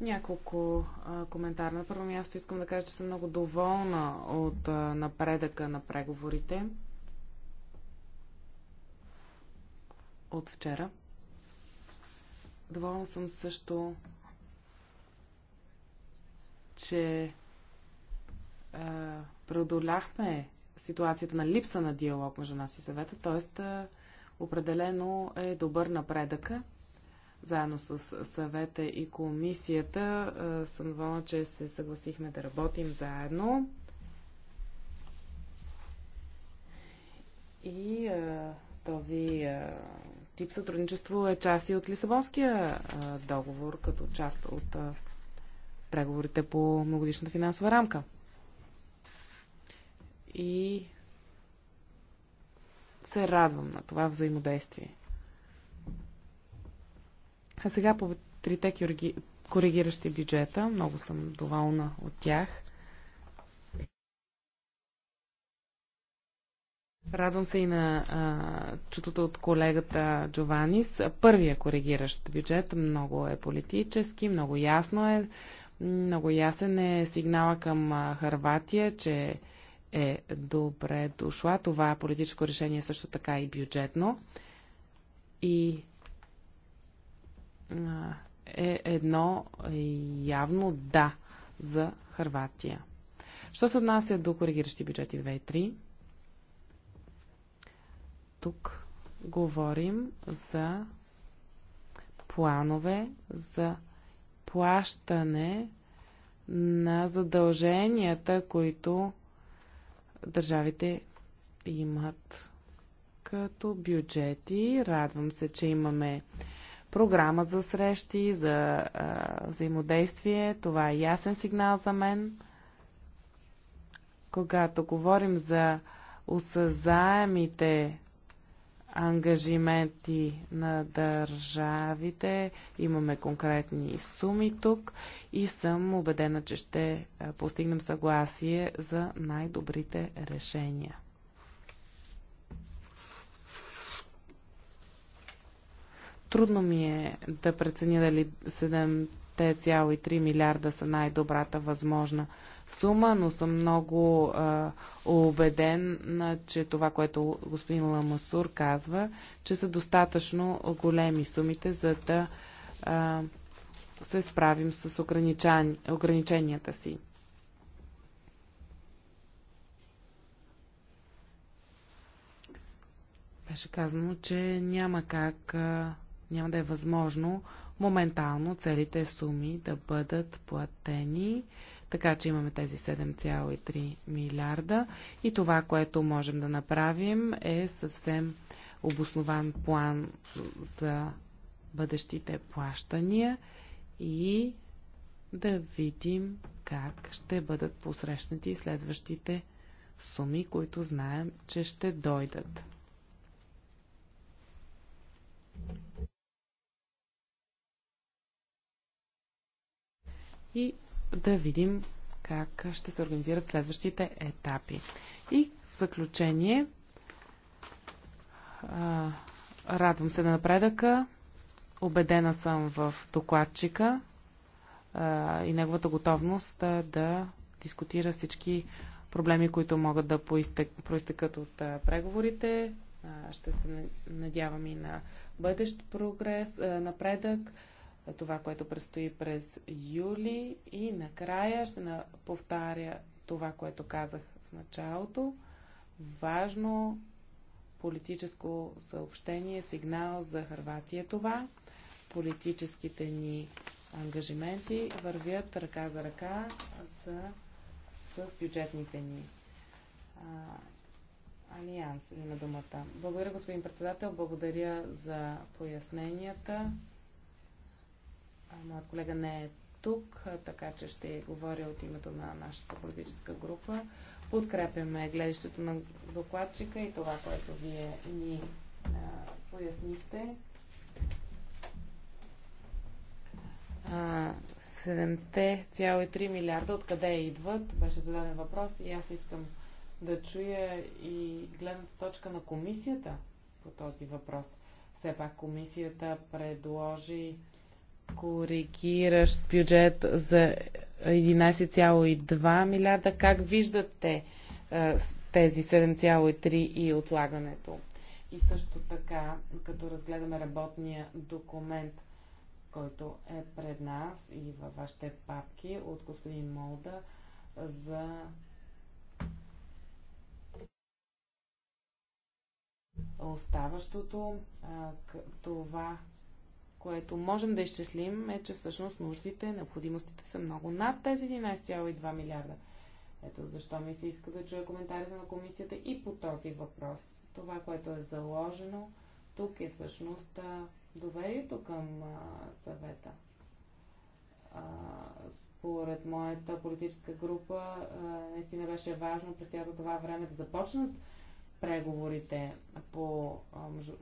Няколко а, коментар. На първо място искам да кажа, че съм много доволна от напредъка на преговорите от вчера. Доволна съм също, че преодоляхме ситуацията на липса на диалог между нас и съвета, т.е. Определено е добър напредъка. Заедно с съвета и комисията съм доволна, че се съгласихме да работим заедно. И този тип сътрудничество е част и от Лисабонския договор, като част от преговорите по многодишната финансова рамка. И се радвам на това взаимодействие. А сега по трите коригиращи бюджета. Много съм доволна от тях. Радвам се и на а, чутото от колегата Джованис. Първия коригиращ бюджет много е политически, много ясно е, много ясен е сигнала към Харватия, че е добре дошла. Това политическо решение е също така и бюджетно. И е едно явно да за Харватия. Що се отнася до коригиращи бюджети 2 и 3? Тук говорим за планове за плащане на задълженията, които държавите имат като бюджети. Радвам се, че имаме програма за срещи, за а, взаимодействие. Това е ясен сигнал за мен. Когато говорим за осъзаемите ангажименти на държавите, имаме конкретни суми тук и съм убедена, че ще постигнем съгласие за най-добрите решения. Трудно ми е да преценя дали 7 2,3 милиарда са най-добрата възможна сума, но съм много а, убеден, че това, което господин Ламасур казва, че са достатъчно големи сумите, за да а, се справим с ограничен... ограниченията си. Беше казано, че няма как, а, няма да е възможно моментално целите суми да бъдат платени, така че имаме тези 7,3 милиарда и това, което можем да направим е съвсем обоснован план за бъдещите плащания и да видим как ще бъдат посрещнати следващите суми, които знаем, че ще дойдат. и да видим как ще се организират следващите етапи. И в заключение, радвам се на напредъка, убедена съм в докладчика и неговата готовност да дискутира всички проблеми, които могат да проистекат от преговорите. Ще се надявам и на бъдещ прогрес, напредък това, което предстои през юли. И накрая ще повтаря това, което казах в началото. Важно политическо съобщение, сигнал за Харватия е това. Политическите ни ангажименти вървят ръка за ръка за, с бюджетните ни а, алианс или на думата. Благодаря, господин председател, благодаря за поясненията. Моят колега не е тук, така че ще говоря от името на нашата политическа група. Подкрепяме гледащето на докладчика и това, което вие ни а, пояснихте. А, 7,3 милиарда откъде идват, беше зададен въпрос и аз искам да чуя и гледната точка на комисията по този въпрос. Все пак комисията предложи коригиращ бюджет за 11,2 милиарда. Как виждате тези 7,3 и отлагането? И също така, като разгледаме работния документ, който е пред нас и във вашите папки от господин Молда за оставащото, това което можем да изчислим, е, че всъщност нуждите, необходимостите са много над тези 11,2 милиарда. Ето защо ми се иска да чуя коментарите на комисията и по този въпрос. Това, което е заложено тук е всъщност доверието към а, съвета. А, според моята политическа група а, наистина беше важно през цялото това време да започнат преговорите по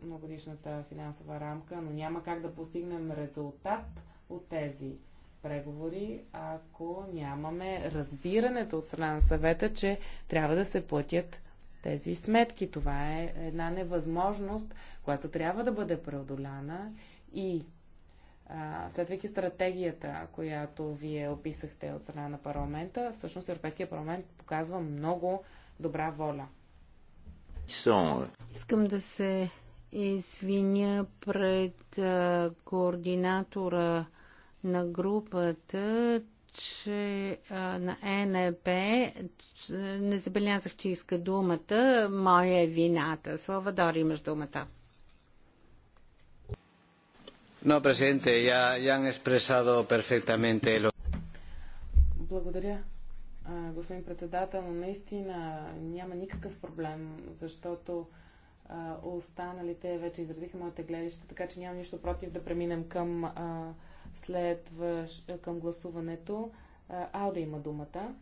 многодишната финансова рамка, но няма как да постигнем резултат от тези преговори, ако нямаме разбирането от страна на съвета, че трябва да се платят тези сметки. Това е една невъзможност, която трябва да бъде преодоляна и следвайки стратегията, която вие описахте от страна на парламента, всъщност Европейския парламент показва много добра воля. Искам да се извиня пред координатора на групата, че на ЕНП не забелязах, че иска думата. Моя е вината. Салвадор, имаш думата. Но, президенте, я, я han expresado Благодаря, господин председател, наистина няма никакъв проблем, защото останалите вече изразиха моите гледаща, така че нямам нищо против да преминем към, а, следваш, към гласуването. Алда има думата.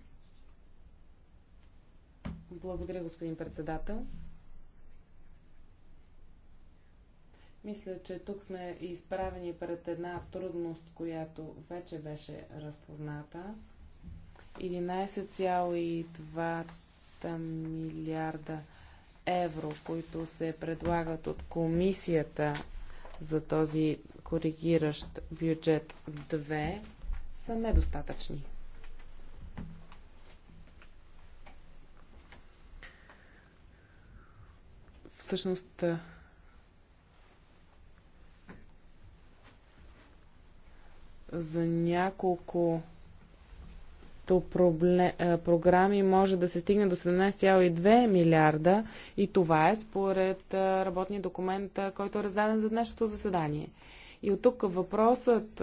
Благодаря, господин председател. Мисля, че тук сме изправени пред една трудност, която вече беше разпозната 11,2 милиарда евро, които се предлагат от комисията за този коригиращ бюджет 2, са недостатъчни. Всъщност, за няколко като проблем, програми може да се стигне до 17,2 милиарда и това е според работния документ, който е раздаден за днешното заседание. И от тук въпросът,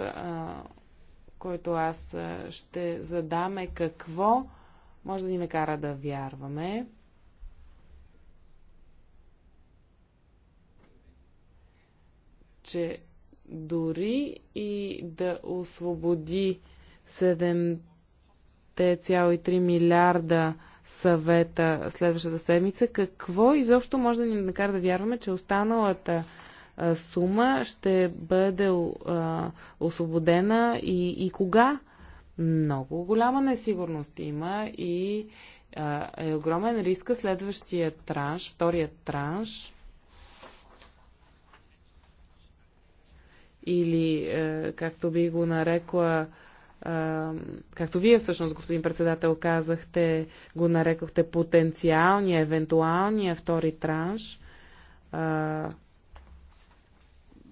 който аз ще задам е какво може да ни накара да вярваме, че дори и да освободи 7 2,3 милиарда съвета следващата седмица, какво изобщо може да ни накара да вярваме, че останалата сума ще бъде а, освободена и, и кога? Много голяма несигурност има и а, е огромен риск следващия транш, втория транш или е, както би го нарекла както вие всъщност, господин председател, казахте, го нарекохте потенциалния, евентуалния втори транш,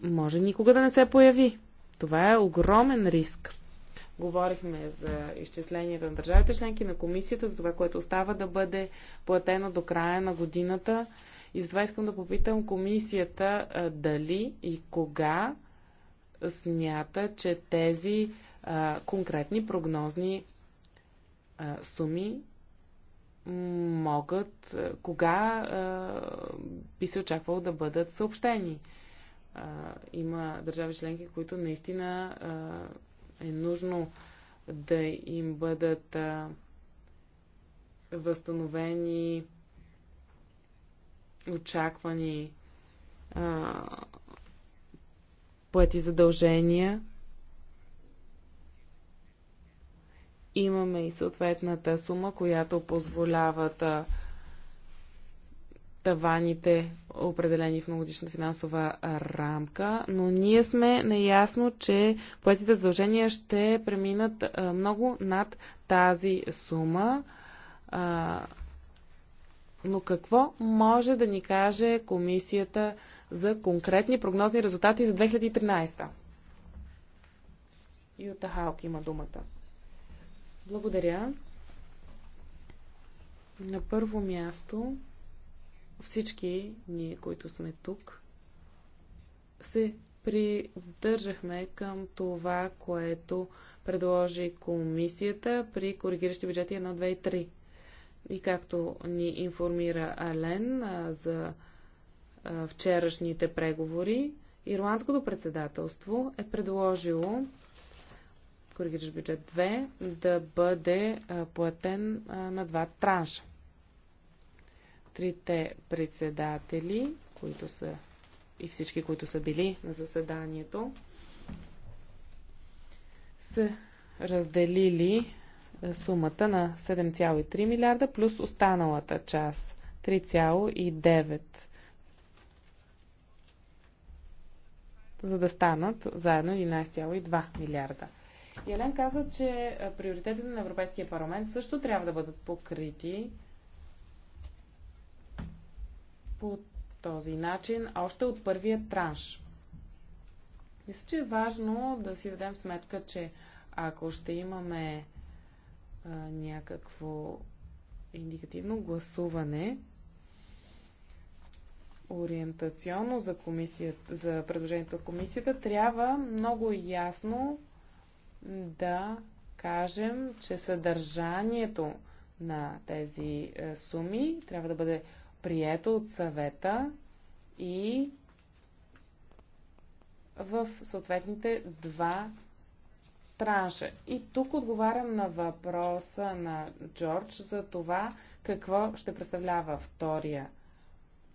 може никога да не се появи. Това е огромен риск. Говорихме за изчисленията на държавите членки, на комисията, за това, което остава да бъде платено до края на годината. И затова искам да попитам комисията дали и кога смята, че тези а, конкретни прогнозни а, суми могат, а, кога би се очаквало да бъдат съобщени. Има държави членки, които наистина е нужно да им бъдат възстановени очаквани поети задължения имаме и съответната сума, която позволява да таваните, определени в многодишна финансова рамка, но ние сме наясно, че поетите задължения ще преминат много над тази сума. Но какво може да ни каже комисията за конкретни прогнозни резултати за 2013? Юта Халк има думата. Благодаря. На първо място всички ние, които сме тук, се придържахме към това, което предложи комисията при коригиращи бюджети 1, 2 и 3. И както ни информира Ален а, за а, вчерашните преговори, Ирландското председателство е предложило коригираш бюджет 2 да бъде платен на два транша. Трите председатели, които са и всички, които са били на заседанието, са разделили сумата на 7,3 милиарда плюс останалата част 3,9 за да станат заедно 11,2 милиарда. Елен каза, че приоритетите на Европейския парламент също трябва да бъдат покрити по този начин още от първия транш. Мисля, че е важно да си дадем сметка, че ако ще имаме а, някакво индикативно гласуване, ориентационно за, комисията, за предложението в комисията, трябва много ясно да кажем, че съдържанието на тези е, суми трябва да бъде прието от съвета и в съответните два транша. И тук отговарям на въпроса на Джордж за това какво ще представлява втория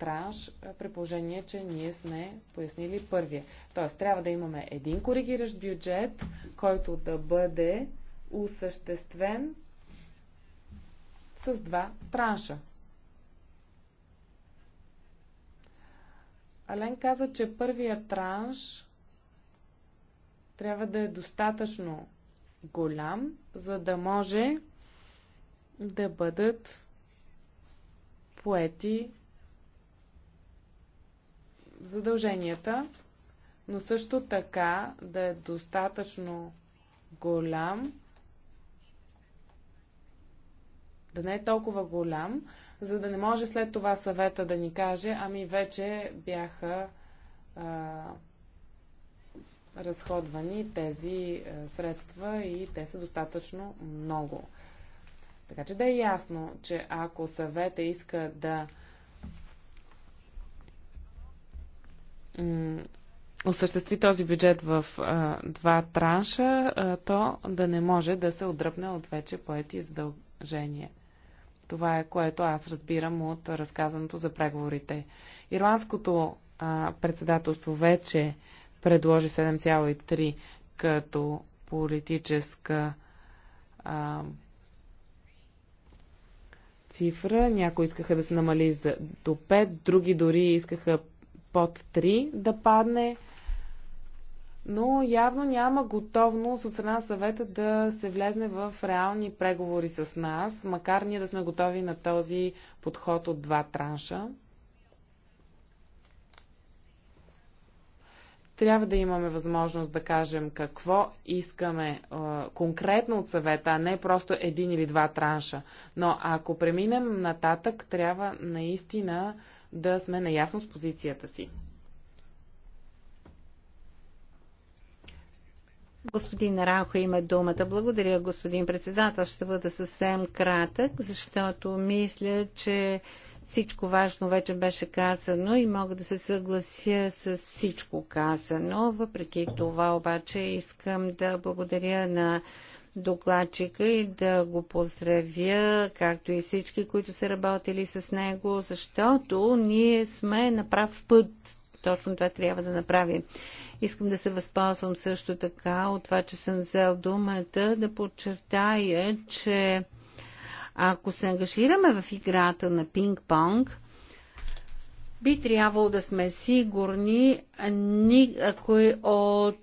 транш, е, при положение, че ние сме пояснили първия. Тоест, трябва да имаме един коригиращ бюджет, който да бъде осъществен с два транша. Ален каза, че първия транш трябва да е достатъчно голям, за да може да бъдат поети задълженията, но също така да е достатъчно голям, да не е толкова голям, за да не може след това съвета да ни каже, ами вече бяха а, разходвани тези а, средства и те са достатъчно много. Така че да е ясно, че ако съвета иска да осъществи този бюджет в а, два транша, а, то да не може да се отдръпне от вече поети задължения. Това е което аз разбирам от разказаното за преговорите. Ирландското а, председателство вече предложи 7,3 като политическа а, цифра. Някои искаха да се намали за, до 5, други дори искаха под 3 да падне, но явно няма готовност от страна съвета да се влезне в реални преговори с нас, макар ние да сме готови на този подход от два транша. трябва да имаме възможност да кажем какво искаме е, конкретно от съвета, а не просто един или два транша. Но ако преминем нататък, трябва наистина да сме наясно с позицията си. Господин Рахо има думата. Благодаря, господин председател. Ще бъда съвсем кратък, защото мисля, че всичко важно вече беше казано и мога да се съглася с всичко казано. Въпреки това обаче искам да благодаря на докладчика и да го поздравя, както и всички, които са работили с него, защото ние сме на прав път. Точно това трябва да направим. Искам да се възползвам също така от това, че съм взел думата, да подчертая, че ако се ангажираме в играта на пинг-понг, би трябвало да сме сигурни никой е от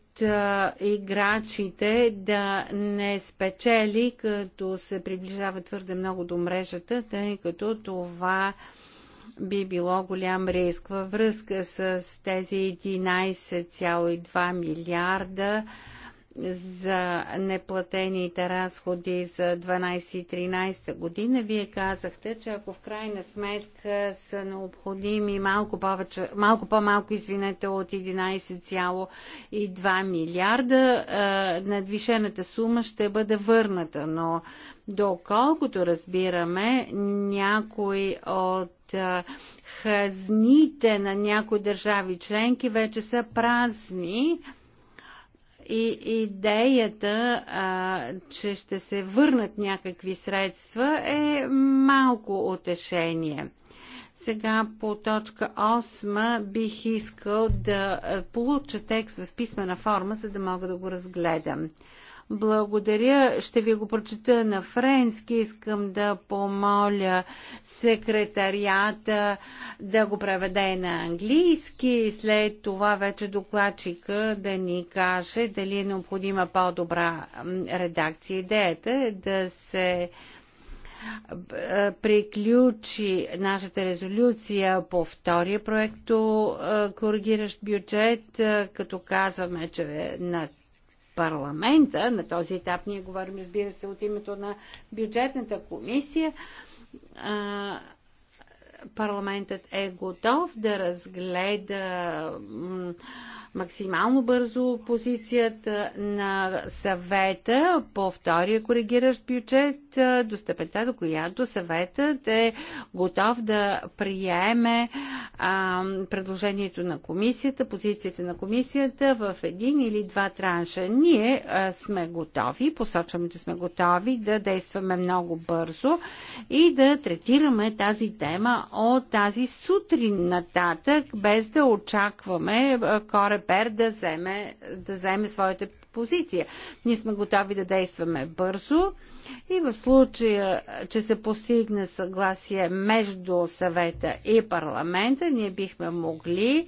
играчите да не спечели, като се приближава твърде много до мрежата, тъй като това би било голям риск. Във връзка с тези 11,2 милиарда за неплатените разходи за 12 и 13 година. Вие казахте, че ако в крайна сметка са необходими малко, повече, малко по-малко, извинете, от 11,2 милиарда, надвишената сума ще бъде върната, но Доколкото разбираме, някои от хазните на някои държави членки вече са празни и идеята, а, че ще се върнат някакви средства е малко утешение. Сега по точка 8 бих искал да получа текст в писмена форма, за да мога да го разгледам. Благодаря. Ще ви го прочета на френски. Искам да помоля секретарията да го преведе на английски и след това вече докладчика да ни каже дали е необходима по-добра редакция. Идеята е да се е, приключи нашата резолюция по втория проекто е, коригиращ бюджет, е, като казваме, че на парламента, на този етап ние говорим, разбира се, от името на бюджетната комисия, парламентът е готов да разгледа максимално бързо позицията на съвета по втория коригиращ бюджет до степента, до която съветът е готов да приеме а, предложението на комисията, позицията на комисията в един или два транша. Ние а, сме готови, посочваме, че сме готови да действаме много бързо и да третираме тази тема от тази сутрин нататък, без да очакваме кораб Репер да вземе, да вземе своята позиция. Ние сме готови да действаме бързо и в случая, че се постигне съгласие между съвета и парламента, ние бихме могли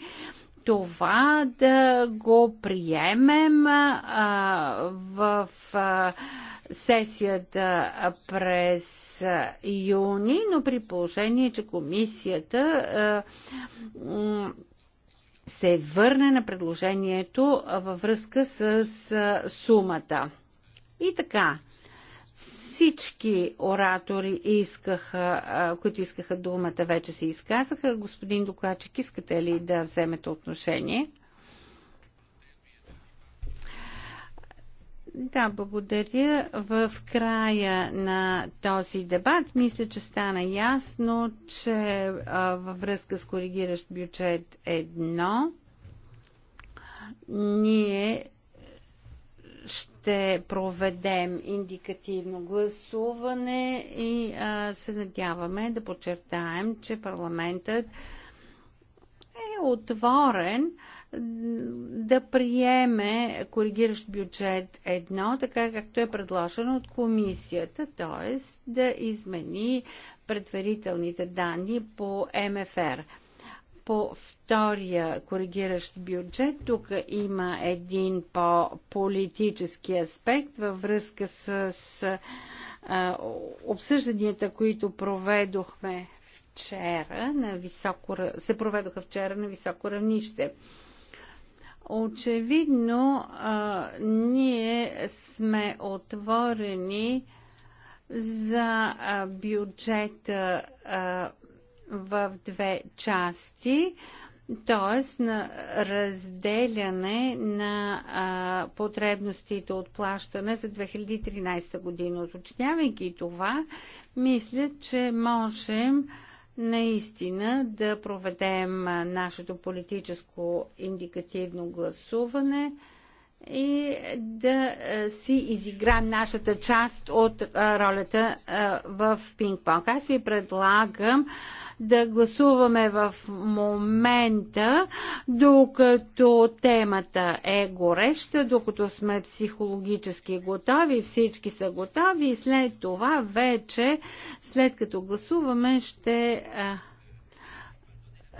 това да го приемем а, в а, сесията през юни, но при положение, че комисията а, се върне на предложението във връзка с сумата. И така, всички оратори, искаха, които искаха думата, вече се изказаха. Господин докладчик, искате ли да вземете отношение? Да, благодаря. В края на този дебат мисля, че стана ясно, че а, във връзка с коригиращ бюджет едно, ние ще проведем индикативно гласуване и а, се надяваме да подчертаем, че парламентът е отворен а, да приеме коригиращ бюджет едно, така както е предложено от комисията, т.е. да измени предварителните данни по МФР. По втория коригиращ бюджет тук има един по-политически аспект във връзка с а, обсъжданията, които проведохме вчера на високо, се проведоха вчера на високо равнище. Очевидно, а, ние сме отворени за а, бюджета а, в две части, т.е. на разделяне на а, потребностите от плащане за 2013 година. Уточнявайки това, мисля, че можем а, наистина да проведем нашето политическо индикативно гласуване – и да е, си изиграем нашата част от е, ролята е, в пинг-понг. Аз ви предлагам да гласуваме в момента, докато темата е гореща, докато сме психологически готови, всички са готови и след това вече, след като гласуваме, ще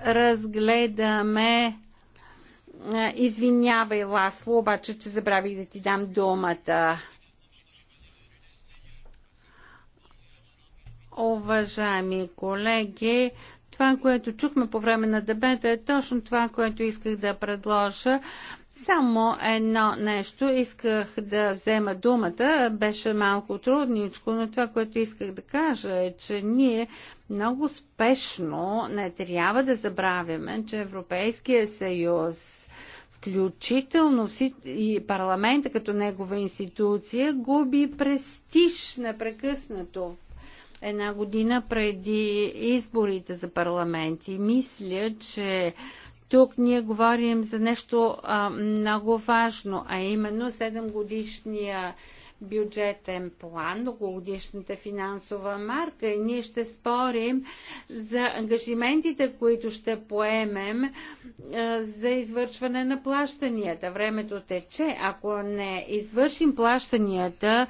разгледаме Извинявай, Ласло, обаче, че забравих да ти дам думата. Уважаеми колеги, това, което чухме по време на дебета е точно това, което исках да предложа. Само едно нещо исках да взема думата. Беше малко трудничко, но това, което исках да кажа е, че ние много спешно не трябва да забравяме, че Европейския съюз включително и парламента като негова институция губи престиж непрекъснато една година преди изборите за парламент. И мисля, че тук ние говорим за нещо а, много важно, а именно 7 годишния бюджетен план, многогодишната финансова марка и ние ще спорим за ангажиментите, които ще поемем за извършване на плащанията. Времето тече. Ако не извършим плащанията,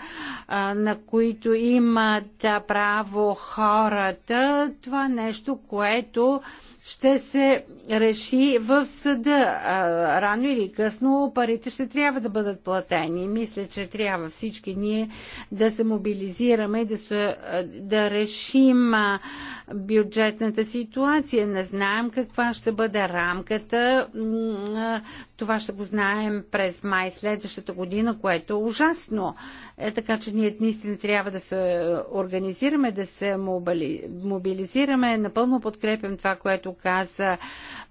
на които имат право хората, това нещо, което ще се реши в съда. Рано или късно парите ще трябва да бъдат платени. Мисля, че трябва всички ние да се мобилизираме и да, се, да решим бюджетната ситуация. Не знаем каква ще бъде рамката. Това ще го знаем през май следващата година, което е ужасно. Е, така че ние наистина трябва да се организираме, да се мобилизираме. Напълно подкрепям това, което каза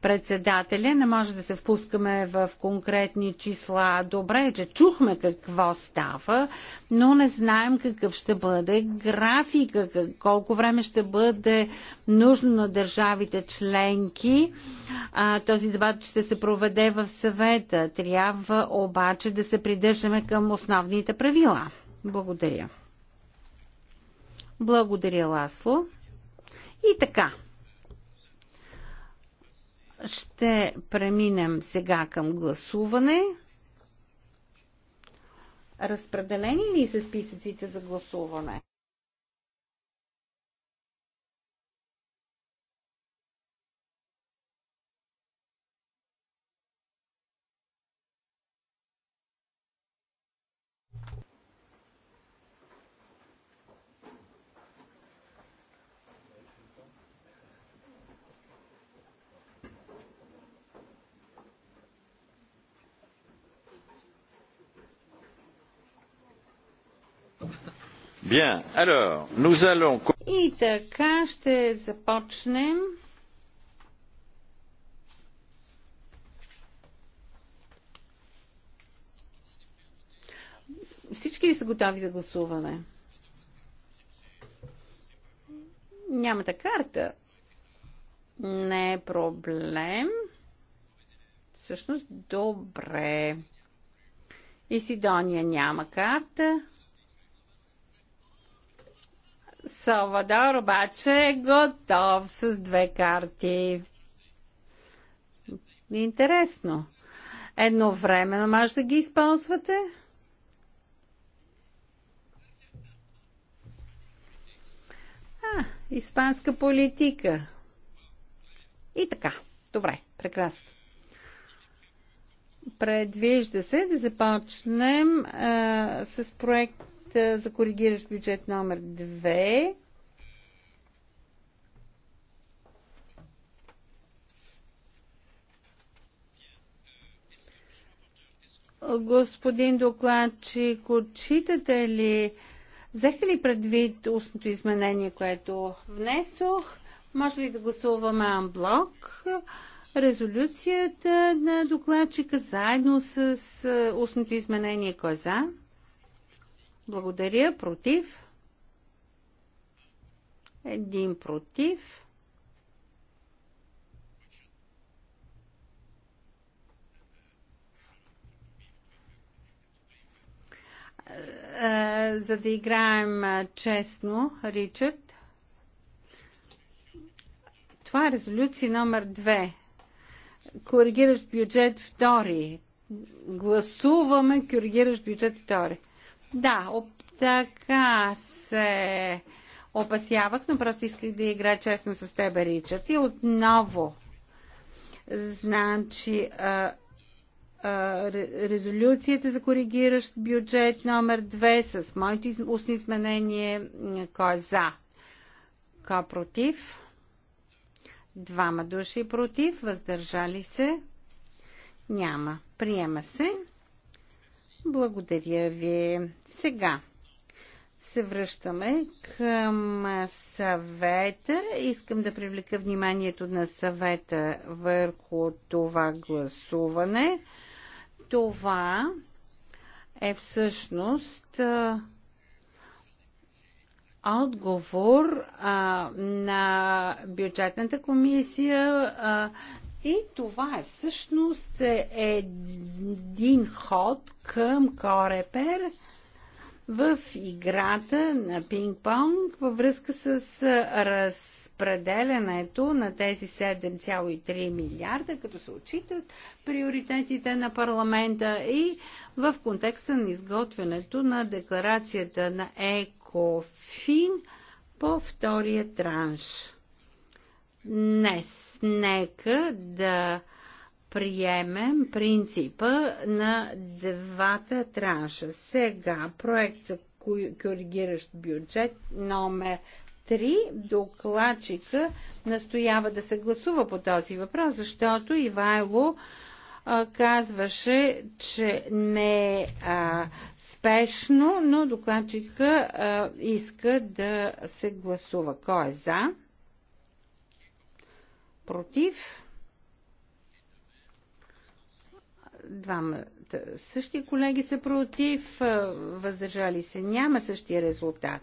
председателя. Не може да се впускаме в конкретни числа. Добре е, че чухме какво става, но не знаем какъв ще бъде графика, колко време ще бъде нужно на държавите членки. А, този дебат ще се проведе в съвета. Трябва обаче да се придържаме към основните правила. Благодаря. Благодаря, Ласло. И така, ще преминем сега към гласуване. Разпределени ли са списъците за гласуване? Bien, alors, nous allons... И така ще започнем. Всички ли са готови за гласуване? Нямате карта. Не е проблем. Всъщност, добре. И Сидония няма карта. Салвадор обаче е готов с две карти. Интересно. Едно време може да ги използвате? А, испанска политика. И така. Добре, прекрасно. Предвижда се да започнем а, с проект за коригиращ бюджет номер 2. Господин докладчик, отчитате ли, взехте ли предвид устното изменение, което внесох? Може ли да гласуваме анблок? Резолюцията на докладчика заедно с устното изменение. Кой е за? Благодаря. Против. Един против. Е, за да играем е, честно, Ричард, това е резолюция номер две. Коригиращ бюджет втори. Гласуваме коригиращ бюджет Втори. Да, така се опасявах, но просто исках да игра честно с теб, Ричард. И отново, значи, а, а, резолюцията за коригиращ бюджет номер 2 с моите устни изменение, кой е за, кой е против, двама души против, въздържали се, няма. Приема се. Благодаря ви. Сега се връщаме към съвета. Искам да привлека вниманието на съвета върху това гласуване. Това е всъщност отговор а, на бюджетната комисия а, и това е всъщност е един ход към Корепер в играта на пинг-понг във връзка с разпределянето на тези 7,3 милиарда, като се отчитат приоритетите на парламента и в контекста на изготвянето на декларацията на ЕКОФИН по втория транш. Днес Нека да приемем принципа на двата транша. Сега проект за коригиращ бюджет номер 3. Докладчика настоява да се гласува по този въпрос, защото Ивайло а, казваше, че не е а, спешно, но докладчика а, иска да се гласува. Кой е за? против. Двама същи колеги са против, въздържали се няма същия резултат.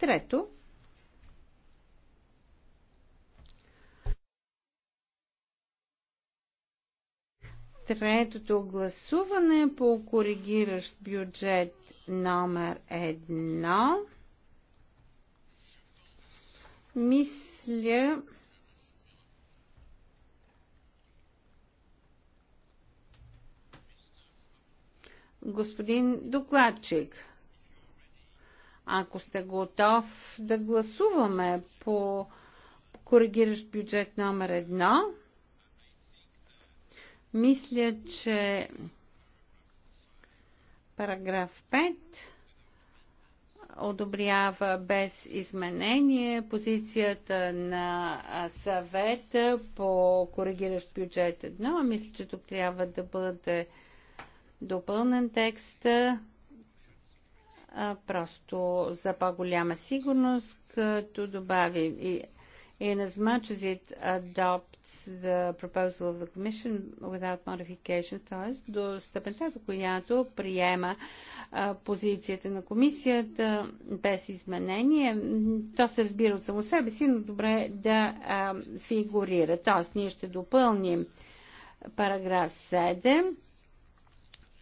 Трето, третото гласуване по коригиращ бюджет номер едно. Мисля, Господин докладчик, ако сте готов да гласуваме по коригиращ бюджет номер едно, мисля, че параграф 5 одобрява без изменение позицията на съвета по коригиращ бюджет 1. Мисля, че тук трябва да бъде допълнен текст а, просто за по-голяма сигурност, като добавим и in as much as it adopts the proposal of the Commission without modification, т.е. до степента, до която приема а, позицията на комисията без изменение. То се разбира от само себе си, но добре да а, фигурира. Т.е. ние ще допълним параграф 7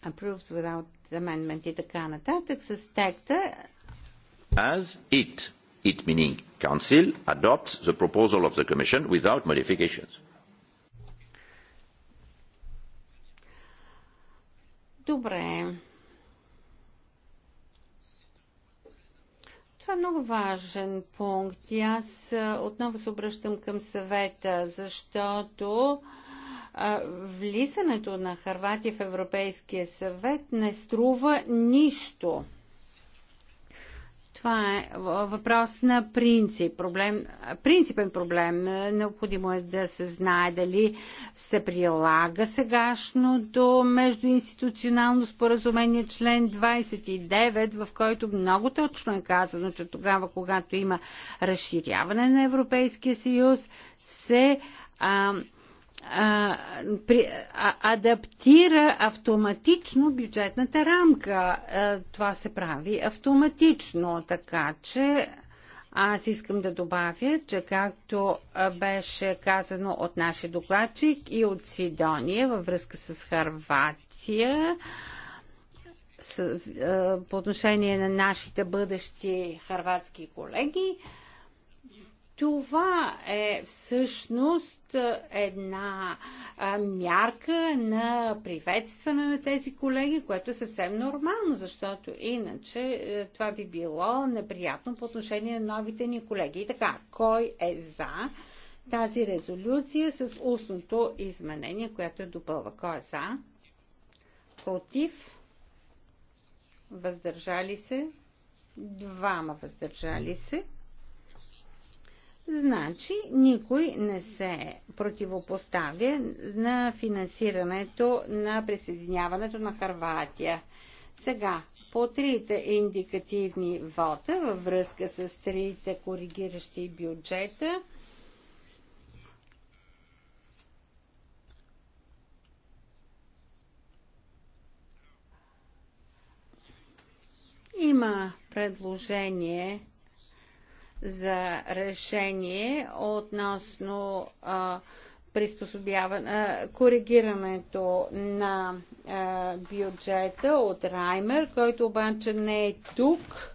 approves without amendment и така нататък с текста As it, it meaning Council, adopts the proposal of the Commission without modifications. Добре. Това е много важен пункт и аз отново се обръщам към съвета, защото влизането на Харватия в Европейския съвет не струва нищо. Това е въпрос на принцип, проблем, принципен проблем. Необходимо е да се знае дали се прилага сегашното междуинституционално споразумение член 29, в който много точно е казано, че тогава, когато има разширяване на Европейския съюз, се а, а, при, а, адаптира автоматично бюджетната рамка. А, това се прави автоматично, така че аз искам да добавя, че както беше казано от нашия докладчик и от Сидония във връзка с Харватия, с, а, по отношение на нашите бъдещи харватски колеги, а, това е всъщност една мярка на приветстване на тези колеги, което е съвсем нормално, защото иначе това би било неприятно по отношение на новите ни колеги. И така, кой е за тази резолюция с устното изменение, което е допълва? Кой е за? Против? Въздържали се? Двама въздържали се. Значи никой не се противопоставя на финансирането на присъединяването на Харватия. Сега, по трите индикативни вота във връзка с трите коригиращи бюджета, има предложение за решение относно приспособяване, коригирането на бюджета от Раймер, който обаче не е тук.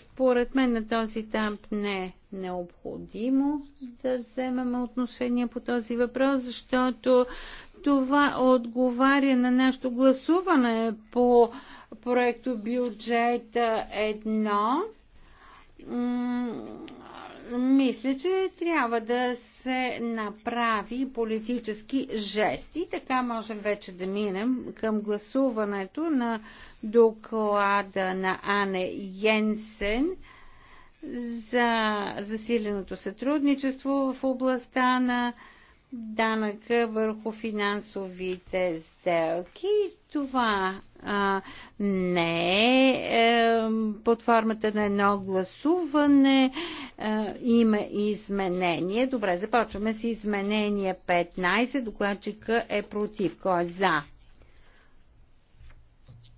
Според мен на този етап не е необходимо да вземаме отношение по този въпрос, защото това отговаря на нашето гласуване по проекто бюджета 1 мисля, че трябва да се направи политически жест. И така можем вече да минем към гласуването на доклада на Ане Йенсен за засиленото сътрудничество в областта на данъка върху финансовите сделки. Това а, не е, е под формата на едно гласуване. Е, има изменение. Добре, започваме с изменение 15. Докладчика е против. Кой е за?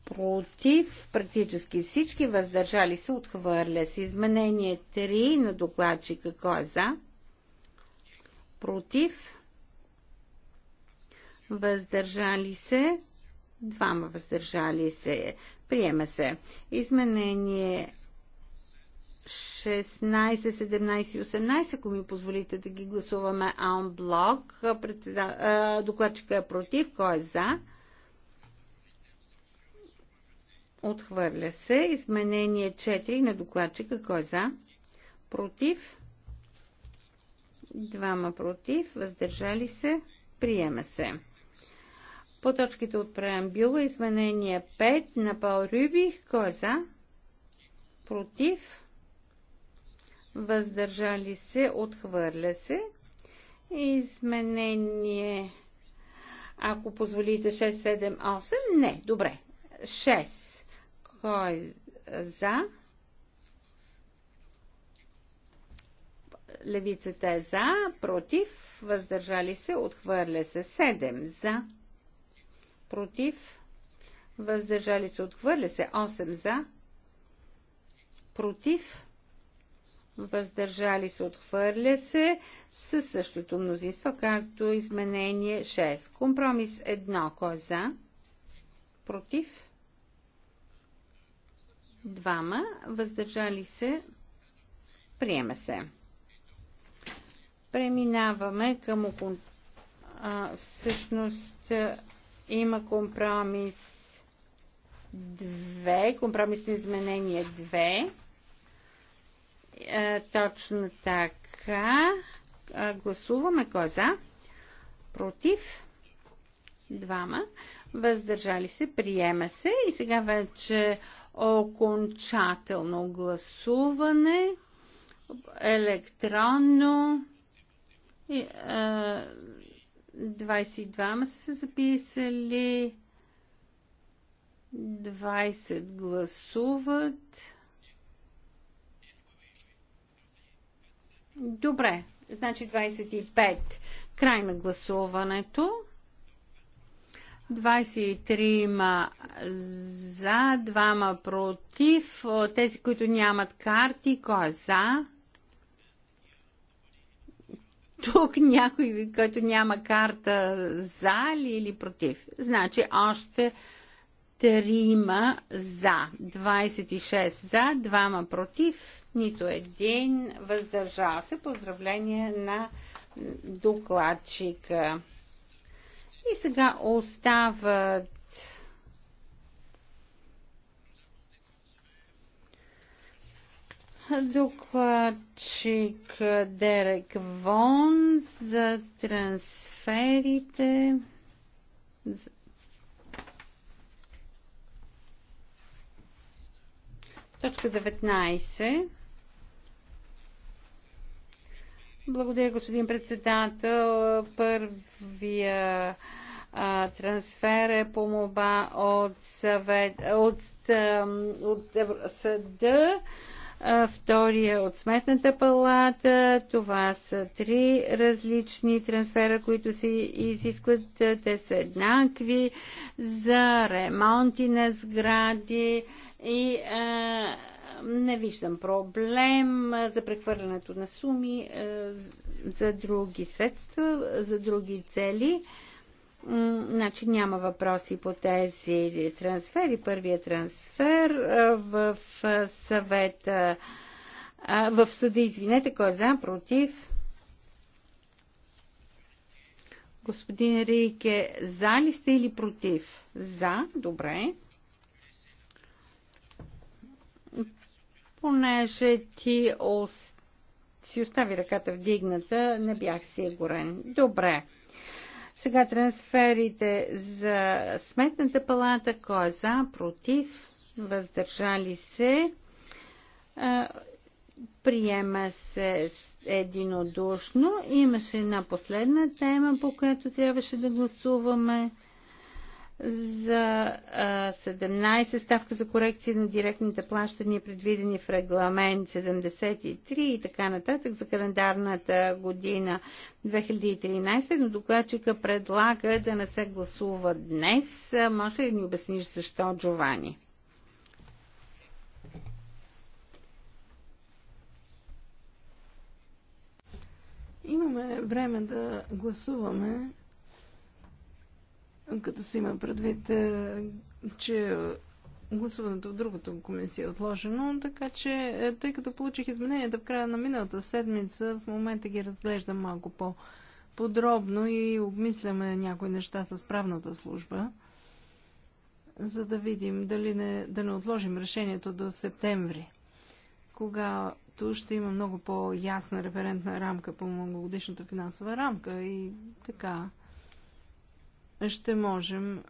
Против практически всички. Въздържали се. Отхвърля с изменение 3 на докладчика. Кой е за? Против въздържали се, двама въздържали се, приема се. Изменение 16, 17 и 18, ако ми позволите да ги гласуваме аунблок. Председа... Докладчика е против, кой е за? Отхвърля се. Изменение 4 на докладчика, кой е за? Против. Двама против, въздържали се, приема се по точките от преамбюла. Изменение 5 на Пол Рюбих. Кой е за? Против? Въздържали се? Отхвърля се. Изменение ако позволите 6, 7, 8. Не, добре. 6. Кой е за? Левицата е за, против, въздържали се, отхвърля се. 7 за против, въздържали се, отхвърля се. 8 за, против, въздържали се, отхвърля се със същото мнозинство, както изменение 6. Компромис 1, кой е за, против, двама, въздържали се, приема се. Преминаваме към а, всъщност има компромис 2, компромисно изменение 2. Е, точно така. Е, гласуваме кой е за? Против? Двама. Въздържали се. Приема се. И сега вече окончателно гласуване. Електронно. И, е, 22 са се записали. 20 гласуват. Добре, значи 25. Край на гласуването. 23 ма за, 2 ма против. Тези, които нямат карти, кой е за? тук някой, който няма карта за ли или против. Значи още трима за, 26 за, двама против, нито един въздържал се. Поздравление на докладчика. И сега остават Докладчик Дерек Вон за трансферите. Точка 19. Благодаря, господин председател. Първия а, трансфер е по моба от, съвет, от, от, от съда втория е от сметната палата. Това са три различни трансфера, които се изискват. Те са еднакви за ремонти на сгради и а, не виждам проблем за прехвърлянето на суми а, за други средства, за други цели. Значи няма въпроси по тези трансфери. Първият трансфер в съвета, в съда, извинете, кой е за, против? Господин Рике, за ли сте или против? За, добре. Понеже ти ос... си остави ръката вдигната, не бях сигурен. Добре. Сега трансферите за сметната палата. Кой е за, против, въздържали се. Приема се единодушно. Имаше една последна тема, по която трябваше да гласуваме за 17 ставка за корекция на директните плащания, предвидени в регламент 73 и така нататък за календарната година 2013, но докладчика предлага да не се гласува днес. Може ли да ни обясниш защо, Джовани? Имаме време да гласуваме като се има предвид, е, че гласуването в другата комисия е отложено, така че, е, тъй като получих измененията в края на миналата седмица, в момента ги разглеждам малко по-подробно и обмисляме някои неща с правната служба, за да видим дали не, да не отложим решението до септември, когато ще има много по-ясна референтна рамка по многогодишната финансова рамка и така ще можем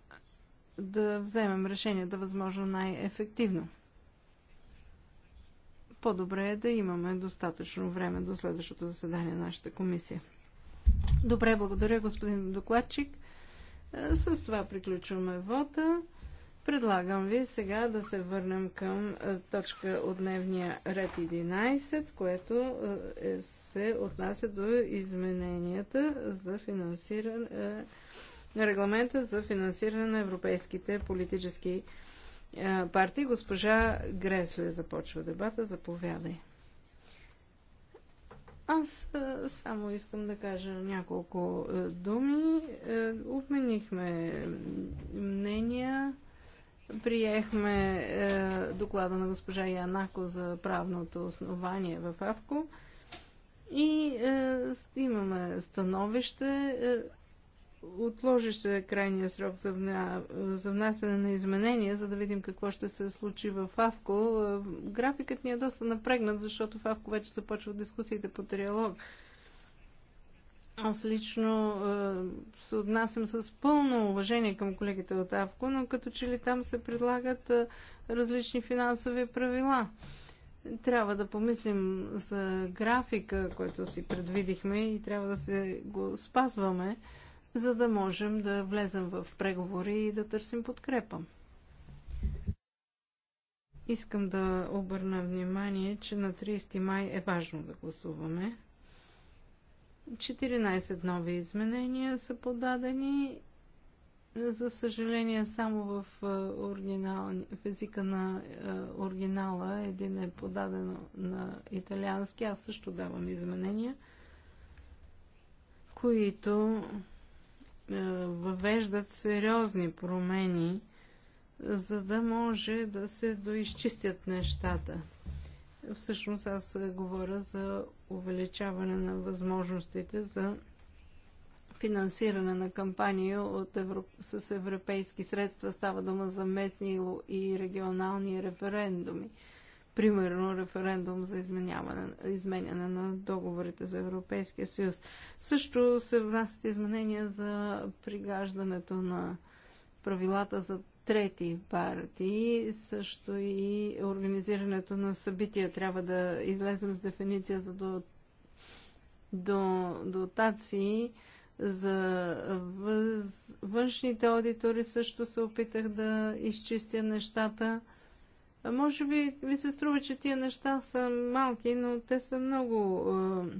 да вземем решенията да възможно най-ефективно. По-добре е да имаме достатъчно време до следващото заседание на нашата комисия. Добре, благодаря господин докладчик. Е, с това приключваме вота. Предлагам ви сега да се върнем към е, точка от дневния ред 11, което е, се отнася до измененията за финансиране на регламента за финансиране на европейските политически е, партии. Госпожа Гресле започва дебата. Заповядай. Аз е, само искам да кажа няколко е, думи. Обменихме мнения, приехме доклада на госпожа Янако за правното основание в АВКО и имаме становище отложи крайния срок за, вна... за внасяне на изменения, за да видим какво ще се случи в АВКО. Графикът ни е доста напрегнат, защото в АВКО вече започва дискусиите по триалог. Аз лично е, се отнасям с пълно уважение към колегите от АВКО, но като че ли там се предлагат е, различни финансови правила. Трябва да помислим за графика, който си предвидихме и трябва да се го спазваме за да можем да влезем в преговори и да търсим подкрепа. Искам да обърна внимание, че на 30 май е важно да гласуваме. 14 нови изменения са подадени. За съжаление, само в, оригинал, в езика на оригинала един е подаден на италиански. Аз също давам изменения, които е, въвеждат сериозни промени, за да може да се доизчистят нещата. Всъщност аз говоря за увеличаване на възможностите за финансиране на кампании от Европ... с европейски средства. Става дума за местни и регионални референдуми примерно референдум за изменяне на договорите за Европейския съюз. Също се внасят изменения за пригаждането на правилата за трети партии, също и организирането на събития. Трябва да излезем с дефиниция за до, до, дотации за въз, външните аудитори също се опитах да изчистя нещата. Може би ви се струва, че тия неща са малки, но те са много е,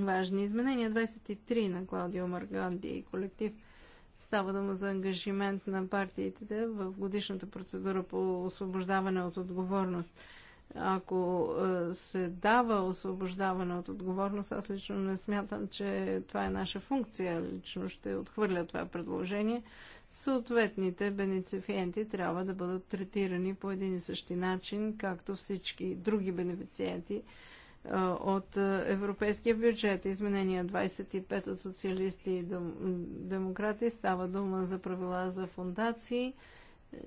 важни. Изменение 23 на Клаудио Марганди и колектив става дума за ангажимент на партиите в годишната процедура по освобождаване от отговорност. Ако е, се дава освобождаване от отговорност, аз лично не смятам, че това е наша функция. Лично ще отхвърля това предложение съответните бенефициенти трябва да бъдат третирани по един и същи начин, както всички други бенефициенти от европейския бюджет. Изменения 25 от социалисти и демократи става дума за правила за фундации.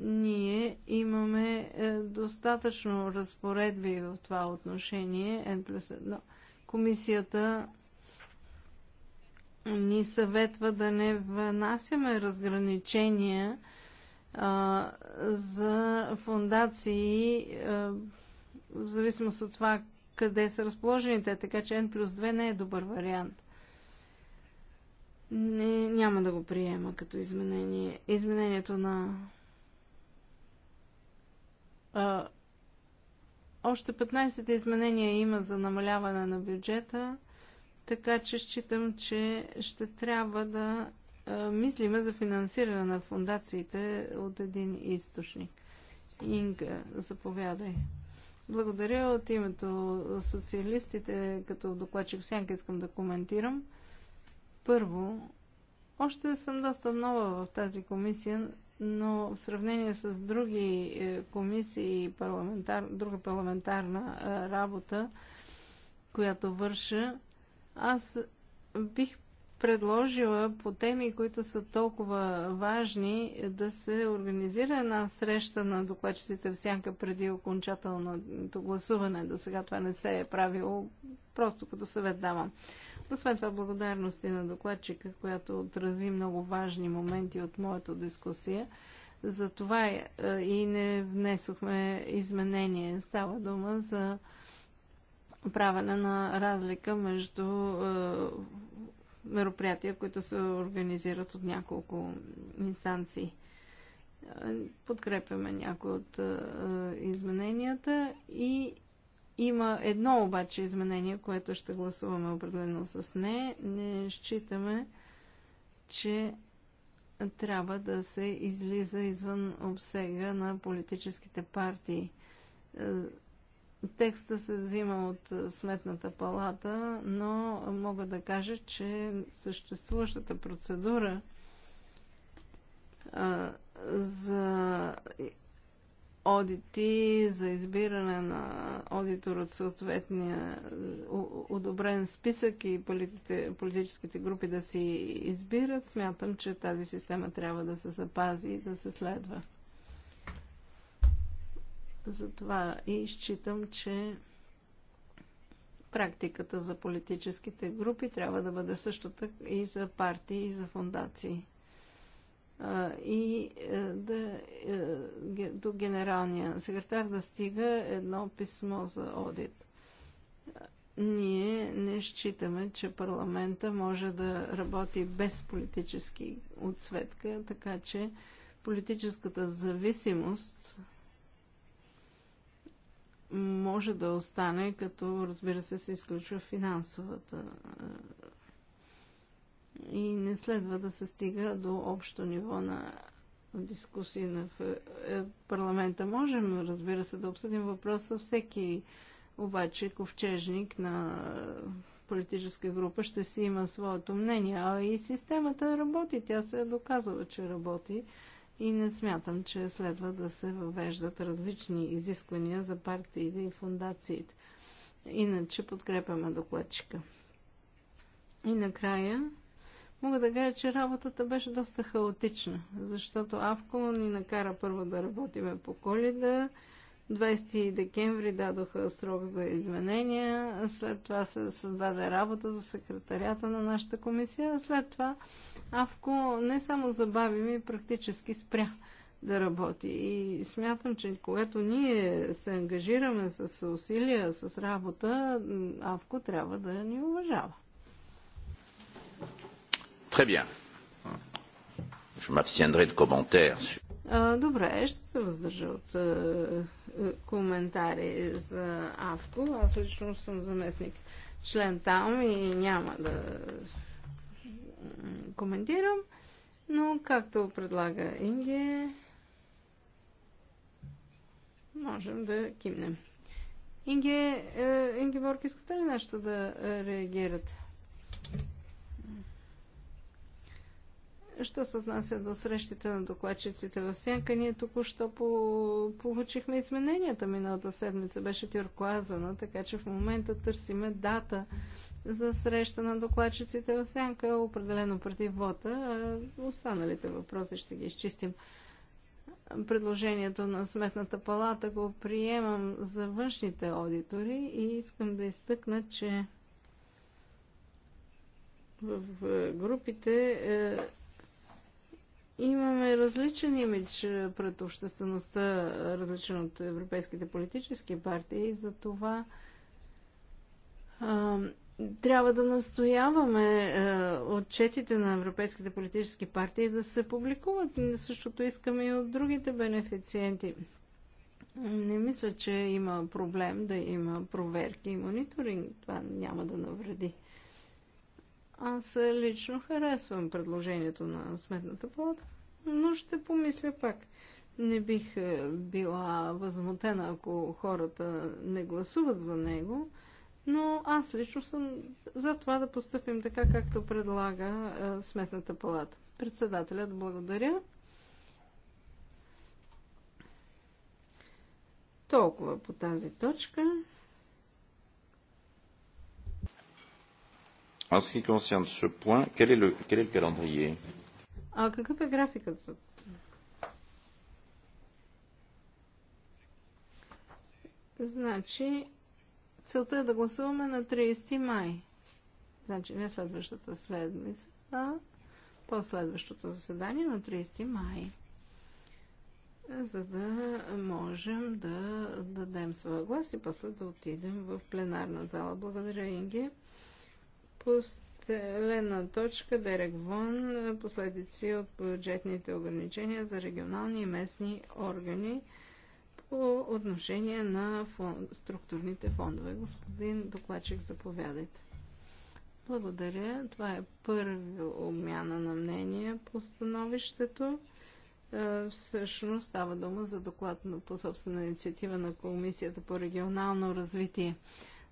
Ние имаме е, достатъчно разпоредби в това отношение. N плюс 1. Комисията ни съветва да не внасяме разграничения а, за фундации а, в зависимост от това къде са разположени те, така че N плюс 2 не е добър вариант. Не, няма да го приема като изменение. Изменението на а, още 15 изменения има за намаляване на бюджета. Така че считам, че ще трябва да мислиме за финансиране на фундациите от един източник. Инга, заповядай. Благодаря от името социалистите, като докладчик сянка искам да коментирам. Първо, още съм доста нова в тази комисия, но в сравнение с други е, комисии и парламентар, друга парламентарна е, работа, която върша, аз бих предложила по теми, които са толкова важни, да се организира една среща на докладчиците в сянка преди окончателното гласуване. До сега това не се е правило, просто като съвет давам. Освен това, благодарности на докладчика, която отрази много важни моменти от моята дискусия. за това, е, и не внесохме изменение. Става дума за правене на разлика между е, мероприятия, които се организират от няколко инстанции. Е, подкрепяме някои от е, измененията и има едно обаче изменение, което ще гласуваме определено с не. Не считаме, че трябва да се излиза извън обсега на политическите партии. Текста се взима от Сметната палата, но мога да кажа, че съществуващата процедура за одити, за избиране на аудитор от съответния одобрен списък и политите, политическите групи да си избират, смятам, че тази система трябва да се запази и да се следва. Затова и считам, че практиката за политическите групи трябва да бъде същата и за партии, и за фундации. И е, да, е, до генералния секретар да стига едно писмо за одит. Ние не считаме, че парламента може да работи без политически отсветка, така че политическата зависимост може да остане, като разбира се се изключва финансовата е, и не следва да се стига до общо ниво на дискусии на е, парламента. Можем, разбира се, да обсъдим въпроса. Всеки обаче ковчежник на политическа група ще си има своето мнение. А и системата работи. Тя се е доказала, че работи и не смятам, че следва да се въвеждат различни изисквания за партиите и фундациите. Иначе подкрепяме докладчика. И накрая мога да кажа, че работата беше доста хаотична, защото Авко ни накара първо да работиме по коледа, 20 декември дадоха срок за изменения, след това се създаде работа за секретарята на нашата комисия, след това АВКО не само забави ми, практически спря да работи. И смятам, че когато ние се ангажираме с усилия, с работа, АВКО трябва да ни уважава. Très bien. Je m'abstiendrai de commentaires. Добре, ще се въздържа от коментари за АВКО. Аз лично съм заместник член там и няма да коментирам. Но както предлага Инги, можем да кимнем. Инги е, Борг, искате ли нещо да реагирате? Що се отнася до срещите на докладчиците в Сянка, ние току-що по- получихме измененията. Миналата седмица беше тюркуазана, така че в момента търсиме дата за среща на докладчиците в Сянка, определено преди вота. А останалите въпроси ще ги изчистим. Предложението на Сметната палата го приемам за външните аудитори и искам да изтъкна, че в групите е, имаме различен имидж пред обществеността, различен от европейските политически партии. и За това а, трябва да настояваме а, отчетите на европейските политически партии да се публикуват. Същото искаме и от другите бенефициенти. Не мисля, че има проблем да има проверки и мониторинг. Това няма да навреди. Аз лично харесвам предложението на Сметната палата, но ще помисля пак. Не бих е, била възмутена, ако хората не гласуват за него, но аз лично съм за това да поступим така, както предлага е, Сметната палата. Председателят, благодаря. Толкова по тази точка. En ce qui concerne ce point, quel est le, quel est le calendrier А какъв е графикът за Значи, целта е да гласуваме на 30 май. Значи, не следващата седмица, а последващото заседание на 30 май. За да можем да дадем своя глас и после да отидем в пленарна зала. Благодаря, Инге. Постелена точка Дерек Вон последици от бюджетните ограничения за регионални и местни органи по отношение на фон, структурните фондове. Господин докладчик, заповядайте. Благодаря. Това е първа обмяна на мнение по становището. Е, всъщност става дума за доклад по собствена инициатива на Комисията по регионално развитие.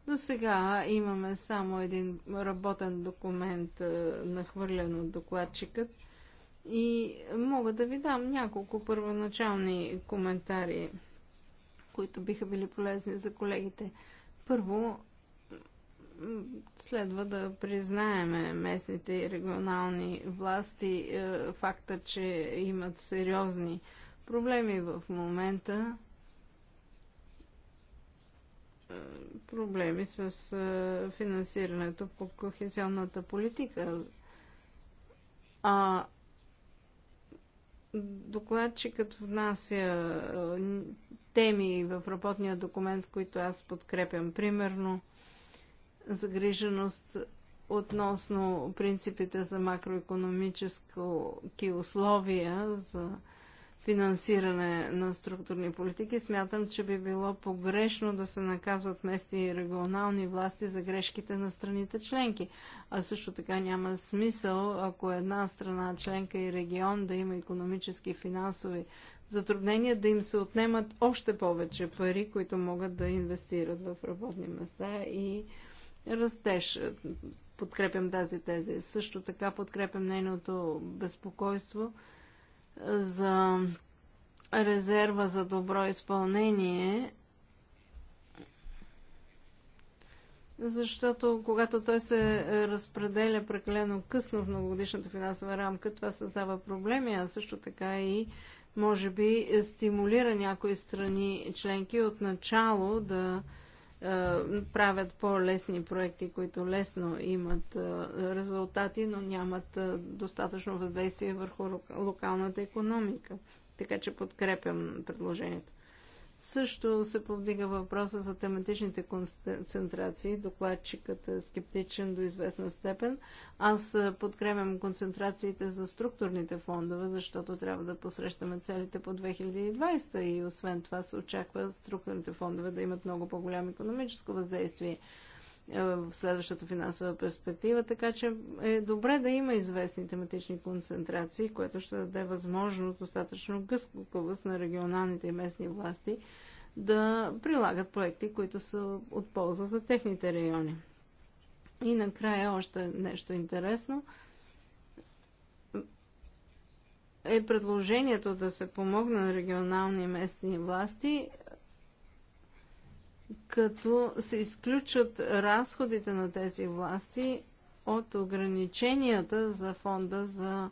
До сега имаме само един работен документ, е, нахвърлен от докладчикът. И мога да ви дам няколко първоначални коментари, които биха били полезни за колегите. Първо, следва да признаеме местните и регионални власти е, факта, че имат сериозни проблеми в момента проблеми с финансирането по кохезионната политика. А докладчикът внася теми в работния документ, с които аз подкрепям. Примерно, загриженост относно принципите за макроекономически условия, за финансиране на структурни политики. Смятам, че би било погрешно да се наказват местни и регионални власти за грешките на страните членки. А също така няма смисъл, ако една страна членка и регион да има економически и финансови затруднения, да им се отнемат още повече пари, които могат да инвестират в работни места и растеж. Подкрепям тази тези. Също така подкрепям нейното безпокойство – за резерва за добро изпълнение, защото когато той се разпределя прекалено късно в многогодишната финансова рамка, това създава проблеми, а също така и може би стимулира някои страни членки от начало да е, правят по-лесни проекти, които лесно имат е, резултати, но нямат е, достатъчно въздействие върху локалната економика. Така че подкрепям предложението. Също се повдига въпроса за тематичните концентрации. Докладчикът е скептичен до известна степен. Аз подкрепям концентрациите за структурните фондове, защото трябва да посрещаме целите по 2020 и освен това се очаква структурните фондове да имат много по-голямо економическо въздействие. Е, в следващата финансова перспектива, така че е добре да има известни тематични концентрации, което ще даде възможност достатъчно гъсковост на регионалните и местни власти да прилагат проекти, които са от полза за техните райони. И накрая още нещо интересно е предложението да се помогне на регионални и местни власти като се изключат разходите на тези власти от ограниченията за фонда за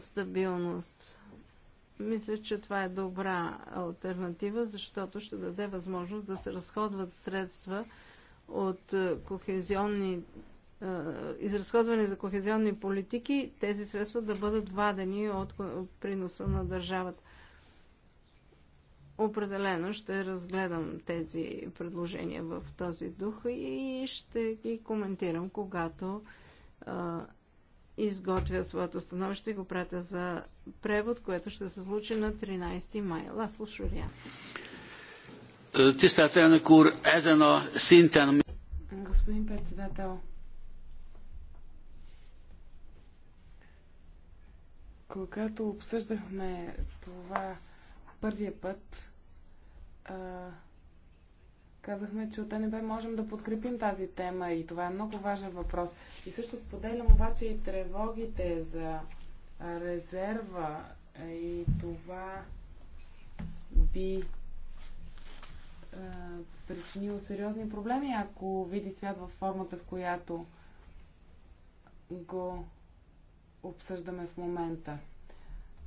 стабилност. Мисля, че това е добра альтернатива, защото ще даде възможност да се разходват средства от кохезионни изразходване за кохезионни политики, тези средства да бъдат вадени от приноса на държавата. Определено ще разгледам тези предложения в този дух и ще ги коментирам, когато а, изготвя своето становище и го пратя за превод, което ще се случи на 13 май. Ласло Шурия. Е, Господин председател, когато обсъждахме това Първия път а, казахме, че от НБ можем да подкрепим тази тема и това е много важен въпрос. И също споделям обаче и тревогите за резерва и това би а, причинило сериозни проблеми, ако види свят във формата, в която го обсъждаме в момента.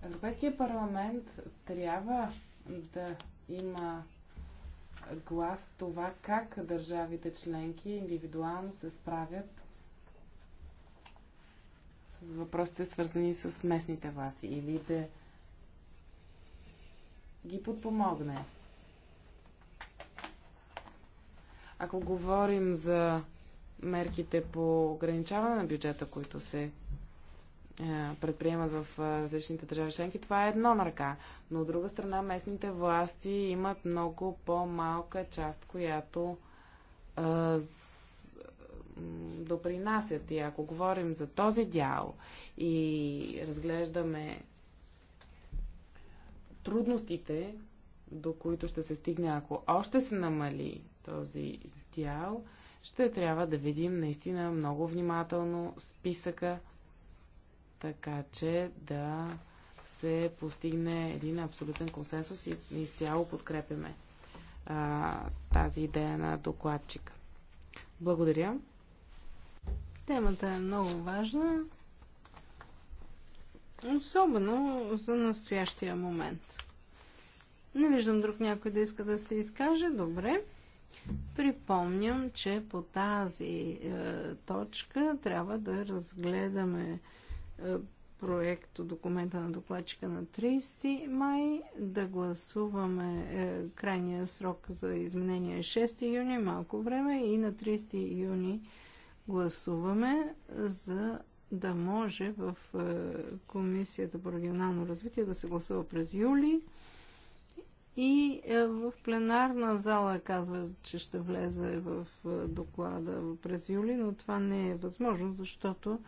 Европейския парламент трябва да има глас в това как държавите членки индивидуално се справят с въпросите свързани с местните власти или да ги подпомогне. Ако говорим за мерките по ограничаване на бюджета, които се е, предприемат в е, различните държави членки, това е едно на ръка. Но от друга страна, местните власти имат много по-малка част, която а, е, допринасят. И ако говорим за този дял и разглеждаме трудностите, до които ще се стигне, ако още се намали този дял, ще трябва да видим наистина много внимателно списъка така че да се постигне един абсолютен консенсус и изцяло подкрепяме а, тази идея на докладчика. Благодаря. Темата е много важна, особено за настоящия момент. Не виждам друг някой да иска да се изкаже. Добре. Припомням, че по тази е, точка трябва да разгледаме е, проекто документа на докладчика на 30 май, да гласуваме е, крайния срок за изменение 6 е юни, малко време и на 30 юни гласуваме за да може в е, Комисията по регионално развитие да се гласува през юли и е, в пленарна зала казва, че ще влезе в е, доклада през юли, но това не е възможно, защото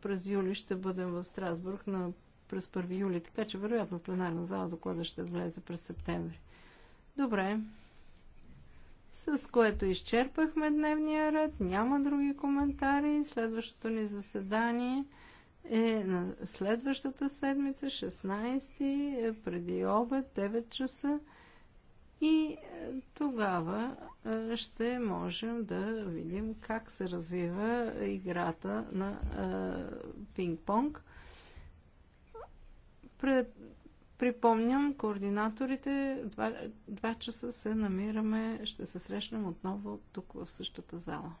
през юли ще бъдем в Страсбург на, през 1 юли, така че вероятно в пленарна зала доклада ще влезе през септември. Добре. С което изчерпахме дневния ред. Няма други коментари. Следващото ни заседание е на следващата седмица, 16, е преди обед, 9 часа и е, тогава е, ще можем да видим как се развива играта на е, пинг-понг. припомням, координаторите, два, два часа се намираме, ще се срещнем отново тук в същата зала.